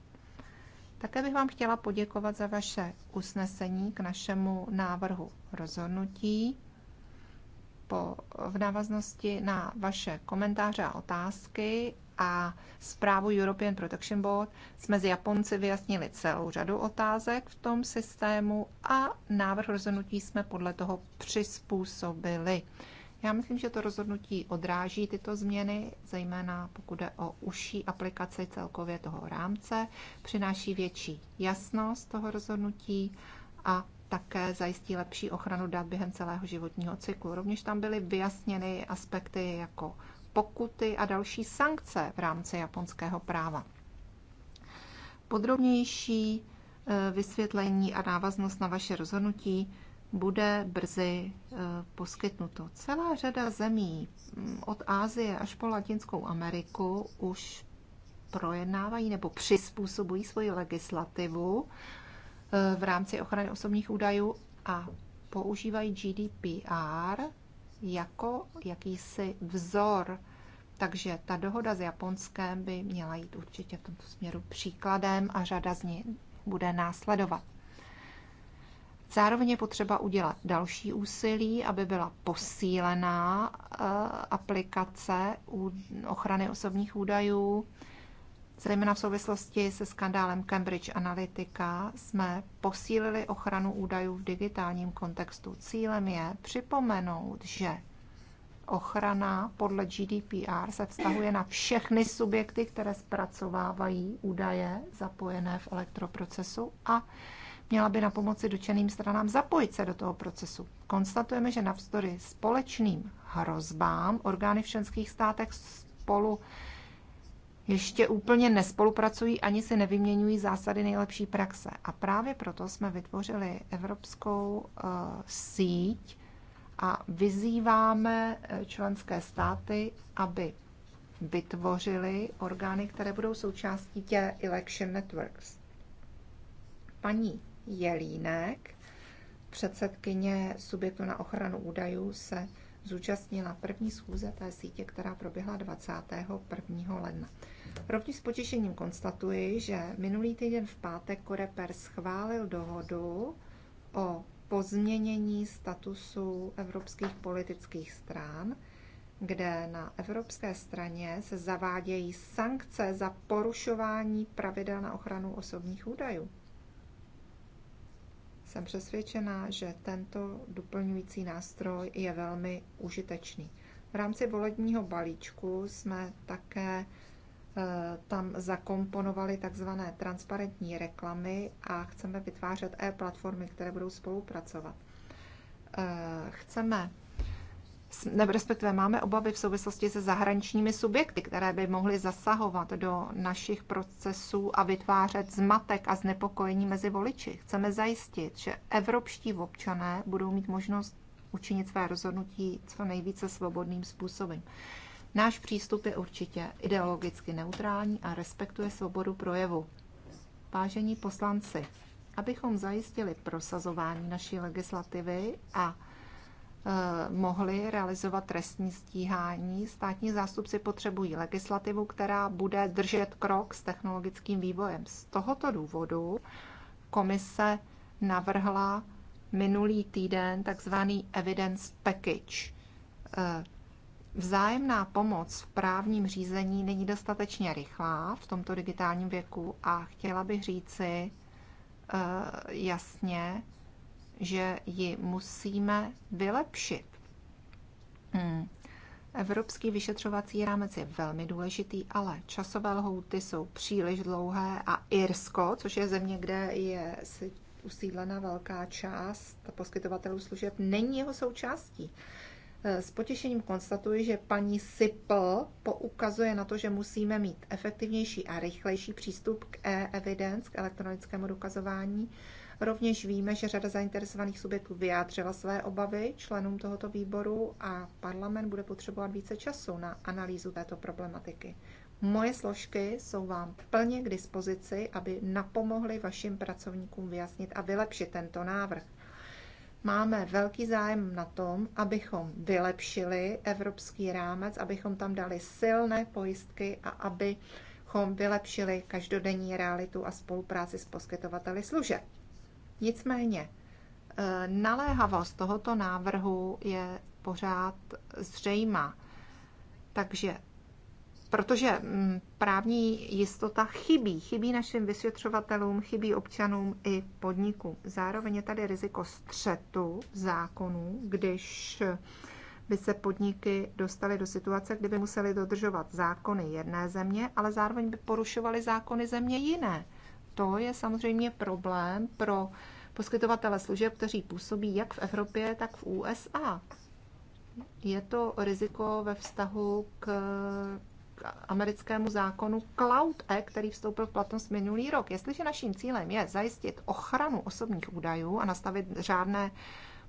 Také bych vám chtěla poděkovat za vaše usnesení k našemu návrhu rozhodnutí. Po, v návaznosti na vaše komentáře a otázky a zprávu European Protection Board jsme s Japonci vyjasnili celou řadu otázek v tom systému a návrh rozhodnutí jsme podle toho přizpůsobili. Já myslím, že to rozhodnutí odráží tyto změny, zejména pokud je o užší aplikaci celkově toho rámce, přináší větší jasnost toho rozhodnutí a také zajistí lepší ochranu dat během celého životního cyklu. Rovněž tam byly vyjasněny aspekty jako pokuty a další sankce v rámci japonského práva. Podrobnější eh, vysvětlení a návaznost na vaše rozhodnutí bude brzy eh, poskytnuto. Celá řada zemí mm, od Ázie až po Latinskou Ameriku už projednávají nebo přizpůsobují svoji legislativu eh, v rámci ochrany osobních údajů a používají GDPR jako jakýsi vzor. Takže ta dohoda s Japonskem by měla jít určitě v tomto směru příkladem a řada z ní bude následovat. Zároveň je potřeba udělat další úsilí, aby byla posílená eh, aplikace ochrany osobních údajů. Zejména v souvislosti se skandálem Cambridge Analytica jsme posílili ochranu údajů v digitálním kontextu. Cílem je připomenout, že ochrana podle GDPR se vztahuje na všechny subjekty, které zpracovávají údaje zapojené v elektroprocesu a měla by na pomoci dočeným stranám zapojit se do toho procesu. Konstatujeme, že navzdory společným hrozbám orgány v členských státech spolu ještě úplně nespolupracují ani se nevyměňují zásady nejlepší praxe. A právě proto jsme vytvořili evropskou uh, síť a vyzýváme eh, členské státy, aby vytvořili orgány, které budou součástí tě Election Networks. Paní Jelínek, předsedkyně subjektu na ochranu údajů, se zúčastnila první schůze té sítě, která proběhla 21. ledna. Rovněž s potěšením konstatuji, že minulý týden v pátek Koreper schválil dohodu o pozměnění statusu evropských politických stran, kde na evropské straně se zavádějí sankce za porušování pravidel na ochranu osobních údajů. Jsem přesvědčená, že tento doplňující nástroj je velmi užitečný. V rámci volebního balíčku jsme také Eh, tam zakomponovali takzvané transparentní reklamy a chceme vytvářet e-platformy, které budou spolupracovat. Eh, chceme respektive máme obavy v souvislosti se zahraničními subjekty, které by mohly zasahovat do našich procesů a vytvářet zmatek a znepokojení mezi voliči. Chceme zajistit, že evropští občané budou mít možnost učinit své rozhodnutí co nejvíce svobodným způsobem. Náš přístup je určitě ideologicky neutrální a respektuje svobodu projevu. Vážení poslanci, abychom zajistili prosazování naší legislativy a e, mohli realizovat trestní stíhání. Státní zástupci potřebují legislativu, která bude držet krok s technologickým vývojem. Z tohoto důvodu komise navrhla minulý týden takzvaný evidence package, e, Vzájemná pomoc v právním řízení není dostatečně rychlá v tomto digitálním věku a chtěla bych říci eh, jasně, že ji musíme vylepšit. Hmm. Evropský vyšetřovací rámec je velmi důležitý, ale časové lhouty jsou příliš dlouhé a Irsko, což je země, kde je usídlena velká část poskytovatelů služeb, není jeho součástí. Eh, s potěšením konstatuji, že paní Sipl poukazuje na to, že musíme mít efektivnější a rychlejší přístup k e-evidence, k elektronickému dokazování. Rovněž víme, že řada zainteresovaných subjektů vyjádřila své obavy členům tohoto výboru a parlament bude potřebovat více času na analýzu této problematiky. Moje složky jsou vám plně k dispozici, aby napomohly vašim pracovníkům vyjasnit a vylepšit tento návrh máme velký zájem na tom, abychom vylepšili evropský rámec, abychom tam dali silné pojistky a abychom vylepšili každodenní realitu a spolupráci s poskytovateli služeb. Nicméně, eh, naléhavost tohoto návrhu je pořád zřejmá. Takže protože mm, právní jistota chybí. Chybí našim vysvětřovatelům, chybí občanům i podnikům. Zároveň je tady riziko střetu zákonů, když by se podniky dostaly do situace, kdy by museli dodržovat zákony jedné země, ale zároveň by porušovaly zákony země jiné. To je samozřejmě problém pro poskytovatele služeb, kteří působí jak v Evropě, tak v USA. Je to riziko ve vztahu k k americkému zákonu Cloud Act, který vstoupil v platnost minulý rok. Jestliže naším cílem je zajistit ochranu osobních údajů a nastavit řádné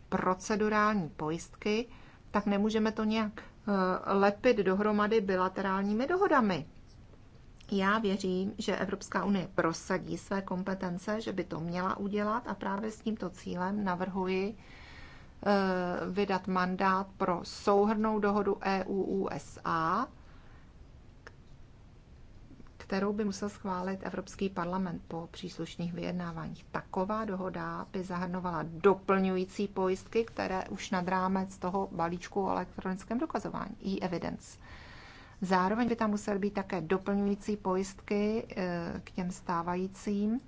procedurální pojistky, tak nemůžeme to nějak eh, lepit dohromady bilaterálními dohodami. Já věřím, že Evropská unie prosadí své kompetence, že by to měla udělat a právě s tímto cílem navrhuji eh, vydat mandát pro souhrnou dohodu EU-USA kterou by musel schválit Evropský parlament po příslušných vyjednáváních. Taková dohoda by zahrnovala doplňující pojistky, které už nad rámec toho balíčku o elektronickém dokazování, e-evidence. Zároveň by tam musely být také doplňující pojistky e, k těm stávajícím,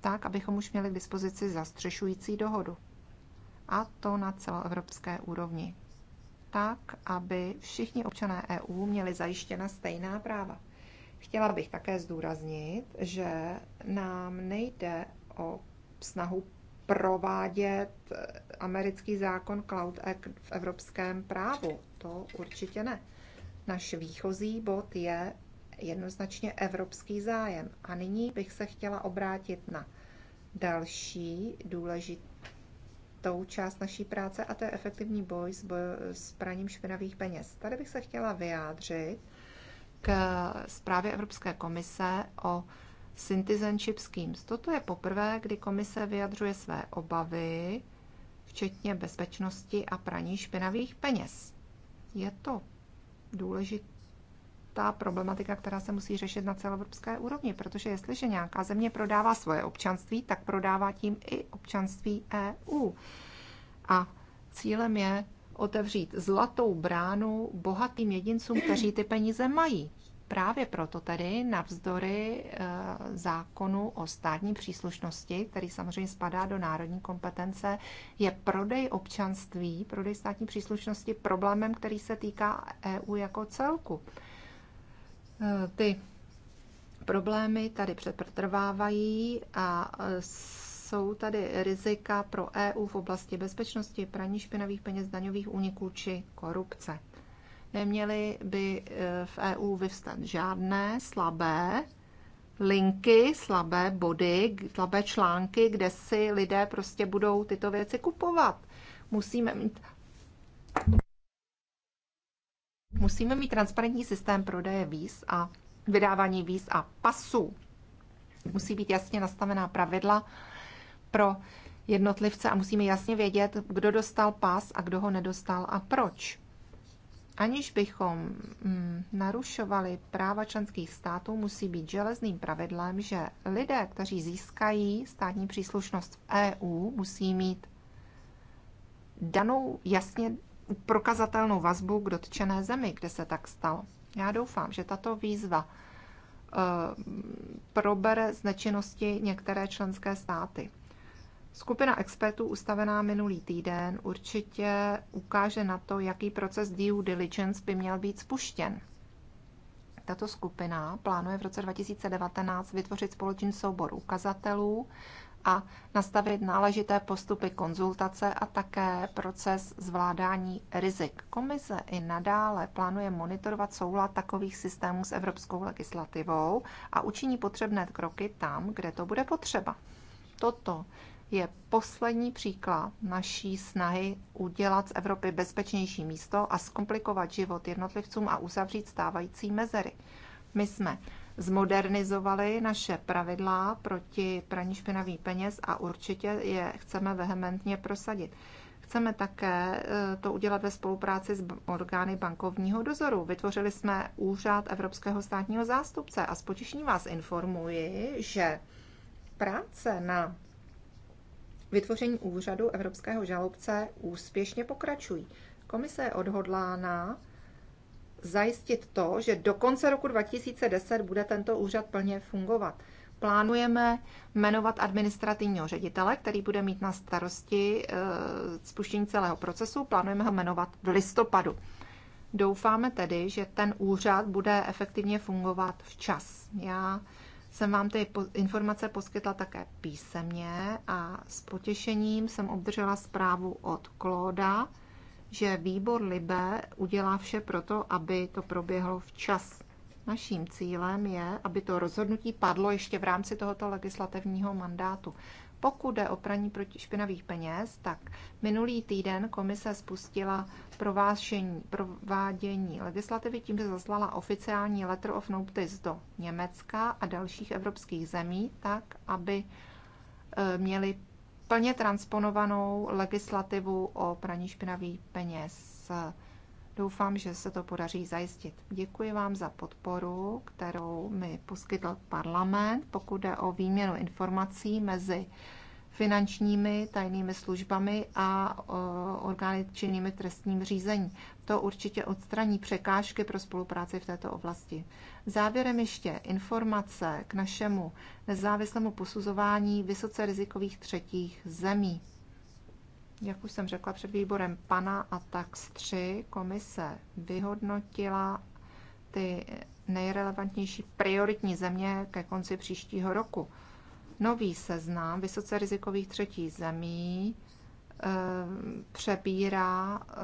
tak, abychom už měli k dispozici zastřešující dohodu. A to na celoevropské úrovni. Tak, aby všichni občané EU měli zajištěna stejná práva. Chtěla bych také zdůraznit, že nám nejde o snahu provádět eh, americký zákon Cloud Act v evropském právu. To určitě ne. Naš výchozí bod je jednoznačně evropský zájem. A nyní bych se chtěla obrátit na další důležitou část naší práce a to je efektivní boj s, boj, s praním špinavých peněz. Tady bych se chtěla vyjádřit k zprávě Evropské komise o Citizenship Schemes. Toto je poprvé, kdy komise vyjadřuje své obavy, včetně bezpečnosti a praní špinavých peněz. Je to důležitá problematika, která se musí řešit na celoevropské úrovni, protože jestliže nějaká země prodává svoje občanství, tak prodává tím i občanství EU. A cílem je otevřít zlatou bránu bohatým jedincům, kteří ty peníze mají. Právě proto tedy navzdory eh, zákonu o státní příslušnosti, který samozřejmě spadá do národní kompetence, je prodej občanství, prodej státní příslušnosti problémem, který se týká EU jako celku. Eh, ty problémy tady přetrvávají a s jsou tady rizika pro EU v oblasti bezpečnosti, praní špinavých peněz, daňových úniků či korupce. Neměly by e, v EU vyvstat žádné slabé linky, slabé body, slabé články, kde si lidé prostě budou tyto věci kupovat. Musíme mít Musíme mít transparentní systém prodeje víz a vydávání víz a pasů. Musí být jasně nastavená pravidla pro jednotlivce a musíme jasně vědět, kdo dostal pas a kdo ho nedostal a proč. Aniž bychom mm, narušovali práva členských států, musí být železným pravidlem, že lidé, kteří získají státní příslušnost v EU, musí mít danou jasně prokazatelnou vazbu k dotčené zemi, kde se tak stalo. Já doufám, že tato výzva eh, probere z nečinnosti některé členské státy. Skupina expertů ustavená minulý týden určitě ukáže na to, jaký proces due diligence by měl být spuštěn. Tato skupina plánuje v roce 2019 vytvořit společný soubor ukazatelů a nastavit náležité postupy konzultace a také proces zvládání rizik. Komise i nadále plánuje monitorovat soulad takových systémů s evropskou legislativou a učiní potřebné kroky tam, kde to bude potřeba. Toto je poslední příklad naší snahy udělat z Evropy bezpečnější místo a zkomplikovat život jednotlivcům a uzavřít stávající mezery. My jsme zmodernizovali naše pravidla proti praní špinavých peněz a určitě je chceme vehementně prosadit. Chceme také eh, to udělat ve spolupráci s orgány bankovního dozoru. Vytvořili jsme úřad Evropského státního zástupce a s potěšením vás informuji, že práce na vytvoření úřadu evropského žalobce úspěšně pokračují. Komise je odhodlána zajistit to, že do konce roku 2010 bude tento úřad plně fungovat. Plánujeme jmenovat administrativního ředitele, který bude mít na starosti eh, spuštění celého procesu. Plánujeme ho jmenovat v listopadu. Doufáme tedy, že ten úřad bude efektivně fungovat včas. Já jsem vám ty informace poskytla také písemně a s potěšením jsem obdržela zprávu od Klóda, že výbor Libe udělá vše pro to, aby to proběhlo včas. Naším cílem je, aby to rozhodnutí padlo ještě v rámci tohoto legislativního mandátu. Pokud jde o praní proti špinavých peněz, tak minulý týden komise spustila provádění legislativy tím, že zaslala oficiální letter of notice do Německa a dalších evropských zemí, tak aby e, měli plně transponovanou legislativu o praní špinavých peněz. Doufám, že se to podaří zajistit. Děkuji vám za podporu, kterou mi poskytl parlament, pokud jde o výměnu informací mezi finančními tajnými službami a orgány činnými trestním řízení. To určitě odstraní překážky pro spolupráci v této oblasti. Závěrem ještě informace k našemu nezávislému posuzování vysoce rizikových třetích zemí. Jak už jsem řekla před výborem PANA a TAX 3, komise vyhodnotila ty nejrelevantnější prioritní země ke konci příštího roku. Nový seznam vysoce rizikových třetích zemí eh, přebírá eh,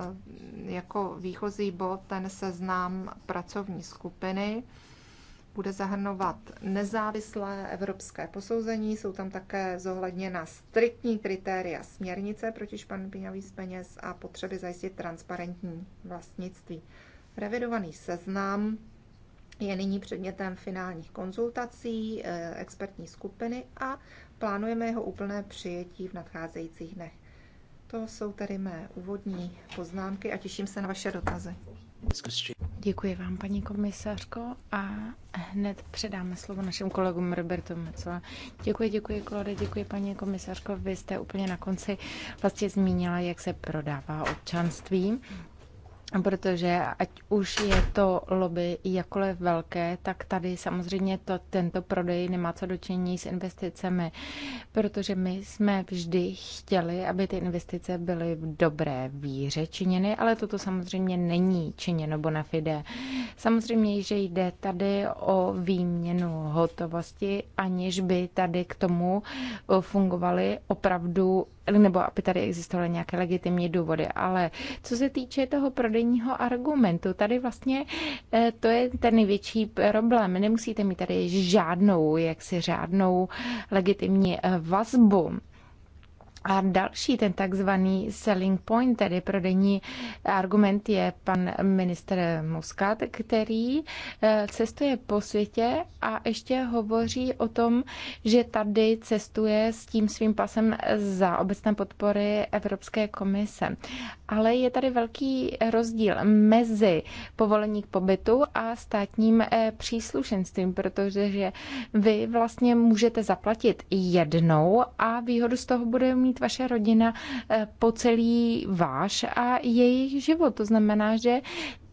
jako výchozí bod ten seznam pracovní skupiny bude zahrnovat nezávislé evropské posouzení, jsou tam také zohledněna striktní kritéria směrnice proti španu z peněz a potřeby zajistit transparentní vlastnictví. Revidovaný seznam je nyní předmětem finálních konzultací eh, expertní skupiny a plánujeme jeho úplné přijetí v nadcházejících dnech. To jsou tedy mé úvodní poznámky a těším se na vaše dotazy. Děkuji vám, paní komisařko, a hned předáme slovo našim kolegům Robertu Mecova. Děkuji, děkuji, Klode, děkuji, paní komisařko. Vy jste úplně na konci vlastně zmínila, jak se prodává občanství protože ať už je to lobby jakkoliv velké, tak tady samozřejmě to, tento prodej nemá co dočinění s investicemi, protože my jsme vždy chtěli, aby ty investice byly v dobré víře činěny, ale toto samozřejmě není činěno bona fide. Samozřejmě, že jde tady o výměnu hotovosti, aniž by tady k tomu fungovaly opravdu nebo aby tady existovaly nějaké legitimní důvody. Ale co se týče toho prodejního argumentu, tady vlastně eh, to je ten největší problém. Nemusíte mít tady žádnou, jaksi řádnou legitimní eh, vazbu a další ten takzvaný selling point, tedy prodejní argument, je pan minister Muscat, který eh, cestuje po světě a ještě hovoří o tom, že tady cestuje s tím svým pasem za obecné podpory Evropské komise ale je tady velký rozdíl mezi povolení k pobytu a státním eh, příslušenstvím, protože že vy vlastně můžete zaplatit jednou a výhodu z toho bude mít vaše rodina eh, po celý váš a jejich život. To znamená, že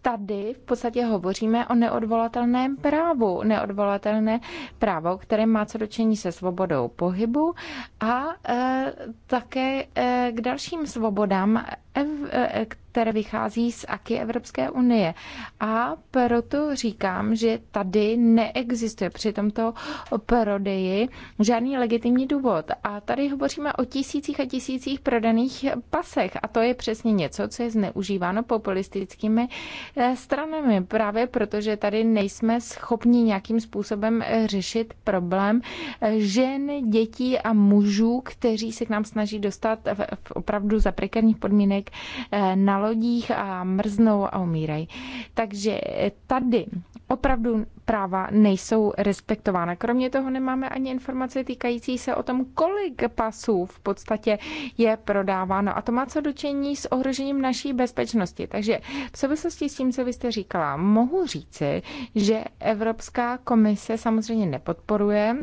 tady v podstatě hovoříme o neodvolatelném právu. Neodvolatelné právo, které má co dočení se svobodou pohybu a e, také e, k dalším svobodám Eh, které vychází z AKI Evropské unie. A proto říkám, že tady neexistuje při tomto prodeji žádný legitimní důvod. A tady hovoříme o tisících a tisících prodaných pasech. A to je přesně něco, co je zneužíváno populistickými eh, stranami. Právě protože tady nejsme schopni nějakým způsobem eh, řešit problém žen, dětí a mužů, kteří se k nám snaží dostat v opravdu za prekerních podmínek ekonomik eh, na lodích a mrznou a umírají. Takže eh, tady opravdu práva nejsou respektována. Kromě toho nemáme ani informace týkající se o tom, kolik pasů v podstatě je prodáváno. A to má co dočení s ohrožením naší bezpečnosti. Takže v souvislosti s tím, co vy jste říkala, mohu říci, že Evropská komise samozřejmě nepodporuje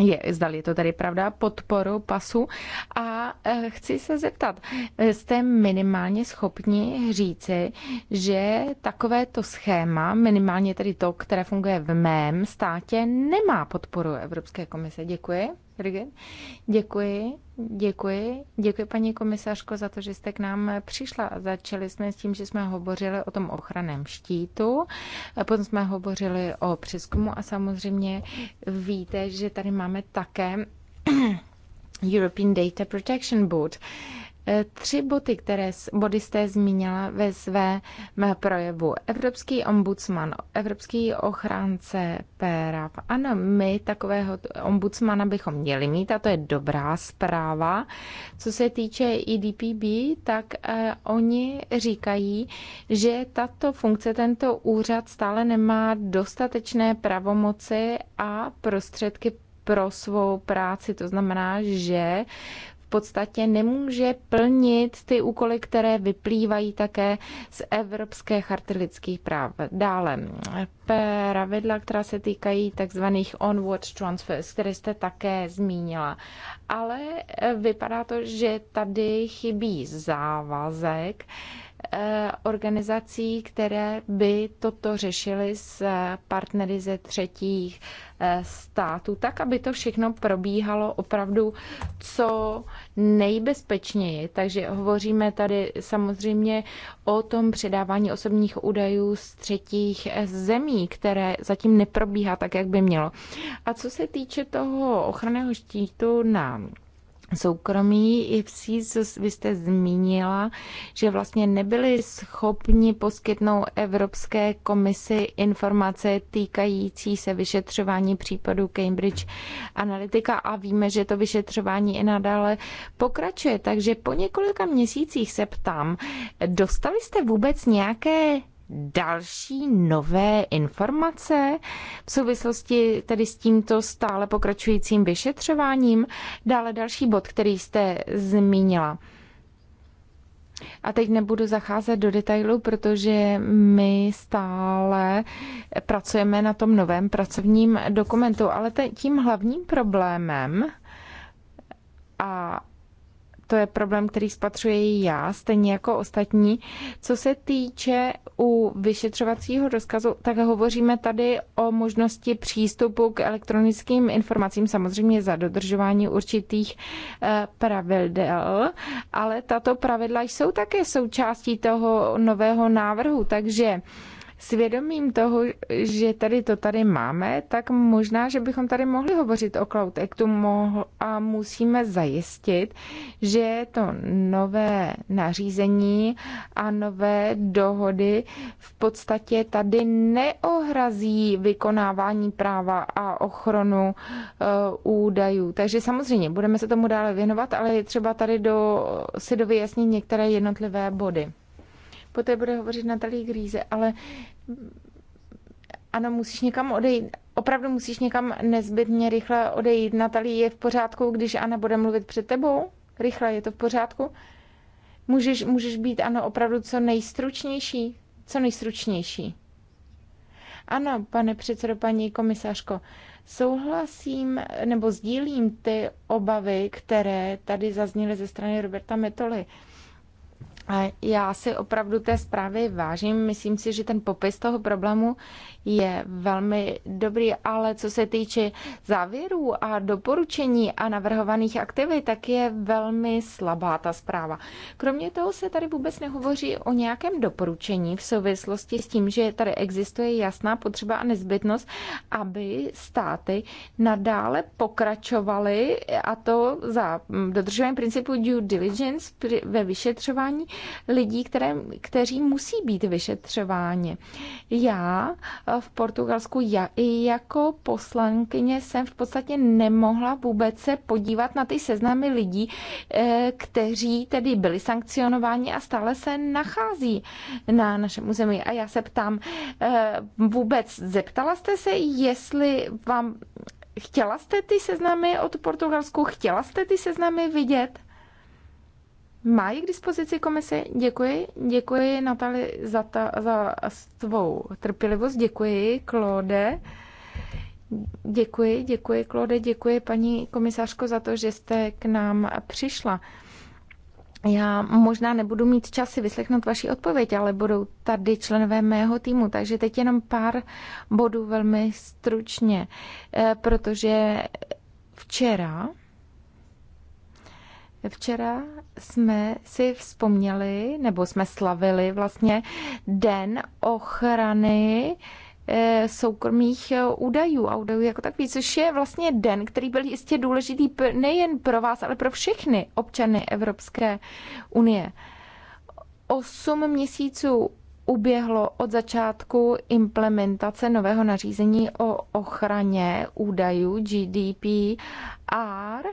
je, zdali je to tady pravda, podporu pasu. A e, chci se zeptat, jste minimálně schopni říci, že takovéto schéma, minimálně tedy to, které funguje v mém státě, nemá podporu Evropské komise? Děkuji. Birgit. Děkuji, děkuji. Děkuji, paní komisařko, za to, že jste k nám přišla. Začali jsme s tím, že jsme hovořili o tom ochraném štítu, potom jsme hovořili o přeskumu a samozřejmě víte, že tady máme také European Data Protection Board. Tři body, které, body jste zmínila ve svém projevu. Evropský ombudsman, Evropský ochránce práv. Ano, my takového ombudsmana bychom měli mít a to je dobrá zpráva. Co se týče EDPB, tak eh, oni říkají, že tato funkce, tento úřad stále nemá dostatečné pravomoci a prostředky pro svou práci. To znamená, že podstatě nemůže plnit ty úkoly, které vyplývají také z Evropské charty lidských práv. Dále pravidla, která se týkají takzvaných onward transfers, které jste také zmínila. Ale eh, vypadá to, že tady chybí závazek, eh, organizací, které by toto řešily s partnery ze třetích státu, tak aby to všechno probíhalo opravdu co nejbezpečněji. Takže hovoříme tady samozřejmě o tom předávání osobních údajů z třetích zemí, které zatím neprobíhá tak, jak by mělo. A co se týče toho ochranného štítu na soukromí. I co vy jste zmínila, že vlastně nebyli schopni poskytnout Evropské komisi informace týkající se vyšetřování případu Cambridge Analytica a víme, že to vyšetřování i nadále pokračuje. Takže po několika měsících se ptám, dostali jste vůbec nějaké další nové informace v souvislosti tedy s tímto stále pokračujícím vyšetřováním? Dále další bod, který jste zmínila. A teď nebudu zacházet do detailů, protože my stále pracujeme na tom novém pracovním dokumentu, ale tím hlavním problémem a to je problém, který i já, stejně jako ostatní. Co se týče u vyšetřovacího rozkazu, tak hovoříme tady o možnosti přístupu k elektronickým informacím, samozřejmě za dodržování určitých eh, pravidel, ale tato pravidla jsou také součástí toho nového návrhu, takže svědomím toho, že tady to tady máme, tak možná, že bychom tady mohli hovořit o Cloud Actu a musíme zajistit, že to nové nařízení a nové dohody v podstatě tady neohrazí vykonávání práva a ochranu e, údajů. Takže samozřejmě budeme se tomu dále věnovat, ale je třeba tady do, si dovyjasnit některé jednotlivé body poté bude hovořit Natalie Gríze, ale ano, musíš někam odejít. Opravdu musíš někam nezbytně rychle odejít. Natalie, je v pořádku, když Anna bude mluvit před tebou? Rychle, je to v pořádku? Můžeš, můžeš být, ano, opravdu co nejstručnější? Co nejstručnější? Ano, pane předsedo, paní komisařko, souhlasím nebo sdílím ty obavy, které tady zazněly ze strany Roberta Metoly. Já si opravdu té zprávy vážím. Myslím si, že ten popis toho problému je velmi dobrý, ale co se týče závěrů a doporučení a navrhovaných aktivit, tak je velmi slabá ta zpráva. Kromě toho se tady vůbec nehovoří o nějakém doporučení v souvislosti s tím, že tady existuje jasná potřeba a nezbytnost, aby státy nadále pokračovaly a to za dodržování principu due diligence ve vyšetřování lidí, které, kteří musí být vyšetřováni. Já eh, v Portugalsku já, i jako poslankyně jsem v podstatě nemohla vůbec se podívat na ty seznamy lidí, eh, kteří tedy byli sankcionováni a stále se nachází na našem území. A já se ptám, eh, vůbec zeptala jste se, jestli vám Chtěla jste ty seznamy od Portugalsku? Chtěla jste ty seznamy vidět? má ji k dispozici komise. Děkuji. Děkuji Natali za, ta, za tvou trpělivost. Děkuji, Klode. Děkuji, děkuji, Klode. Děkuji, paní komisařko, za to, že jste k nám přišla. Já možná nebudu mít čas si vyslechnout vaši odpověď, ale budou tady členové mého týmu, takže teď jenom pár bodů velmi stručně, eh, protože včera Včera jsme si vzpomněli, nebo jsme slavili vlastně Den ochrany eh, soukromých eh, údajů a údajů jako takový, což je vlastně den, který byl jistě důležitý nejen pro vás, ale pro všechny občany Evropské unie. Osm měsíců uběhlo od začátku implementace nového nařízení o ochraně údajů GDPR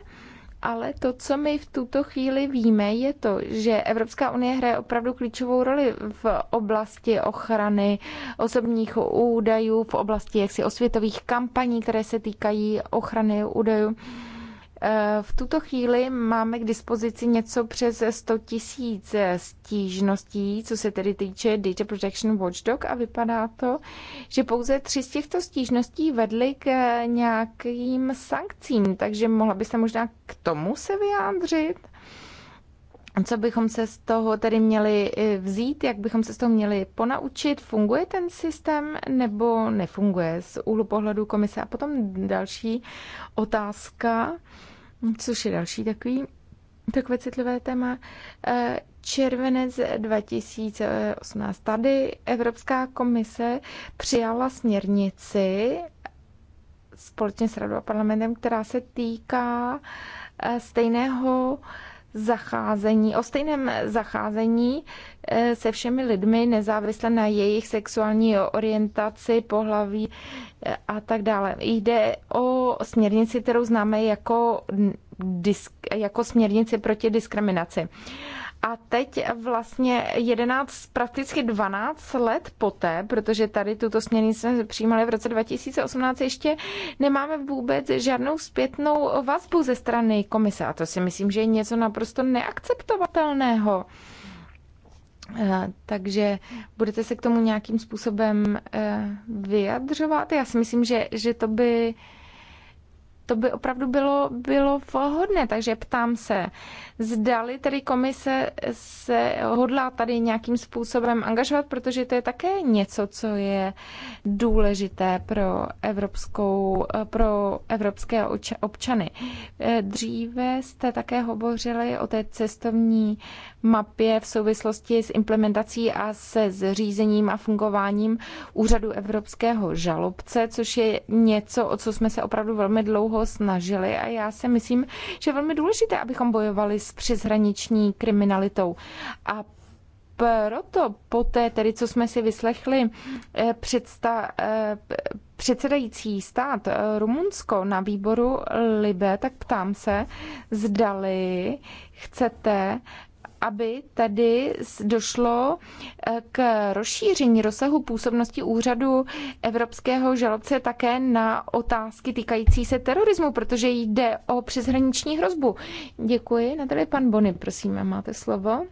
ale to, co my v tuto chvíli víme, je to, že Evropská unie hraje opravdu klíčovou roli v oblasti ochrany osobních údajů, v oblasti jaksi osvětových kampaní, které se týkají ochrany údajů. Eh, v tuto chvíli máme k dispozici něco přes 100 tisíc stížností, co se tedy týče Data Protection Watchdog a vypadá to, že pouze tři z těchto stížností vedly k nějakým sankcím, takže mohla byste možná k tomu se vyjádřit? Co bychom se z toho tedy měli eh, vzít, jak bychom se z toho měli ponaučit? Funguje ten systém nebo nefunguje z úhlu pohledu komise? A potom další otázka což je další takový takové citlivé téma. Eh, červenec 2018. Tady Evropská komise přijala směrnici společně s Radou a parlamentem, která se týká eh, stejného zacházení, o stejném zacházení eh, se všemi lidmi, nezávisle na jejich sexuální orientaci, pohlaví eh, a tak dále. Jde o směrnici, kterou známe jako, disk, jako směrnici proti diskriminaci. A teď vlastně 11, prakticky 12 let poté, protože tady tuto směrnici jsme přijímali v roce 2018, ještě nemáme vůbec žádnou zpětnou vazbu ze strany komise. A to si myslím, že je něco naprosto neakceptovatelného. Eh, takže budete se k tomu nějakým způsobem eh, vyjadřovat? Já si myslím, že, že to by to by opravdu bylo, bylo vhodné, takže ptám se, zdali tedy komise se hodlá tady nějakým způsobem angažovat, protože to je také něco, co je důležité pro, evropskou, pro evropské občany. Dříve jste také hovořili o té cestovní mapě v souvislosti s implementací a se zřízením a fungováním úřadu evropského žalobce, což je něco, o co jsme se opravdu velmi dlouho snažili a já si myslím, že je velmi důležité, abychom bojovali s přeshraniční kriminalitou. A proto poté, tedy co jsme si vyslechli eh, předsta, eh, předsedající stát eh, Rumunsko na výboru Libe, tak ptám se, zdali chcete, aby tady došlo eh, k rozšíření rozsahu působnosti úřadu evropského žalobce také na otázky týkající se terorismu, protože jde o přeshraniční hrozbu. Děkuji. Na tady pan Bony, prosím, máte slovo.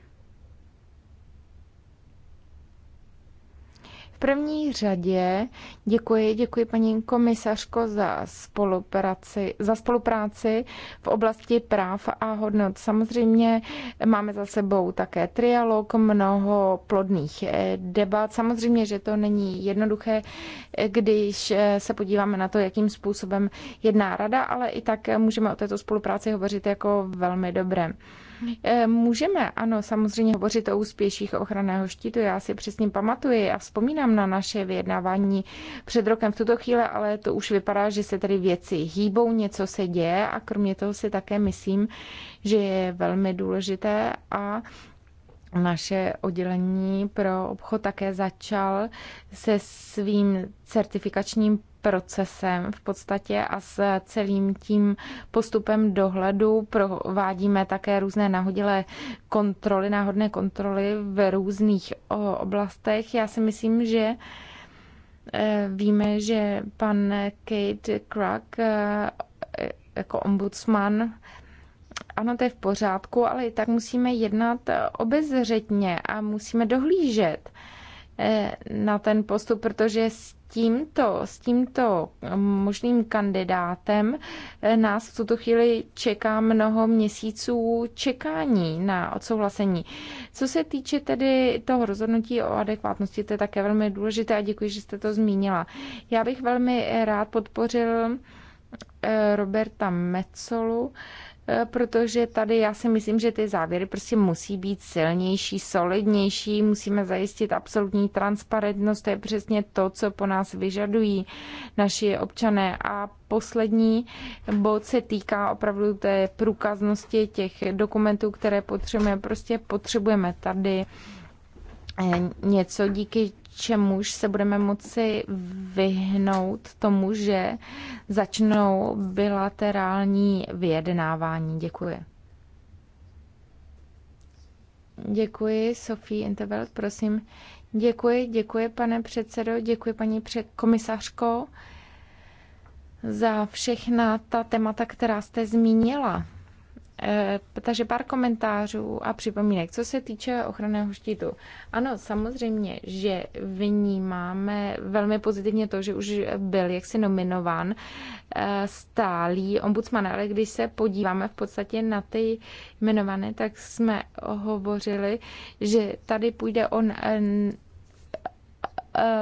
první řadě děkuji, děkuji paní komisařko za spolupráci, za spolupráci v oblasti práv a hodnot. Samozřejmě máme za sebou také trialog, mnoho plodných eh, debat. Samozřejmě, že to není jednoduché, eh, když eh, se podíváme na to, jakým způsobem jedná rada, ale i tak můžeme o této spolupráci hovořit jako velmi dobré. Eh, můžeme, ano, samozřejmě hovořit o úspěších ochranného štítu. Já si přesně pamatuju a vzpomínám na naše vyjednávání před rokem v tuto chvíli, ale to už vypadá, že se tady věci hýbou, něco se děje a kromě toho si také myslím, že je velmi důležité a naše oddělení pro obchod také začal se svým certifikačním procesem v podstatě a s celým tím postupem dohledu provádíme také různé nahodilé kontroly, náhodné kontroly v různých oblastech. Já si myslím, že eh, víme, že pan Kate Krug eh, jako ombudsman ano, to je v pořádku, ale i tak musíme jednat obezřetně a musíme dohlížet eh, na ten postup, protože s tímto, s tímto eh, možným kandidátem eh, nás v tuto chvíli čeká mnoho měsíců čekání na odsouhlasení. Co se týče tedy toho rozhodnutí o adekvátnosti, to je také velmi důležité a děkuji, že jste to zmínila. Já bych velmi rád podpořil eh, Roberta Mecolu, Eh, protože tady já si myslím, že ty závěry prostě musí být silnější, solidnější, musíme zajistit absolutní transparentnost, to je přesně to, co po nás vyžadují naši občané. A poslední bod se týká opravdu té průkaznosti těch dokumentů, které potřebujeme. Prostě potřebujeme tady eh, něco, díky čemuž se budeme moci vyhnout tomu, že začnou bilaterální vyjednávání. Děkuji. Děkuji, Sofie Intervelt, prosím. Děkuji, děkuji, pane předsedo, děkuji, paní před komisařko, za všechna ta témata, která jste zmínila. Eh, takže pár komentářů a připomínek. Co se týče ochranného štítu, ano, samozřejmě, že vnímáme velmi pozitivně to, že už byl jaksi nominován eh, stálý ombudsman, ale když se podíváme v podstatě na ty jmenované, tak jsme hovořili, že tady půjde o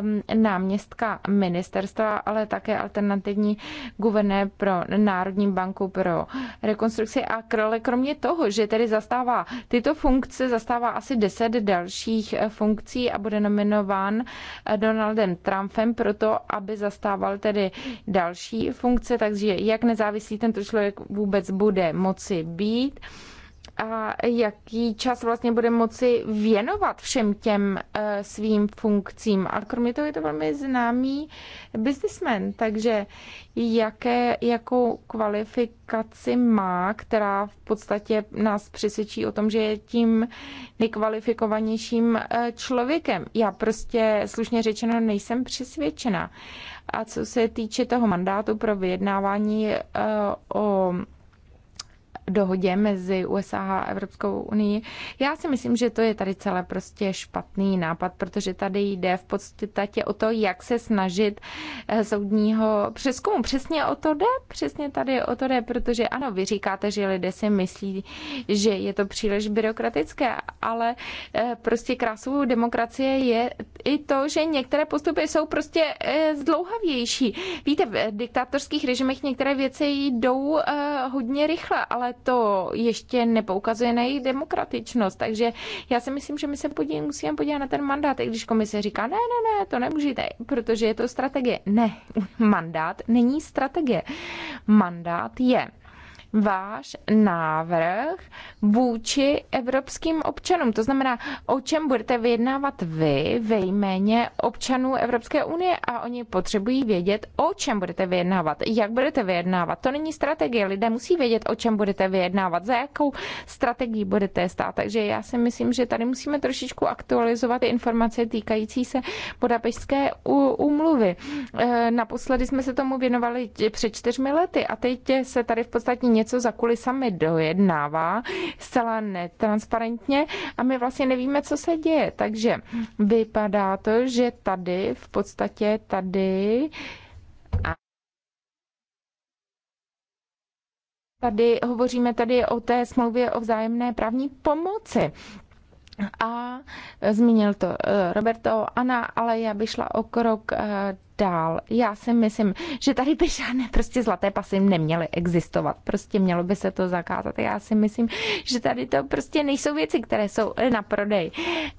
Um, náměstka ministerstva, ale také alternativní guverné pro Národní banku pro rekonstrukci a krole. Kromě toho, že tedy zastává tyto funkce, zastává asi deset dalších eh, funkcí a bude nominován eh, Donaldem Trumpem proto, aby zastával tedy další funkce, takže jak nezávislý tento člověk vůbec bude moci být a jaký čas vlastně bude moci věnovat všem těm eh, svým funkcím. A kromě toho je to velmi známý businessman, takže jaké, jakou kvalifikaci má, která v podstatě nás přesvědčí o tom, že je tím nejkvalifikovanějším eh, člověkem. Já prostě slušně řečeno nejsem přesvědčena. A co se týče toho mandátu pro vyjednávání eh, o dohodě mezi USA a Evropskou unii. Já si myslím, že to je tady celé prostě špatný nápad, protože tady jde v podstatě o to, jak se snažit eh, soudního přeskumu. Přesně o to jde, přesně tady o to jde, protože ano, vy říkáte, že lidé si myslí, že je to příliš byrokratické, ale eh, prostě krásou demokracie je i to, že některé postupy jsou prostě eh, zdlouhavější. Víte, v diktátorských režimech některé věci jdou hodně rychle, ale to ještě nepoukazuje na jejich demokratičnost. Takže já si myslím, že my se podí, musíme podívat na ten mandát. I když komise říká, ne, ne, ne, to nemůžete, protože je to strategie. Ne, mandát není strategie. Mandát je váš návrh vůči evropským občanům. To znamená, o čem budete vyjednávat vy ve jméně občanů Evropské unie a oni potřebují vědět, o čem budete vyjednávat, jak budete vyjednávat. To není strategie. Lidé musí vědět, o čem budete vyjednávat, za jakou strategii budete stát. Takže já si myslím, že tady musíme trošičku aktualizovat informace týkající se Budapešské úmluvy. E, naposledy jsme se tomu věnovali před čtyřmi lety a teď se tady v podstatě něco za kulisami dojednává zcela netransparentně a my vlastně nevíme, co se děje. Takže vypadá to, že tady, v podstatě tady, tady hovoříme tady o té smlouvě o vzájemné právní pomoci. A zmínil to eh, Roberto, Ana, ale já bych šla o krok eh, dál. Já si myslím, že tady by žádné prostě zlaté pasy neměly existovat. Prostě mělo by se to zakázat. Já si myslím, že tady to prostě nejsou věci, které jsou na prodej.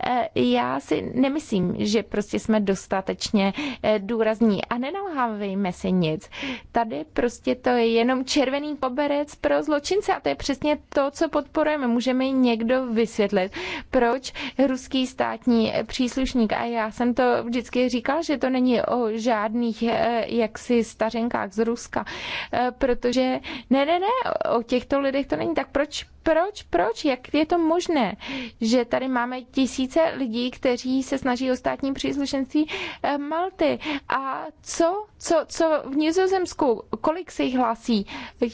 Eh, já si nemyslím, že prostě jsme dostatečně eh, důrazní a nenalhávejme si nic. Tady prostě to je jenom červený poberec pro zločince a to je přesně to, co podporujeme. Můžeme někdo vysvětlit, proč ruský státní eh, příslušník a já jsem to vždycky říkal, že to není o žádný žádných eh, jaksi stařenkách z Ruska, eh, protože ne, ne, ne, o těchto lidech to není. Tak proč proč, proč, jak je to možné, že tady máme tisíce lidí, kteří se snaží o státní příslušenství eh, Malty a co, co, co v Nizozemsku, kolik se jich hlásí?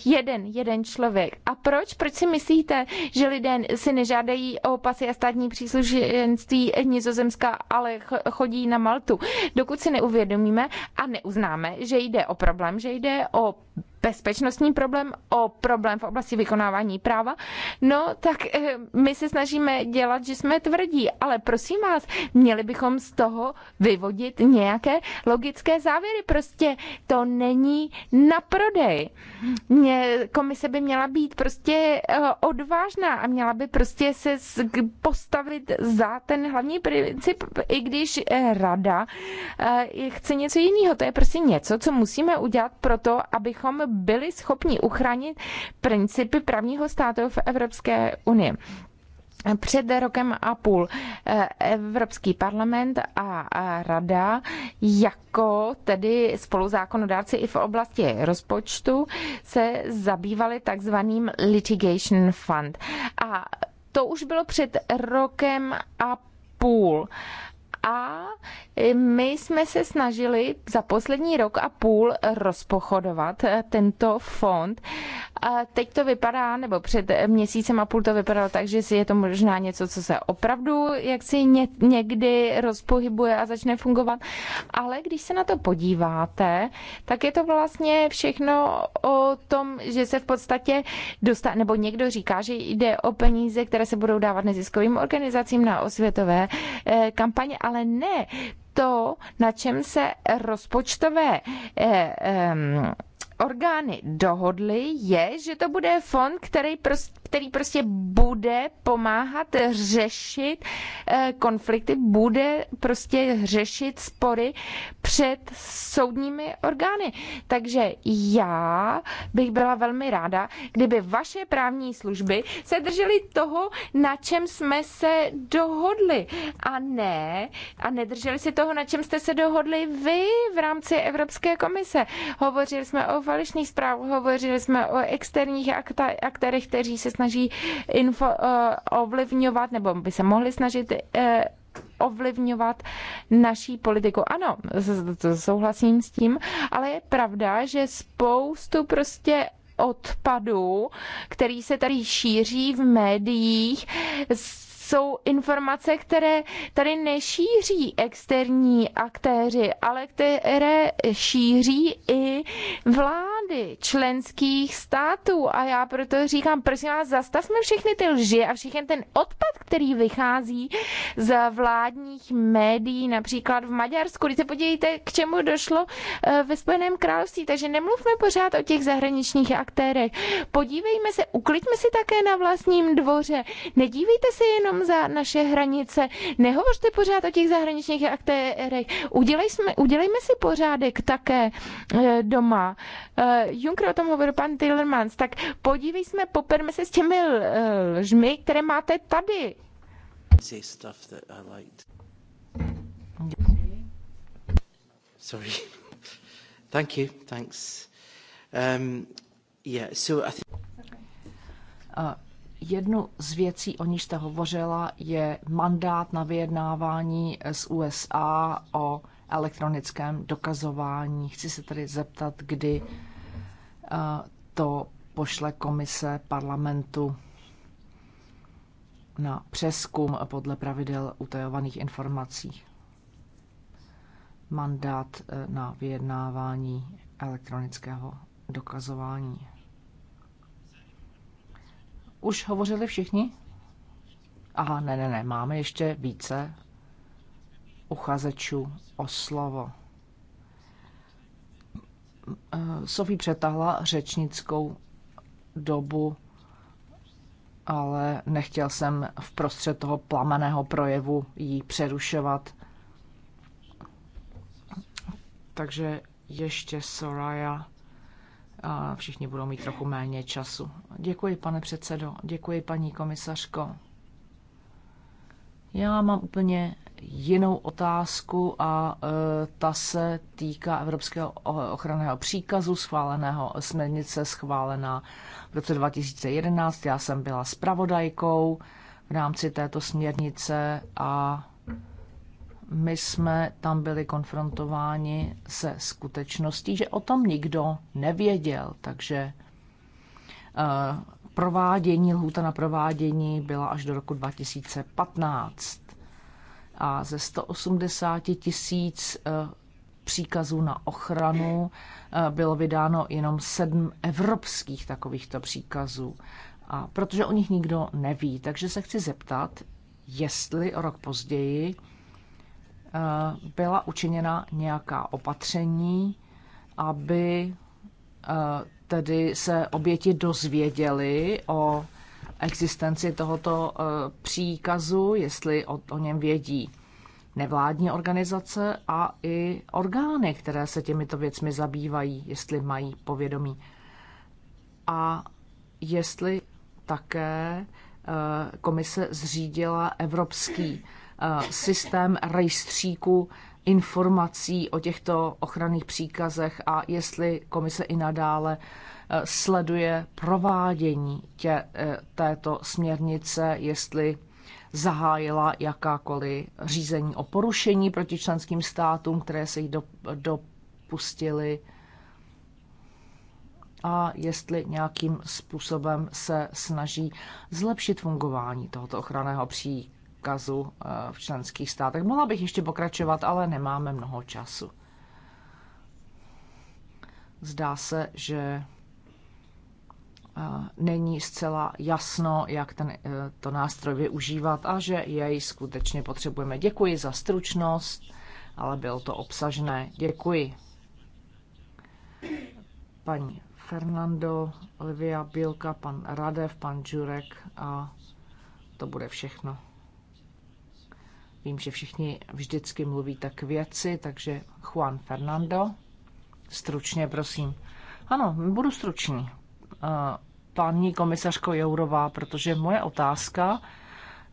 Jeden, jeden člověk. A proč, proč si myslíte, že lidé si nežádají o pasy a státní příslušenství Nizozemska, ale chodí na Maltu? Dokud si neuvědomíme, a neuznáme, že jde o problém, že jde o bezpečnostní problém, o problém v oblasti vykonávání práva, no tak eh, my se snažíme dělat, že jsme tvrdí, ale prosím vás, měli bychom z toho vyvodit nějaké logické závěry. Prostě to není na prodej. Mě, komise by měla být prostě eh, odvážná a měla by prostě se postavit za ten hlavní princip, i když eh, rada chce něco jiného. To je prostě něco, co musíme udělat proto, abychom byli schopni uchránit principy právního státu v Evropské unii. Před rokem a půl eh, Evropský parlament a rada jako tedy spoluzákonodárci i v oblasti rozpočtu se zabývali takzvaným litigation fund. A to už bylo před rokem a půl. A my jsme se snažili za poslední rok a půl rozpochodovat eh, tento fond. A teď to vypadá, nebo před měsícem a půl to vypadalo tak, že si je to možná něco, co se opravdu jaksi někdy rozpohybuje a začne fungovat. Ale když se na to podíváte, tak je to vlastně všechno o tom, že se v podstatě dostá, nebo někdo říká, že jde o peníze, které se budou dávat neziskovým organizacím na osvětové eh, kampaně, ale ne, to, na čem se rozpočtové eh, orgány dohodly, je, že to bude fond, který, prost, který prostě bude pomáhat řešit eh, konflikty, bude prostě řešit spory před soudními orgány. Takže já bych byla velmi ráda, kdyby vaše právní služby se držely toho, na čem jsme se dohodli a ne, a nedrželi si toho, na čem jste se dohodli vy v rámci Evropské komise. Hovořili jsme o falešný zprávu, hovořili jsme o externích aktérech, kteří se snaží info, eh, ovlivňovat nebo by se mohli snažit eh, ovlivňovat naší politiku. Ano, souhlasím s tím, ale je pravda, že spoustu prostě odpadů, který se tady šíří v médiích, jsou informace, které tady nešíří externí aktéři, ale které šíří i vlády členských států. A já proto říkám, prosím vás, zastavme všechny ty lži a všechny ten odpad, který vychází z vládních médií, například v Maďarsku. Když se podívejte, k čemu došlo eh, ve Spojeném království, takže nemluvme pořád o těch zahraničních aktérech. Podívejme se, uklidme si také na vlastním dvoře. Nedívejte se jenom tam za naše hranice, nehovořte pořád o těch zahraničních aktérech, udělej jsme, udělejme si pořádek také eh, doma. Eh, Juncker o tom hovoril pan Tillermans, tak podívej jsme, poperme se s těmi eh, lžmi, které máte tady. Sorry. Thank you. Thanks. Um, yeah, so I think... Uh, Jednu z věcí, o níž jste hovořila, je mandát na vyjednávání z USA o elektronickém dokazování. Chci se tedy zeptat, kdy eh, to pošle komise parlamentu na přeskum podle pravidel utajovaných informací. Mandát eh, na vyjednávání elektronického dokazování. Už hovořili všichni? Aha, ne, ne, ne, máme ještě více uchazečů o slovo. Eh, Sofí přetahla řečnickou dobu, ale nechtěl jsem v prostřed toho plameného projevu jí přerušovat. Takže ještě Soraya a všichni budou mít trochu méně času. Děkuji, pane předsedo, děkuji, paní komisařko. Já mám úplně jinou otázku a e, ta se týká Evropského ochranného příkazu schváleného, směrnice schválená v roce 2011. Já jsem byla spravodajkou v rámci této směrnice a my jsme tam byli konfrontováni se skutečností, že o tom nikdo nevěděl, takže eh, provádění, lhůta na provádění byla až do roku 2015. A ze 180 tisíc eh, příkazů na ochranu eh, bylo vydáno jenom sedm evropských takovýchto příkazů. A protože o nich nikdo neví, takže se chci zeptat, jestli o rok později Eh, byla učiněna nějaká opatření, aby eh, tedy se oběti dozvěděli o existenci tohoto eh, příkazu, jestli o, o něm vědí nevládní organizace a i orgány, které se těmito věcmi zabývají, jestli mají povědomí. A jestli také komise zřídila Evropský systém rejstříku informací o těchto ochranných příkazech a jestli komise i nadále e, sleduje provádění tě, e, této směrnice, jestli zahájila jakákoliv řízení o porušení proti členským státům, které se jí do, dopustili a jestli nějakým způsobem se snaží zlepšit fungování tohoto ochranného příkazu průkazu eh, v členských státech. Mohla bych ještě pokračovat, ale nemáme mnoho času. Zdá se, že eh, není zcela jasno, jak ten, eh, to nástroj využívat a že jej skutečně potřebujeme. Děkuji za stručnost, ale bylo to obsažné. Děkuji. Paní Fernando, Olivia Bílka, pan Radev, pan Jurek a to bude všechno. Vím, že všichni vždycky mluví tak věci, takže Juan Fernando, stručně prosím. Ano, budu stručný, eh, paní komisařko Jourová, protože moje otázka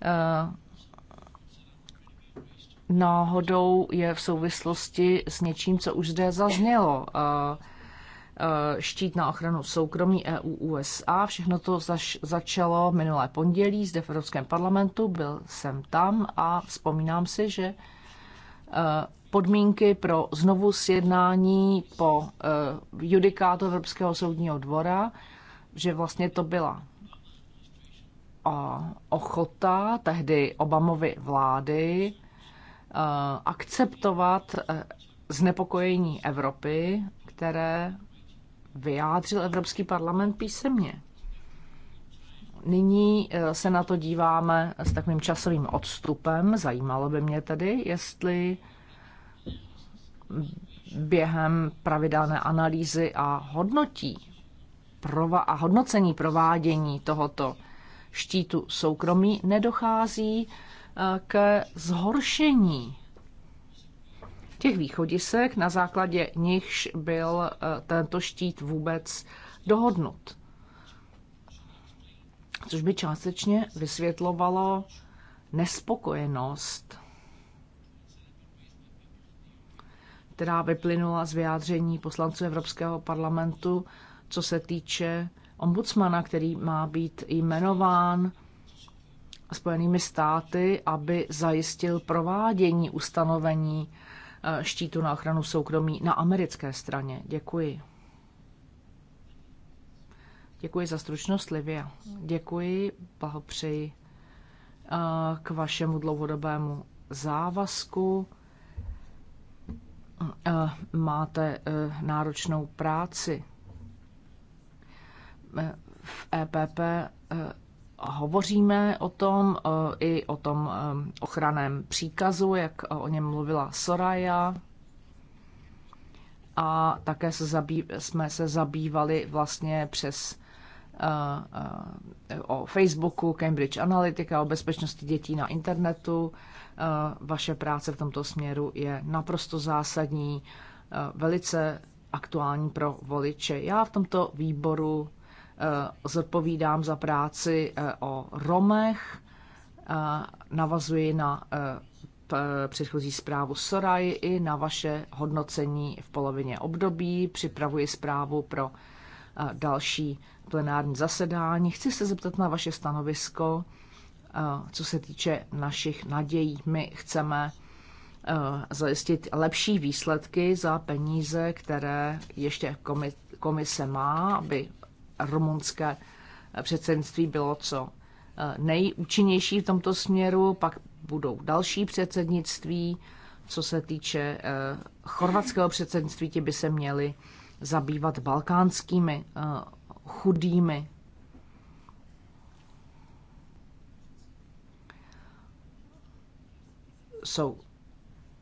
eh, náhodou je v souvislosti s něčím, co už zde zaznělo. Eh, Eh, štít na ochranu soukromí EU-USA. Všechno to zač- začalo minulé pondělí zde v Evropském parlamentu, byl jsem tam a vzpomínám si, že eh, podmínky pro znovu sjednání po eh, judikátu Evropského soudního dvora, že vlastně to byla ochota tehdy Obamovy vlády akceptovat znepokojení Evropy, které vyjádřil Evropský parlament písemně. Nyní eh, se na to díváme s takovým časovým odstupem. Zajímalo by mě tedy, jestli během pravidelné analýzy a hodnotí a hodnocení provádění tohoto štítu soukromí nedochází eh, ke zhoršení těch východisek, na základě nichž byl eh, tento štít vůbec dohodnut. Což by částečně vysvětlovalo nespokojenost, která vyplynula z vyjádření poslanců Evropského parlamentu, co se týče ombudsmana, který má být jmenován Spojenými státy, aby zajistil provádění ustanovení štítu na ochranu soukromí na americké straně. Děkuji. Děkuji za stručnost, Livia. Děkuji, blahopřeji eh, k vašemu dlouhodobému závazku. Eh, máte eh, náročnou práci. V EPP hovoříme o tom, e, i o tom e, ochraném příkazu, jak o něm mluvila Soraya. A také se zabý, jsme se zabývali vlastně přes e, o Facebooku, Cambridge Analytica, o bezpečnosti dětí na internetu. Vaše práce v tomto směru je naprosto zásadní, velice aktuální pro voliče. Já v tomto výboru Eh, zodpovídám za práci eh, o Romech, eh, navazuji na předchozí zprávu Soraj i na vaše hodnocení v polovině období. Připravuji zprávu pro další plenární zasedání. Chci se zeptat na vaše stanovisko, co se týče našich nadějí. My chceme zajistit lepší výsledky za peníze, které ještě komise má, aby rumunské předsednictví bylo co eh, nejúčinnější v tomto směru, pak budou další předsednictví. Co se týče eh, chorvatského předsednictví, ti by se měli zabývat balkánskými eh, chudými. Jsou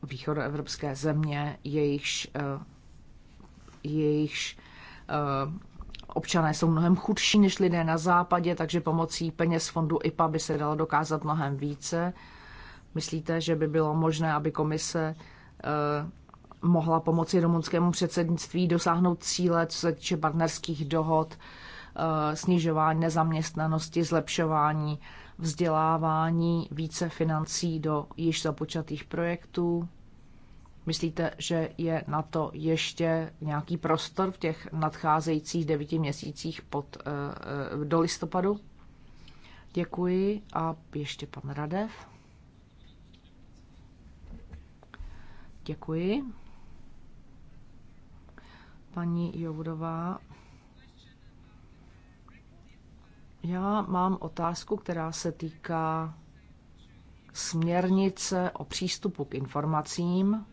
východoevropské země, jejichž, jejichž Občané jsou mnohem chudší než lidé na západě, takže pomocí peněz fondu IPA by se dalo dokázat mnohem více. Myslíte, že by bylo možné, aby komise eh, mohla pomoci rumunskému předsednictví dosáhnout cíle, co se týče partnerských dohod, eh, snižování nezaměstnanosti, zlepšování vzdělávání, více financí do již započatých projektů? Myslíte, že je na to ještě nějaký prostor v těch nadcházejících devíti měsících pod, eh, eh, do listopadu? Děkuji a ještě pan Radev. Děkuji. Paní Jovudová. Já mám otázku, která se týká směrnice o přístupu k informacím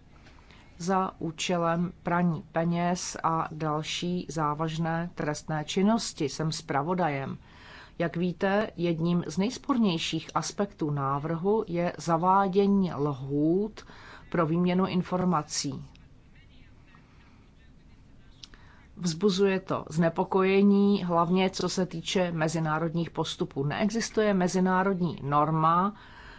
za účelem praní peněz a další závažné trestné činnosti. Jsem zpravodajem. Jak víte, jedním z nejspornějších aspektů návrhu je zavádění lhůt pro výměnu informací. Vzbuzuje to znepokojení, hlavně co se týče mezinárodních postupů. Neexistuje mezinárodní norma,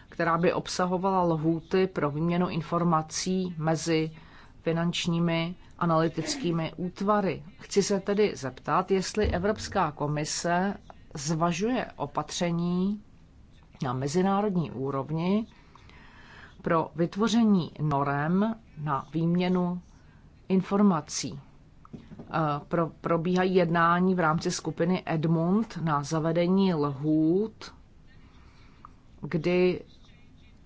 která by obsahovala lhůty pro výměnu informací mezi finančními analytickými útvary. Chci se tedy zeptat, jestli Evropská komise zvažuje opatření na mezinárodní úrovni pro vytvoření norem na výměnu informací. Eh, pro, probíhají jednání v rámci skupiny Edmund na zavedení lhůt, kdy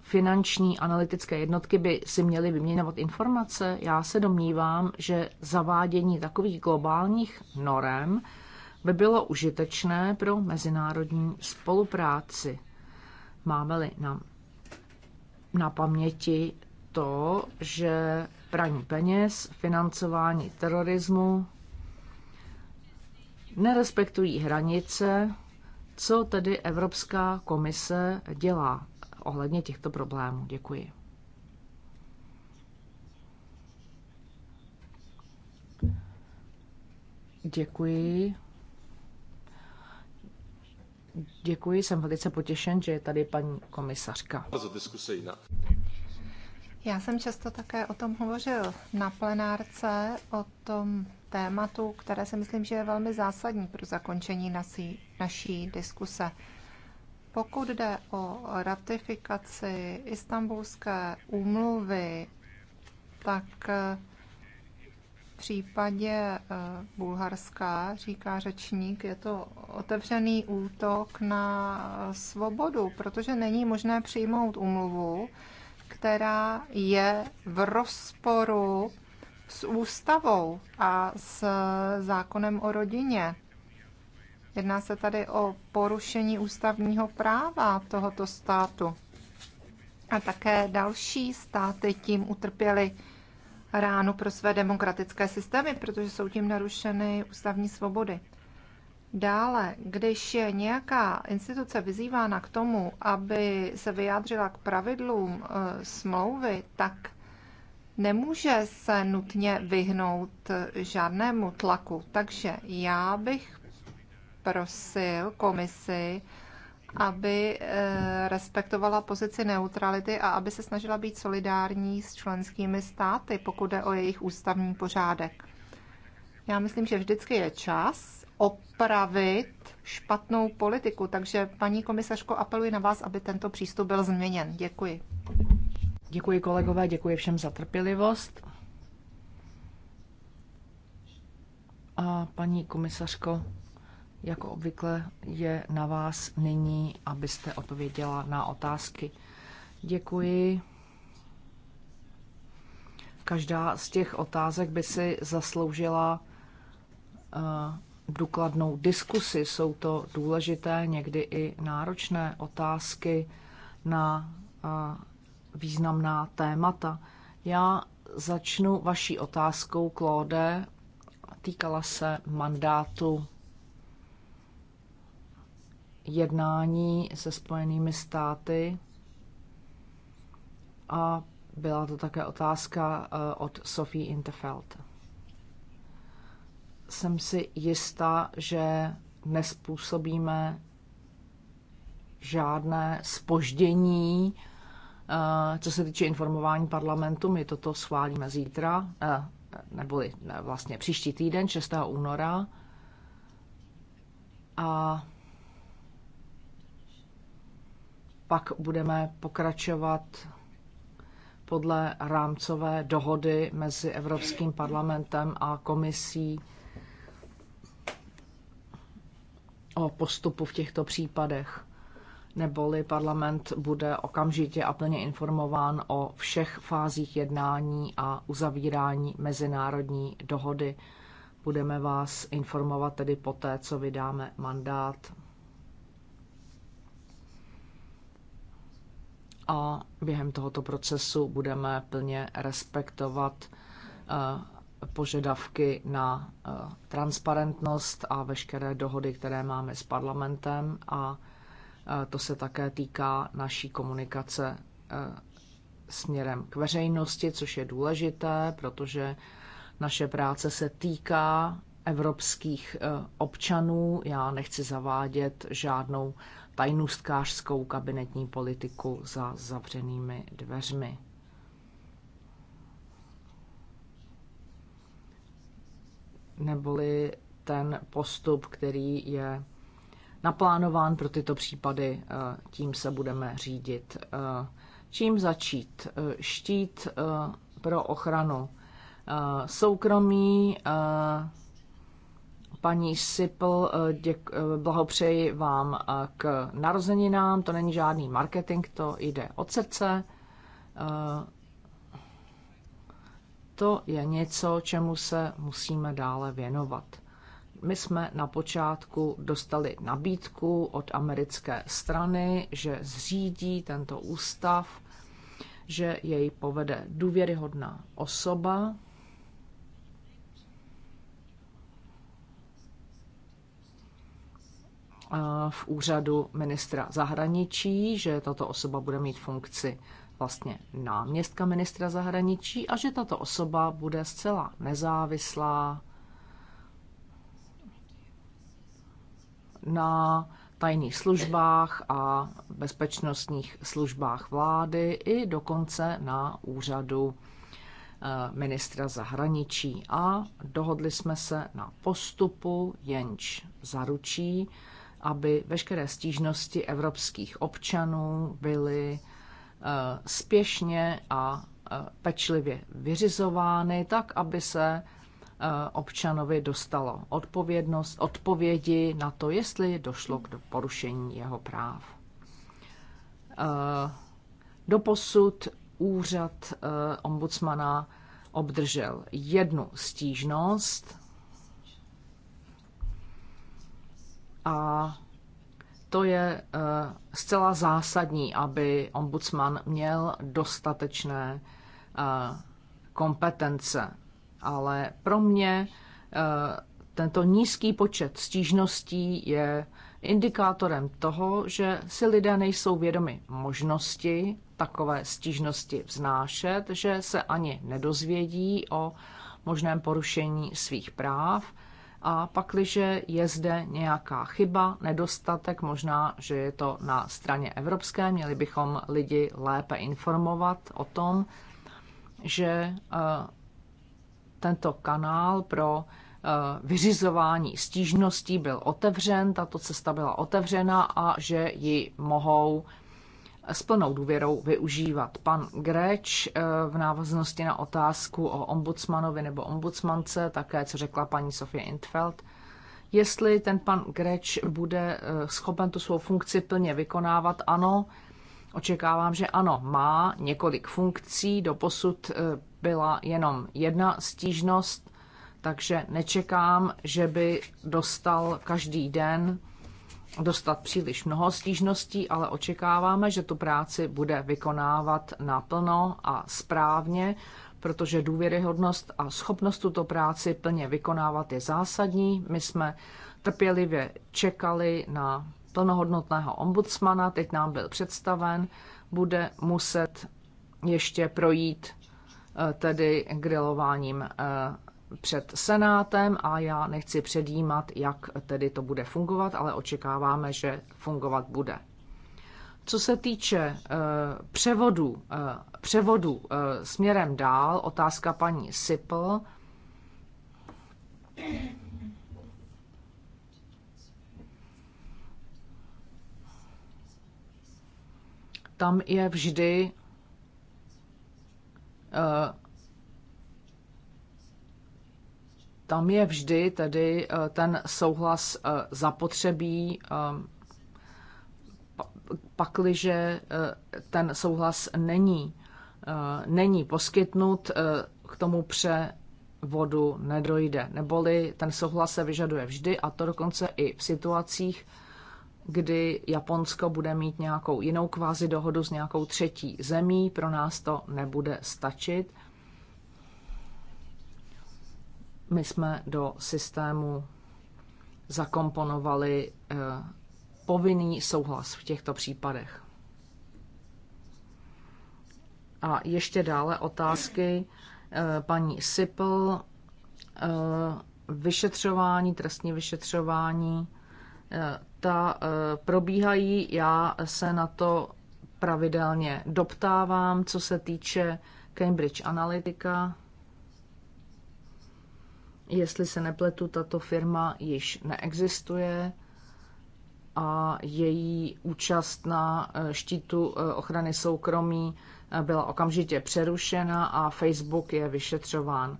finanční analytické jednotky by si měly vyměňovat informace? Já se domnívám, že zavádění takových globálních norem by bylo užitečné pro mezinárodní spolupráci. Máme-li na, na paměti to, že praní peněz, financování terorismu nerespektují hranice, co tedy Evropská komise dělá ohledně těchto problémů. Děkuji. Děkuji. Děkuji, jsem velice potěšen, že je tady paní komisařka. Já jsem často také o tom hovořil na plenárce, o tom tématu, které si myslím, že je velmi zásadní pro zakončení naší, naší diskuse. Pokud jde o ratifikaci Istanbulské úmluvy, tak eh, v případě eh, Bulharska, říká řečník, je to otevřený útok na eh, svobodu, protože není možné přijmout úmluvu, která je v rozporu s ústavou a s zákonem o rodině. Jedná se tady o porušení ústavního práva tohoto státu. A také další státy tím utrpěly ránu pro své demokratické systémy, protože jsou tím narušeny ústavní svobody. Dále, když je nějaká instituce vyzývána k tomu, aby se vyjádřila k pravidlům e, smlouvy, tak nemůže se nutně vyhnout eh, žádnému tlaku. Takže já bych prosil komisi, aby eh, respektovala pozici neutrality a aby se snažila být solidární s členskými státy, pokud jde o jejich ústavní pořádek. Já myslím, že vždycky je čas opravit špatnou politiku, takže paní komisařko, apeluji na vás, aby tento přístup byl změněn. Děkuji. Děkuji kolegové, děkuji všem za trpělivost. A paní komisařko, jako obvykle je na vás nyní, abyste odpověděla na otázky. Děkuji. Každá z těch otázek by si zasloužila eh, důkladnou diskusi. Jsou to důležité, někdy i náročné otázky na eh, významná témata. Já začnu vaší otázkou, Klóde. Týkala se mandátu jednání se Spojenými státy a byla to také otázka eh, od Sophie Interfeld. Jsem si jistá, že nespůsobíme žádné spoždění, eh, co se týče informování parlamentu. My toto schválíme zítra, eh, neboli vlastně příští týden, 6. února. A pak budeme pokračovat podle rámcové dohody mezi Evropským parlamentem a komisí o postupu v těchto případech. Neboli parlament bude okamžitě a plně informován o všech fázích jednání a uzavírání mezinárodní dohody. Budeme vás informovat tedy poté, co vydáme mandát a během tohoto procesu budeme plně respektovat eh, požadavky na eh, transparentnost a veškeré dohody, které máme s parlamentem a eh, to se také týká naší komunikace směrem k veřejnosti, což je důležité, protože naše práce se týká evropských občanů. Já nechci zavádět žádnou tajnůstkářskou kabinetní politiku za zavřenými dveřmi. Neboli ten postup, který je naplánován pro tyto případy, eh, tím se budeme řídit. Eh, čím začít? Eh, štít pro ochranu soukromí, Paní Sipl, eh, děk, eh, blahopřeji vám eh, k narozeninám. To není žádný marketing, to jde od srdce. To je něco, čemu se musíme dále věnovat. My jsme na počátku dostali nabídku od americké strany, že zřídí tento ústav, že jej povede důvěryhodná osoba, v úřadu ministra zahraničí, že tato osoba bude mít funkci vlastně náměstka ministra zahraničí a že tato osoba bude zcela nezávislá na tajných službách a bezpečnostních službách vlády i dokonce na úřadu eh, ministra zahraničí. A dohodli jsme se na postupu, jenž zaručí, aby veškeré stížnosti evropských občanů byly eh, spěšně a eh, pečlivě vyřizovány, tak aby se eh, občanovi dostalo odpovědnost, odpovědi na to, jestli došlo k porušení jeho práv. Doposud úřad ombudsmana obdržel jednu stížnost A to je eh, zcela zásadní, aby ombudsman měl dostatečné eh, kompetence. Ale pro mě eh, tento nízký počet stížností je indikátorem toho, že si lidé nejsou vědomi možnosti takové stížnosti vznášet, že se ani nedozvědí o možném porušení svých práv a pakliže je zde nějaká chyba, nedostatek, možná, že je to na straně evropské, měli bychom lidi lépe informovat o tom, že eh, tento kanál pro eh, vyřizování stížností byl otevřen, tato cesta byla otevřena a že ji mohou s plnou důvěrou využívat. Pan Greč eh, v návaznosti na otázku o ombudsmanovi nebo ombudsmance, také co řekla paní Sofie Intfeld, jestli ten pan Greč bude eh, schopen tu svou funkci plně vykonávat, ano, očekávám, že ano, má několik funkcí, doposud eh, byla jenom jedna stížnost, takže nečekám, že by dostal každý den dostat příliš mnoho stížností, ale očekáváme, že tu práci bude vykonávat naplno a správně, protože důvěryhodnost a schopnost tuto práci plně vykonávat je zásadní. My jsme trpělivě čekali na plnohodnotného ombudsmana, teď nám byl představen, bude muset ještě projít eh, tedy grilováním eh, před Senátem a já nechci předjímat, jak tedy to bude fungovat, ale očekáváme, že fungovat bude. Co se týče eh, převodu, eh, převodu eh, směrem dál, otázka paní Sipl. Tam je vždy tam je vždy tedy eh, ten souhlas eh, zapotřebí, eh, pakliže ten souhlas není, není poskytnut, k tomu převodu nedojde. Neboli ten souhlas se vyžaduje vždy a to dokonce i v situacích, kdy Japonsko bude mít nějakou jinou kvázi dohodu s nějakou třetí zemí, pro nás to nebude stačit My jsme do systému zakomponovali eh, povinný souhlas v těchto případech. A ještě dále otázky eh, paní Sipl, eh, vyšetřování, trestní vyšetřování, ta probíhají, já se na to pravidelně doptávám, co se týče Cambridge Analytica. Jestli se nepletu, tato firma již neexistuje a její účast na eh, štítu eh, ochrany soukromí eh, byla okamžitě přerušena a Facebook je vyšetřován.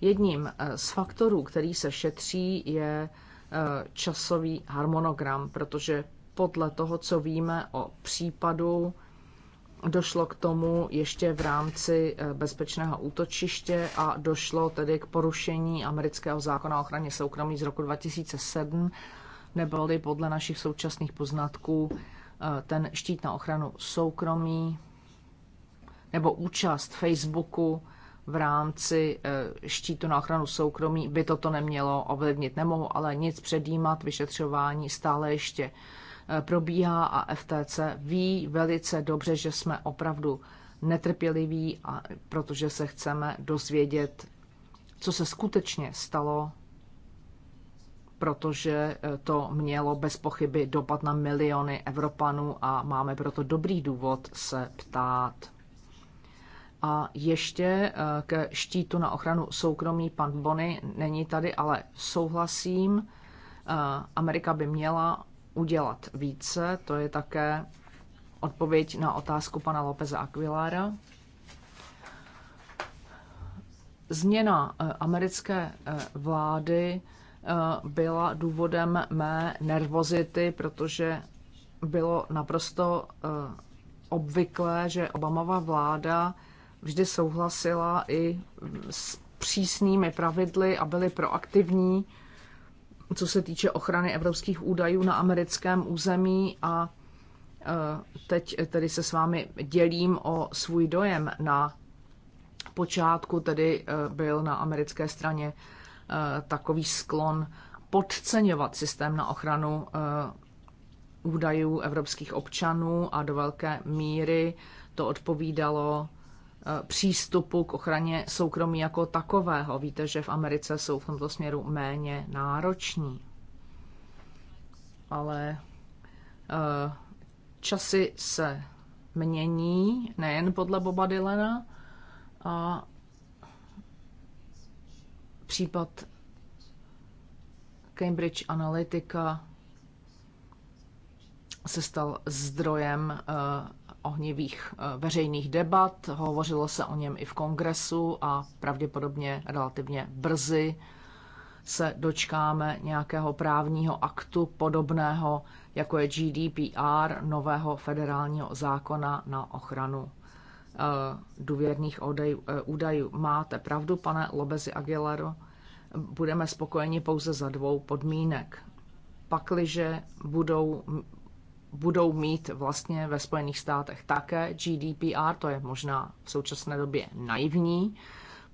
Jedním z faktorů, který se šetří, je časový harmonogram, protože podle toho, co víme o případu, Došlo k tomu ještě v rámci eh, bezpečného útočiště a došlo tedy k porušení amerického zákona o ochraně soukromí z roku 2007, neboli podle našich současných poznatků eh, ten štít na ochranu soukromí nebo účast Facebooku v rámci eh, štítu na ochranu soukromí by toto nemělo ovlivnit. Nemohu ale nic předjímat, vyšetřování stále ještě Eh, probíhá a FTC ví velice dobře, že jsme opravdu netrpěliví, a protože se chceme dozvědět, co se skutečně stalo, protože eh, to mělo bez pochyby dopad na miliony Evropanů a máme proto dobrý důvod se ptát. A ještě eh, ke štítu na ochranu soukromí pan Bony není tady, ale souhlasím, Amerika by měla udělat více. To je také odpověď na otázku pana Lópeza Aquilára. Změna eh, americké eh, vlády eh, byla důvodem mé nervozity, protože bylo naprosto obvyklé, že Obamova vláda vždy souhlasila i s přísnými pravidly a byli proaktivní co se týče ochrany evropských údajů na americkém území a e, teď tedy se s vámi dělím o svůj dojem na počátku tedy e, byl na americké straně e, takový sklon podceňovat systém na ochranu údajů evropských občanů a do velké míry to odpovídalo Eh, přístupu k ochraně soukromí jako takového. Víte, že v Americe jsou v tomto směru méně nároční. Ale eh, časy se mění, nejen podle Boba Dylana, a případ Cambridge Analytica se stal zdrojem eh, ohnivých eh, veřejných debat, hovořilo se o něm i v kongresu a pravděpodobně relativně brzy se dočkáme nějakého právního aktu podobného, jako je GDPR, nového federálního zákona na ochranu eh, důvěrných eh, údajů. Máte pravdu, pane Lobezi Aguilero, budeme spokojeni pouze za dvou podmínek. Pakliže budou budou mít vlastně ve Spojených státech také GDPR. To je možná v současné době naivní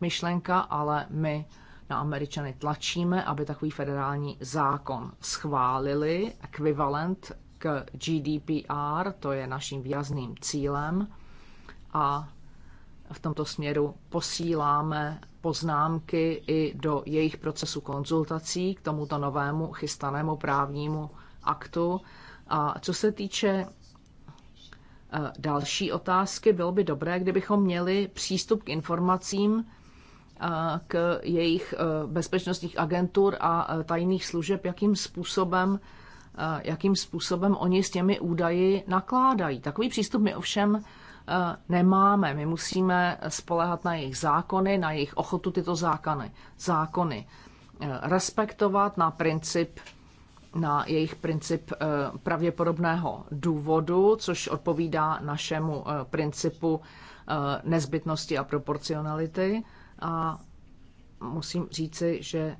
myšlenka, ale my na Američany tlačíme, aby takový federální zákon schválili, ekvivalent k GDPR, to je naším výrazným cílem. A v tomto směru posíláme poznámky i do jejich procesu konzultací k tomuto novému chystanému právnímu aktu a co se týče eh, další otázky, bylo by dobré, kdybychom měli přístup k informacím eh, k jejich eh, bezpečnostních agentur a tajných služeb, jakým způsobem, jakým způsobem oni s těmi údaji nakládají. Takový přístup my ovšem nemáme. My musíme spolehat na jejich zákony, na jejich ochotu tyto zákony, zákony respektovat, na princip na jejich princip eh, pravděpodobného důvodu, což odpovídá našemu eh, principu eh, nezbytnosti a proporcionality. A musím říci, že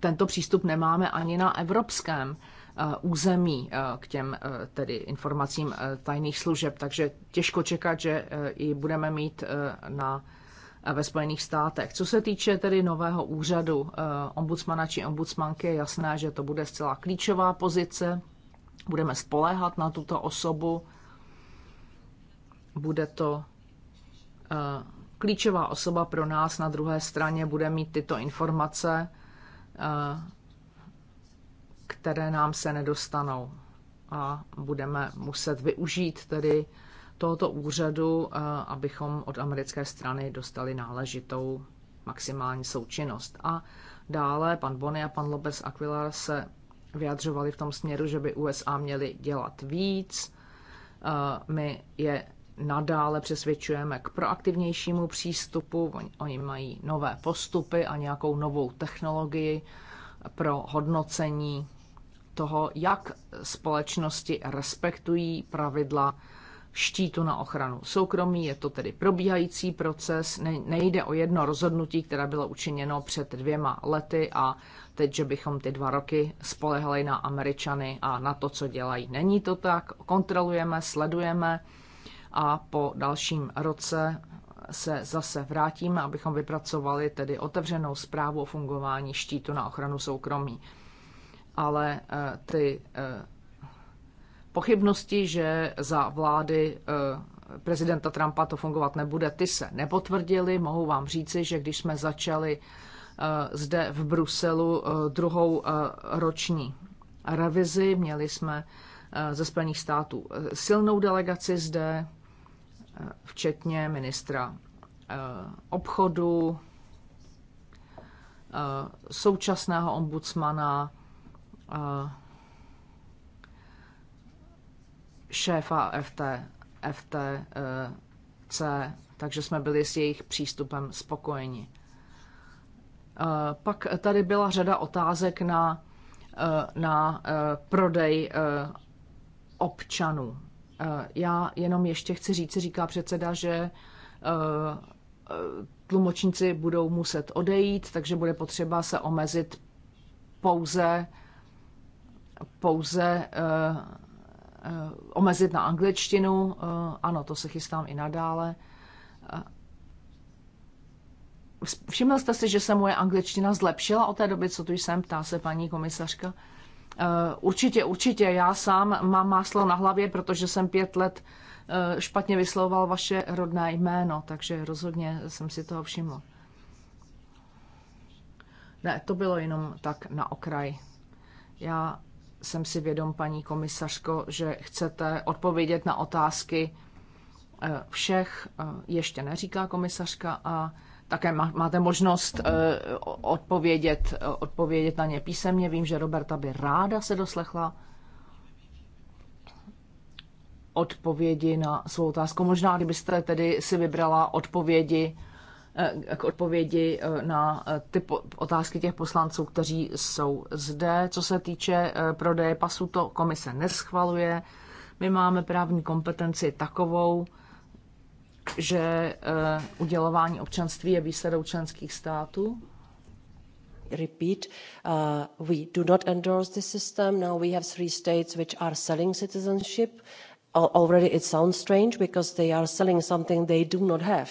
tento přístup nemáme ani na evropském území k těm tedy informacím tajných služeb, takže těžko čekat, že ji budeme mít na Eh, ve Spojených státech. Co se týče tedy nového úřadu eh, ombudsmana či ombudsmanky, je jasné, že to bude zcela klíčová pozice. Budeme spoléhat na tuto osobu. Bude to eh, klíčová osoba pro nás na druhé straně, bude mít tyto informace, které nám se nedostanou a budeme muset využít tedy tohoto úřadu, eh, abychom od americké strany dostali náležitou maximální součinnost. A dále pan Bonny a pan Lopez Aquilar se vyjadřovali v tom směru, že by USA měly dělat víc. Eh, my je nadále přesvědčujeme k proaktivnějšímu přístupu. Oni mají nové postupy a nějakou novou technologii pro hodnocení toho, jak společnosti respektují pravidla štítu na ochranu soukromí. Je to tedy probíhající proces, nejde o jedno rozhodnutí, které bylo učiněno před dvěma lety a teď, že bychom ty dva roky spolehali na Američany a na to, co dělají. Není to tak, kontrolujeme, sledujeme a po dalším roce se zase vrátíme, abychom vypracovali tedy otevřenou zprávu o fungování štítu na ochranu soukromí. Ale eh, ty eh, Pochybnosti, že za vlády eh, prezidenta Trumpa to fungovat nebude, ty se nepotvrdily. Mohu vám říci, že když jsme začali eh, zde v Bruselu eh, druhou roční revizi, měli jsme ze Spojených států silnou delegaci zde, včetně ministra obchodu, současného ombudsmana, šéfa FT, FTC, eh, takže jsme byli s jejich přístupem spokojeni. Eh, pak tady byla řada otázek na, eh, na prodej občanů. Já jenom ještě chci říct, říká předseda, že tlumočníci budou muset odejít, takže bude potřeba se omezit pouze pouze Eh, omezit na angličtinu. Eh, ano, to se chystám i nadále. Eh, všiml jste si, že se moje angličtina zlepšila od té doby, co tu jsem, ptá se paní komisařka. Určitě, určitě. Já sám mám máslo na hlavě, protože jsem pět let špatně vyslovoval vaše rodné jméno, takže rozhodně jsem si toho všiml. Ne, to bylo jenom tak na okraj. Já jsem si vědom, paní komisařko, že chcete odpovědět na otázky eh, všech, eh, ještě neříká komisařka, a také máte možnost eh, odpovědět, odpovědět na ně písemně. Vím, že Roberta by ráda se doslechla odpovědi na svou otázku. Možná, kdybyste tedy si vybrala odpovědi Eh, k odpovědi eh, na eh, ty otázky těch poslanců, kteří jsou zde. Co se týče prodeje pasu, to komise neschvaluje. My máme právní kompetenci takovou, že udělování občanství je výsledou členských států. Repeat, uh, we do not endorse this system. Now we have three states which are selling citizenship. Already it sounds strange because they are selling something they do not have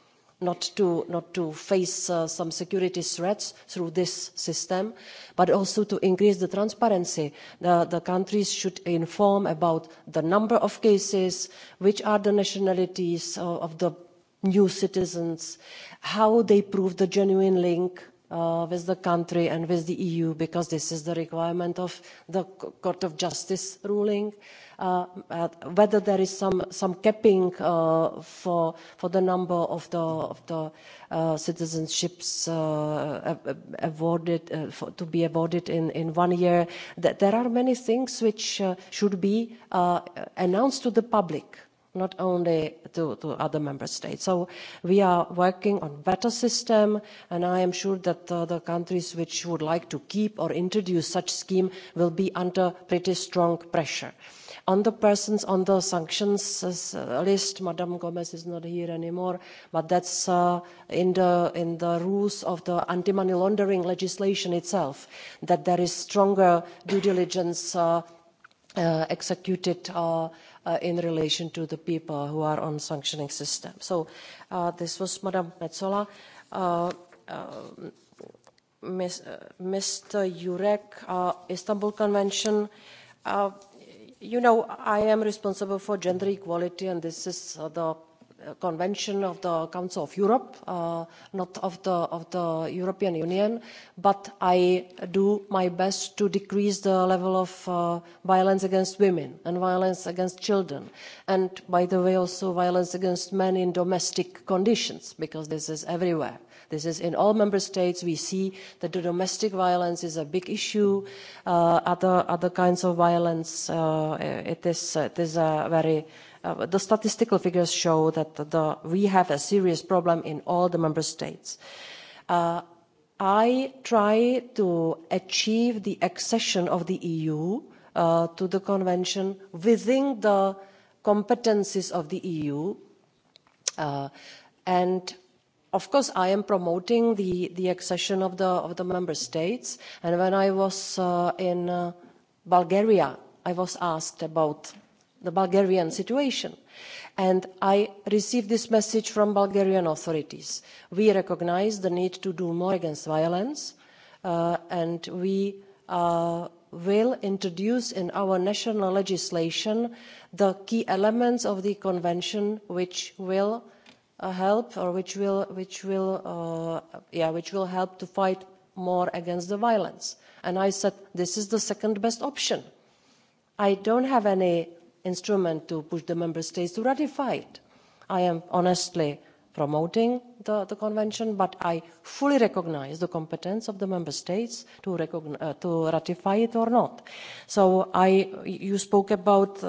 not to, not to face uh, some security threats through this system but also to increase the transparency. the countries should inform about the number of cases which are the nationalities of the new citizens how they prove the genuine link Uh, with the country and with the eu because this is the requirement of the court of justice ruling uh, whether there is some capping uh, for the number of the citizenships to be awarded in one year. there are many things which should be announced to the public not only to other member states. so we are working on a better system and i am sure that the countries which would like to keep or introduce such a scheme will be under pretty strong pressure. on the persons on the sanctions uh, list ms gomes is not here anymore but that's uh, in the rules of the anti money laundering legislation itself that there is stronger due diligence uh, executed Uh, in relation to the people who are on the sanctioning system. so uh, this was ms uh, mr um, uh, jurek istanbul convention you know i am responsible for gender equality and this is the convention of the council of europe uh, not of the, of the european union but i do my best to decrease the level of uh, violence against women and violence against children and by the way also violence against men in domestic conditions because this is everywhere. this is in all member states we see that domestic violence is a big issue uh, other, other kinds of violence uh, it is, it is a very Uh, the statistical figures show that we have a serious problem in all the member states. Uh, I try to achieve the accession of the EU uh, to the convention within the competences of the EU. and of course i am promoting the, accession of the, member states and when i was in bulgaria i was asked about the bulgarian situation and i received this message from the bulgarian authorities we recognise the need to do more against violence uh, and we uh, will introduce in our national legislation the key elements of the convention which will uh, help or which will help to fight more against the violence and i said this is the second best option. i don't have any instrument to push the member states to ratify it. i am honestly promoting the convention but i fully recognise the competence of the member states to uh, ratify it or not. you spoke about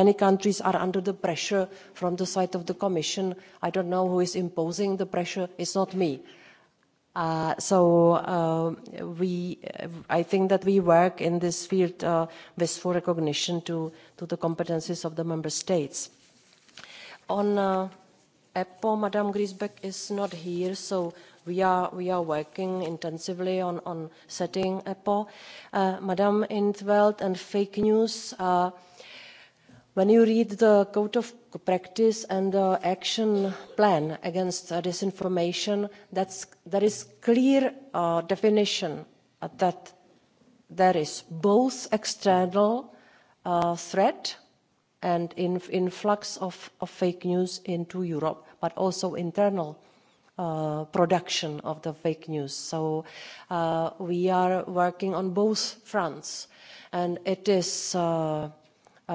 many countries are under the pressure from the side of the commission. i don't know who is imposing the pressure it's not Uh, so uh, we, I think that we work in this field uh, with full recognition to, the competences of the member states. On EPPO, Madame Griesbeck is not here, so we are, we are working intensively on, on setting EPPO. in 't veld and fake news, when you read the code of practice and the uh, action plan against uh, disinformation there is a clear uh, definition that there is both an external threat and an influx of fake news into europe but also internal production of the fake news. so we are working on both fronts and it is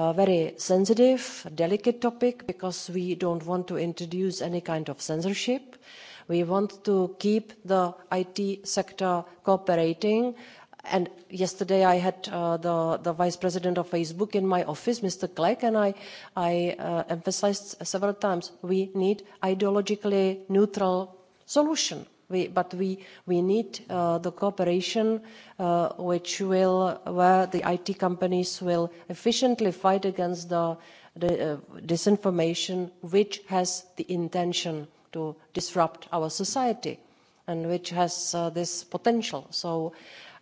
a uh, very sensitive delicate topic because we don't want to introduce any kind of censorship. we want to keep the it sector cooperating and yesterday i had uh, the, vice president of facebook in my office mr clegg and i, uh, emphasised several times we need an ideologically neutral solution but we, need uh, the cooperation uh, which will, where the IT companies will efficiently fight against the, uh, disinformation which has the intention to disrupt our society and which has this potential. So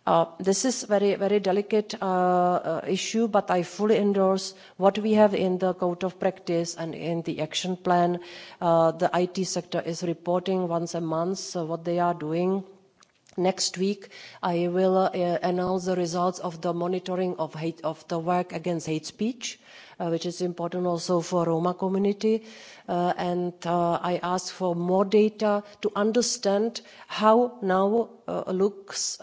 Uh, this is a very, very delicate uh, uh, issue but i fully endorse what we have in the code of practice and in the action plan. the it sector is reporting once a month what they are doing. next week i will announce the results of the monitoring of, of the work against hate speech Uh, which is important also for the roma community uh, and uh, i asked for more data to understand how now looks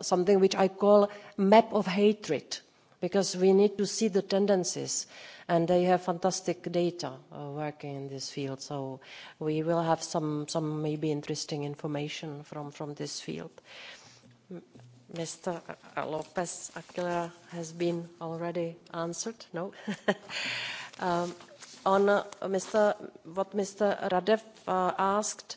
something which i call a map of hatred' because we need to see the tendencies and they have fantastic data working in this field so we will have some maybe interesting information from this field. Mr. Lopez Aguilar has been already answered. No. um, on uh, Mr. what Mr. Radev uh, asked,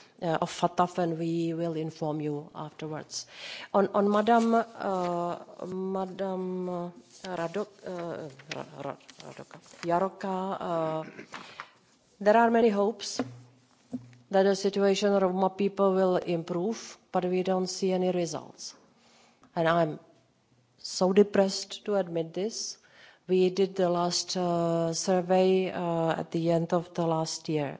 Eh, of fatf and we will inform you afterwards. on, on madam uh, eh, eh, Rado, uh, Jaroka, uh, there are many hopes that the situation of roma people will improve but we don't see any results and i'm so depressed to admit this. we did the last survey at the end of the last year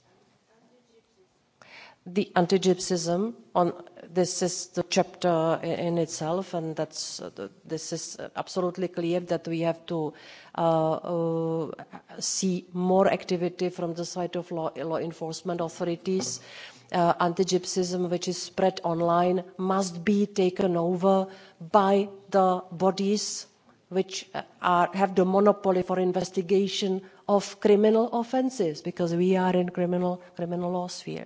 the anti gypsyism on this is the chapter in itself and that's uh, this is uh, absolutely clear that we have to uh, see more activity from the side of law, enforcement authorities. anti gypsyism which is spread online must be taken over by the bodies which are, have the monopoly for investigation of criminal offences because we are in criminal criminal law sphere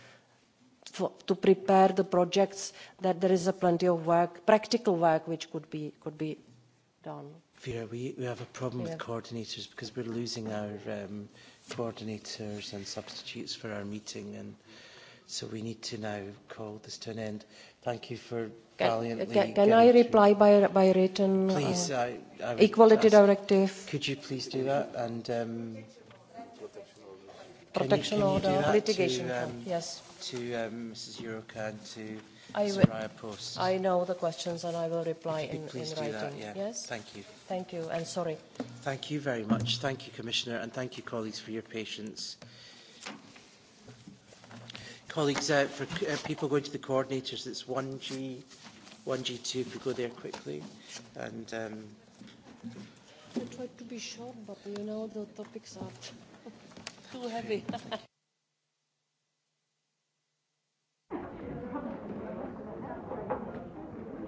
to prepare the projects that there is plenty of work practical work which could be could be done. Vera, we, we have a problem yeah. with coordinators because we're losing our um, coordinators and substitutes for our meeting, and so we need to now call this to an end. Thank you for can, valiantly. Can, can I reply by by written? Uh, please, uh, I, I Equality ask, Directive. Could you please do that and? Um, protection order, protection order litigation to, um, yes to um, Mrs. Yuruka and to I Soraya Post. I know the questions and I will reply in, in writing. That, yeah. Yes? Thank you. Thank you and sorry. Thank you very much. Thank you, Commissioner, and thank you, colleagues, for your patience. Colleagues, uh, for uh, people going to the coordinators, it's 1G, 1G2, if we go there quickly. And, um, I tried to be short, but you know the topics are too heavy.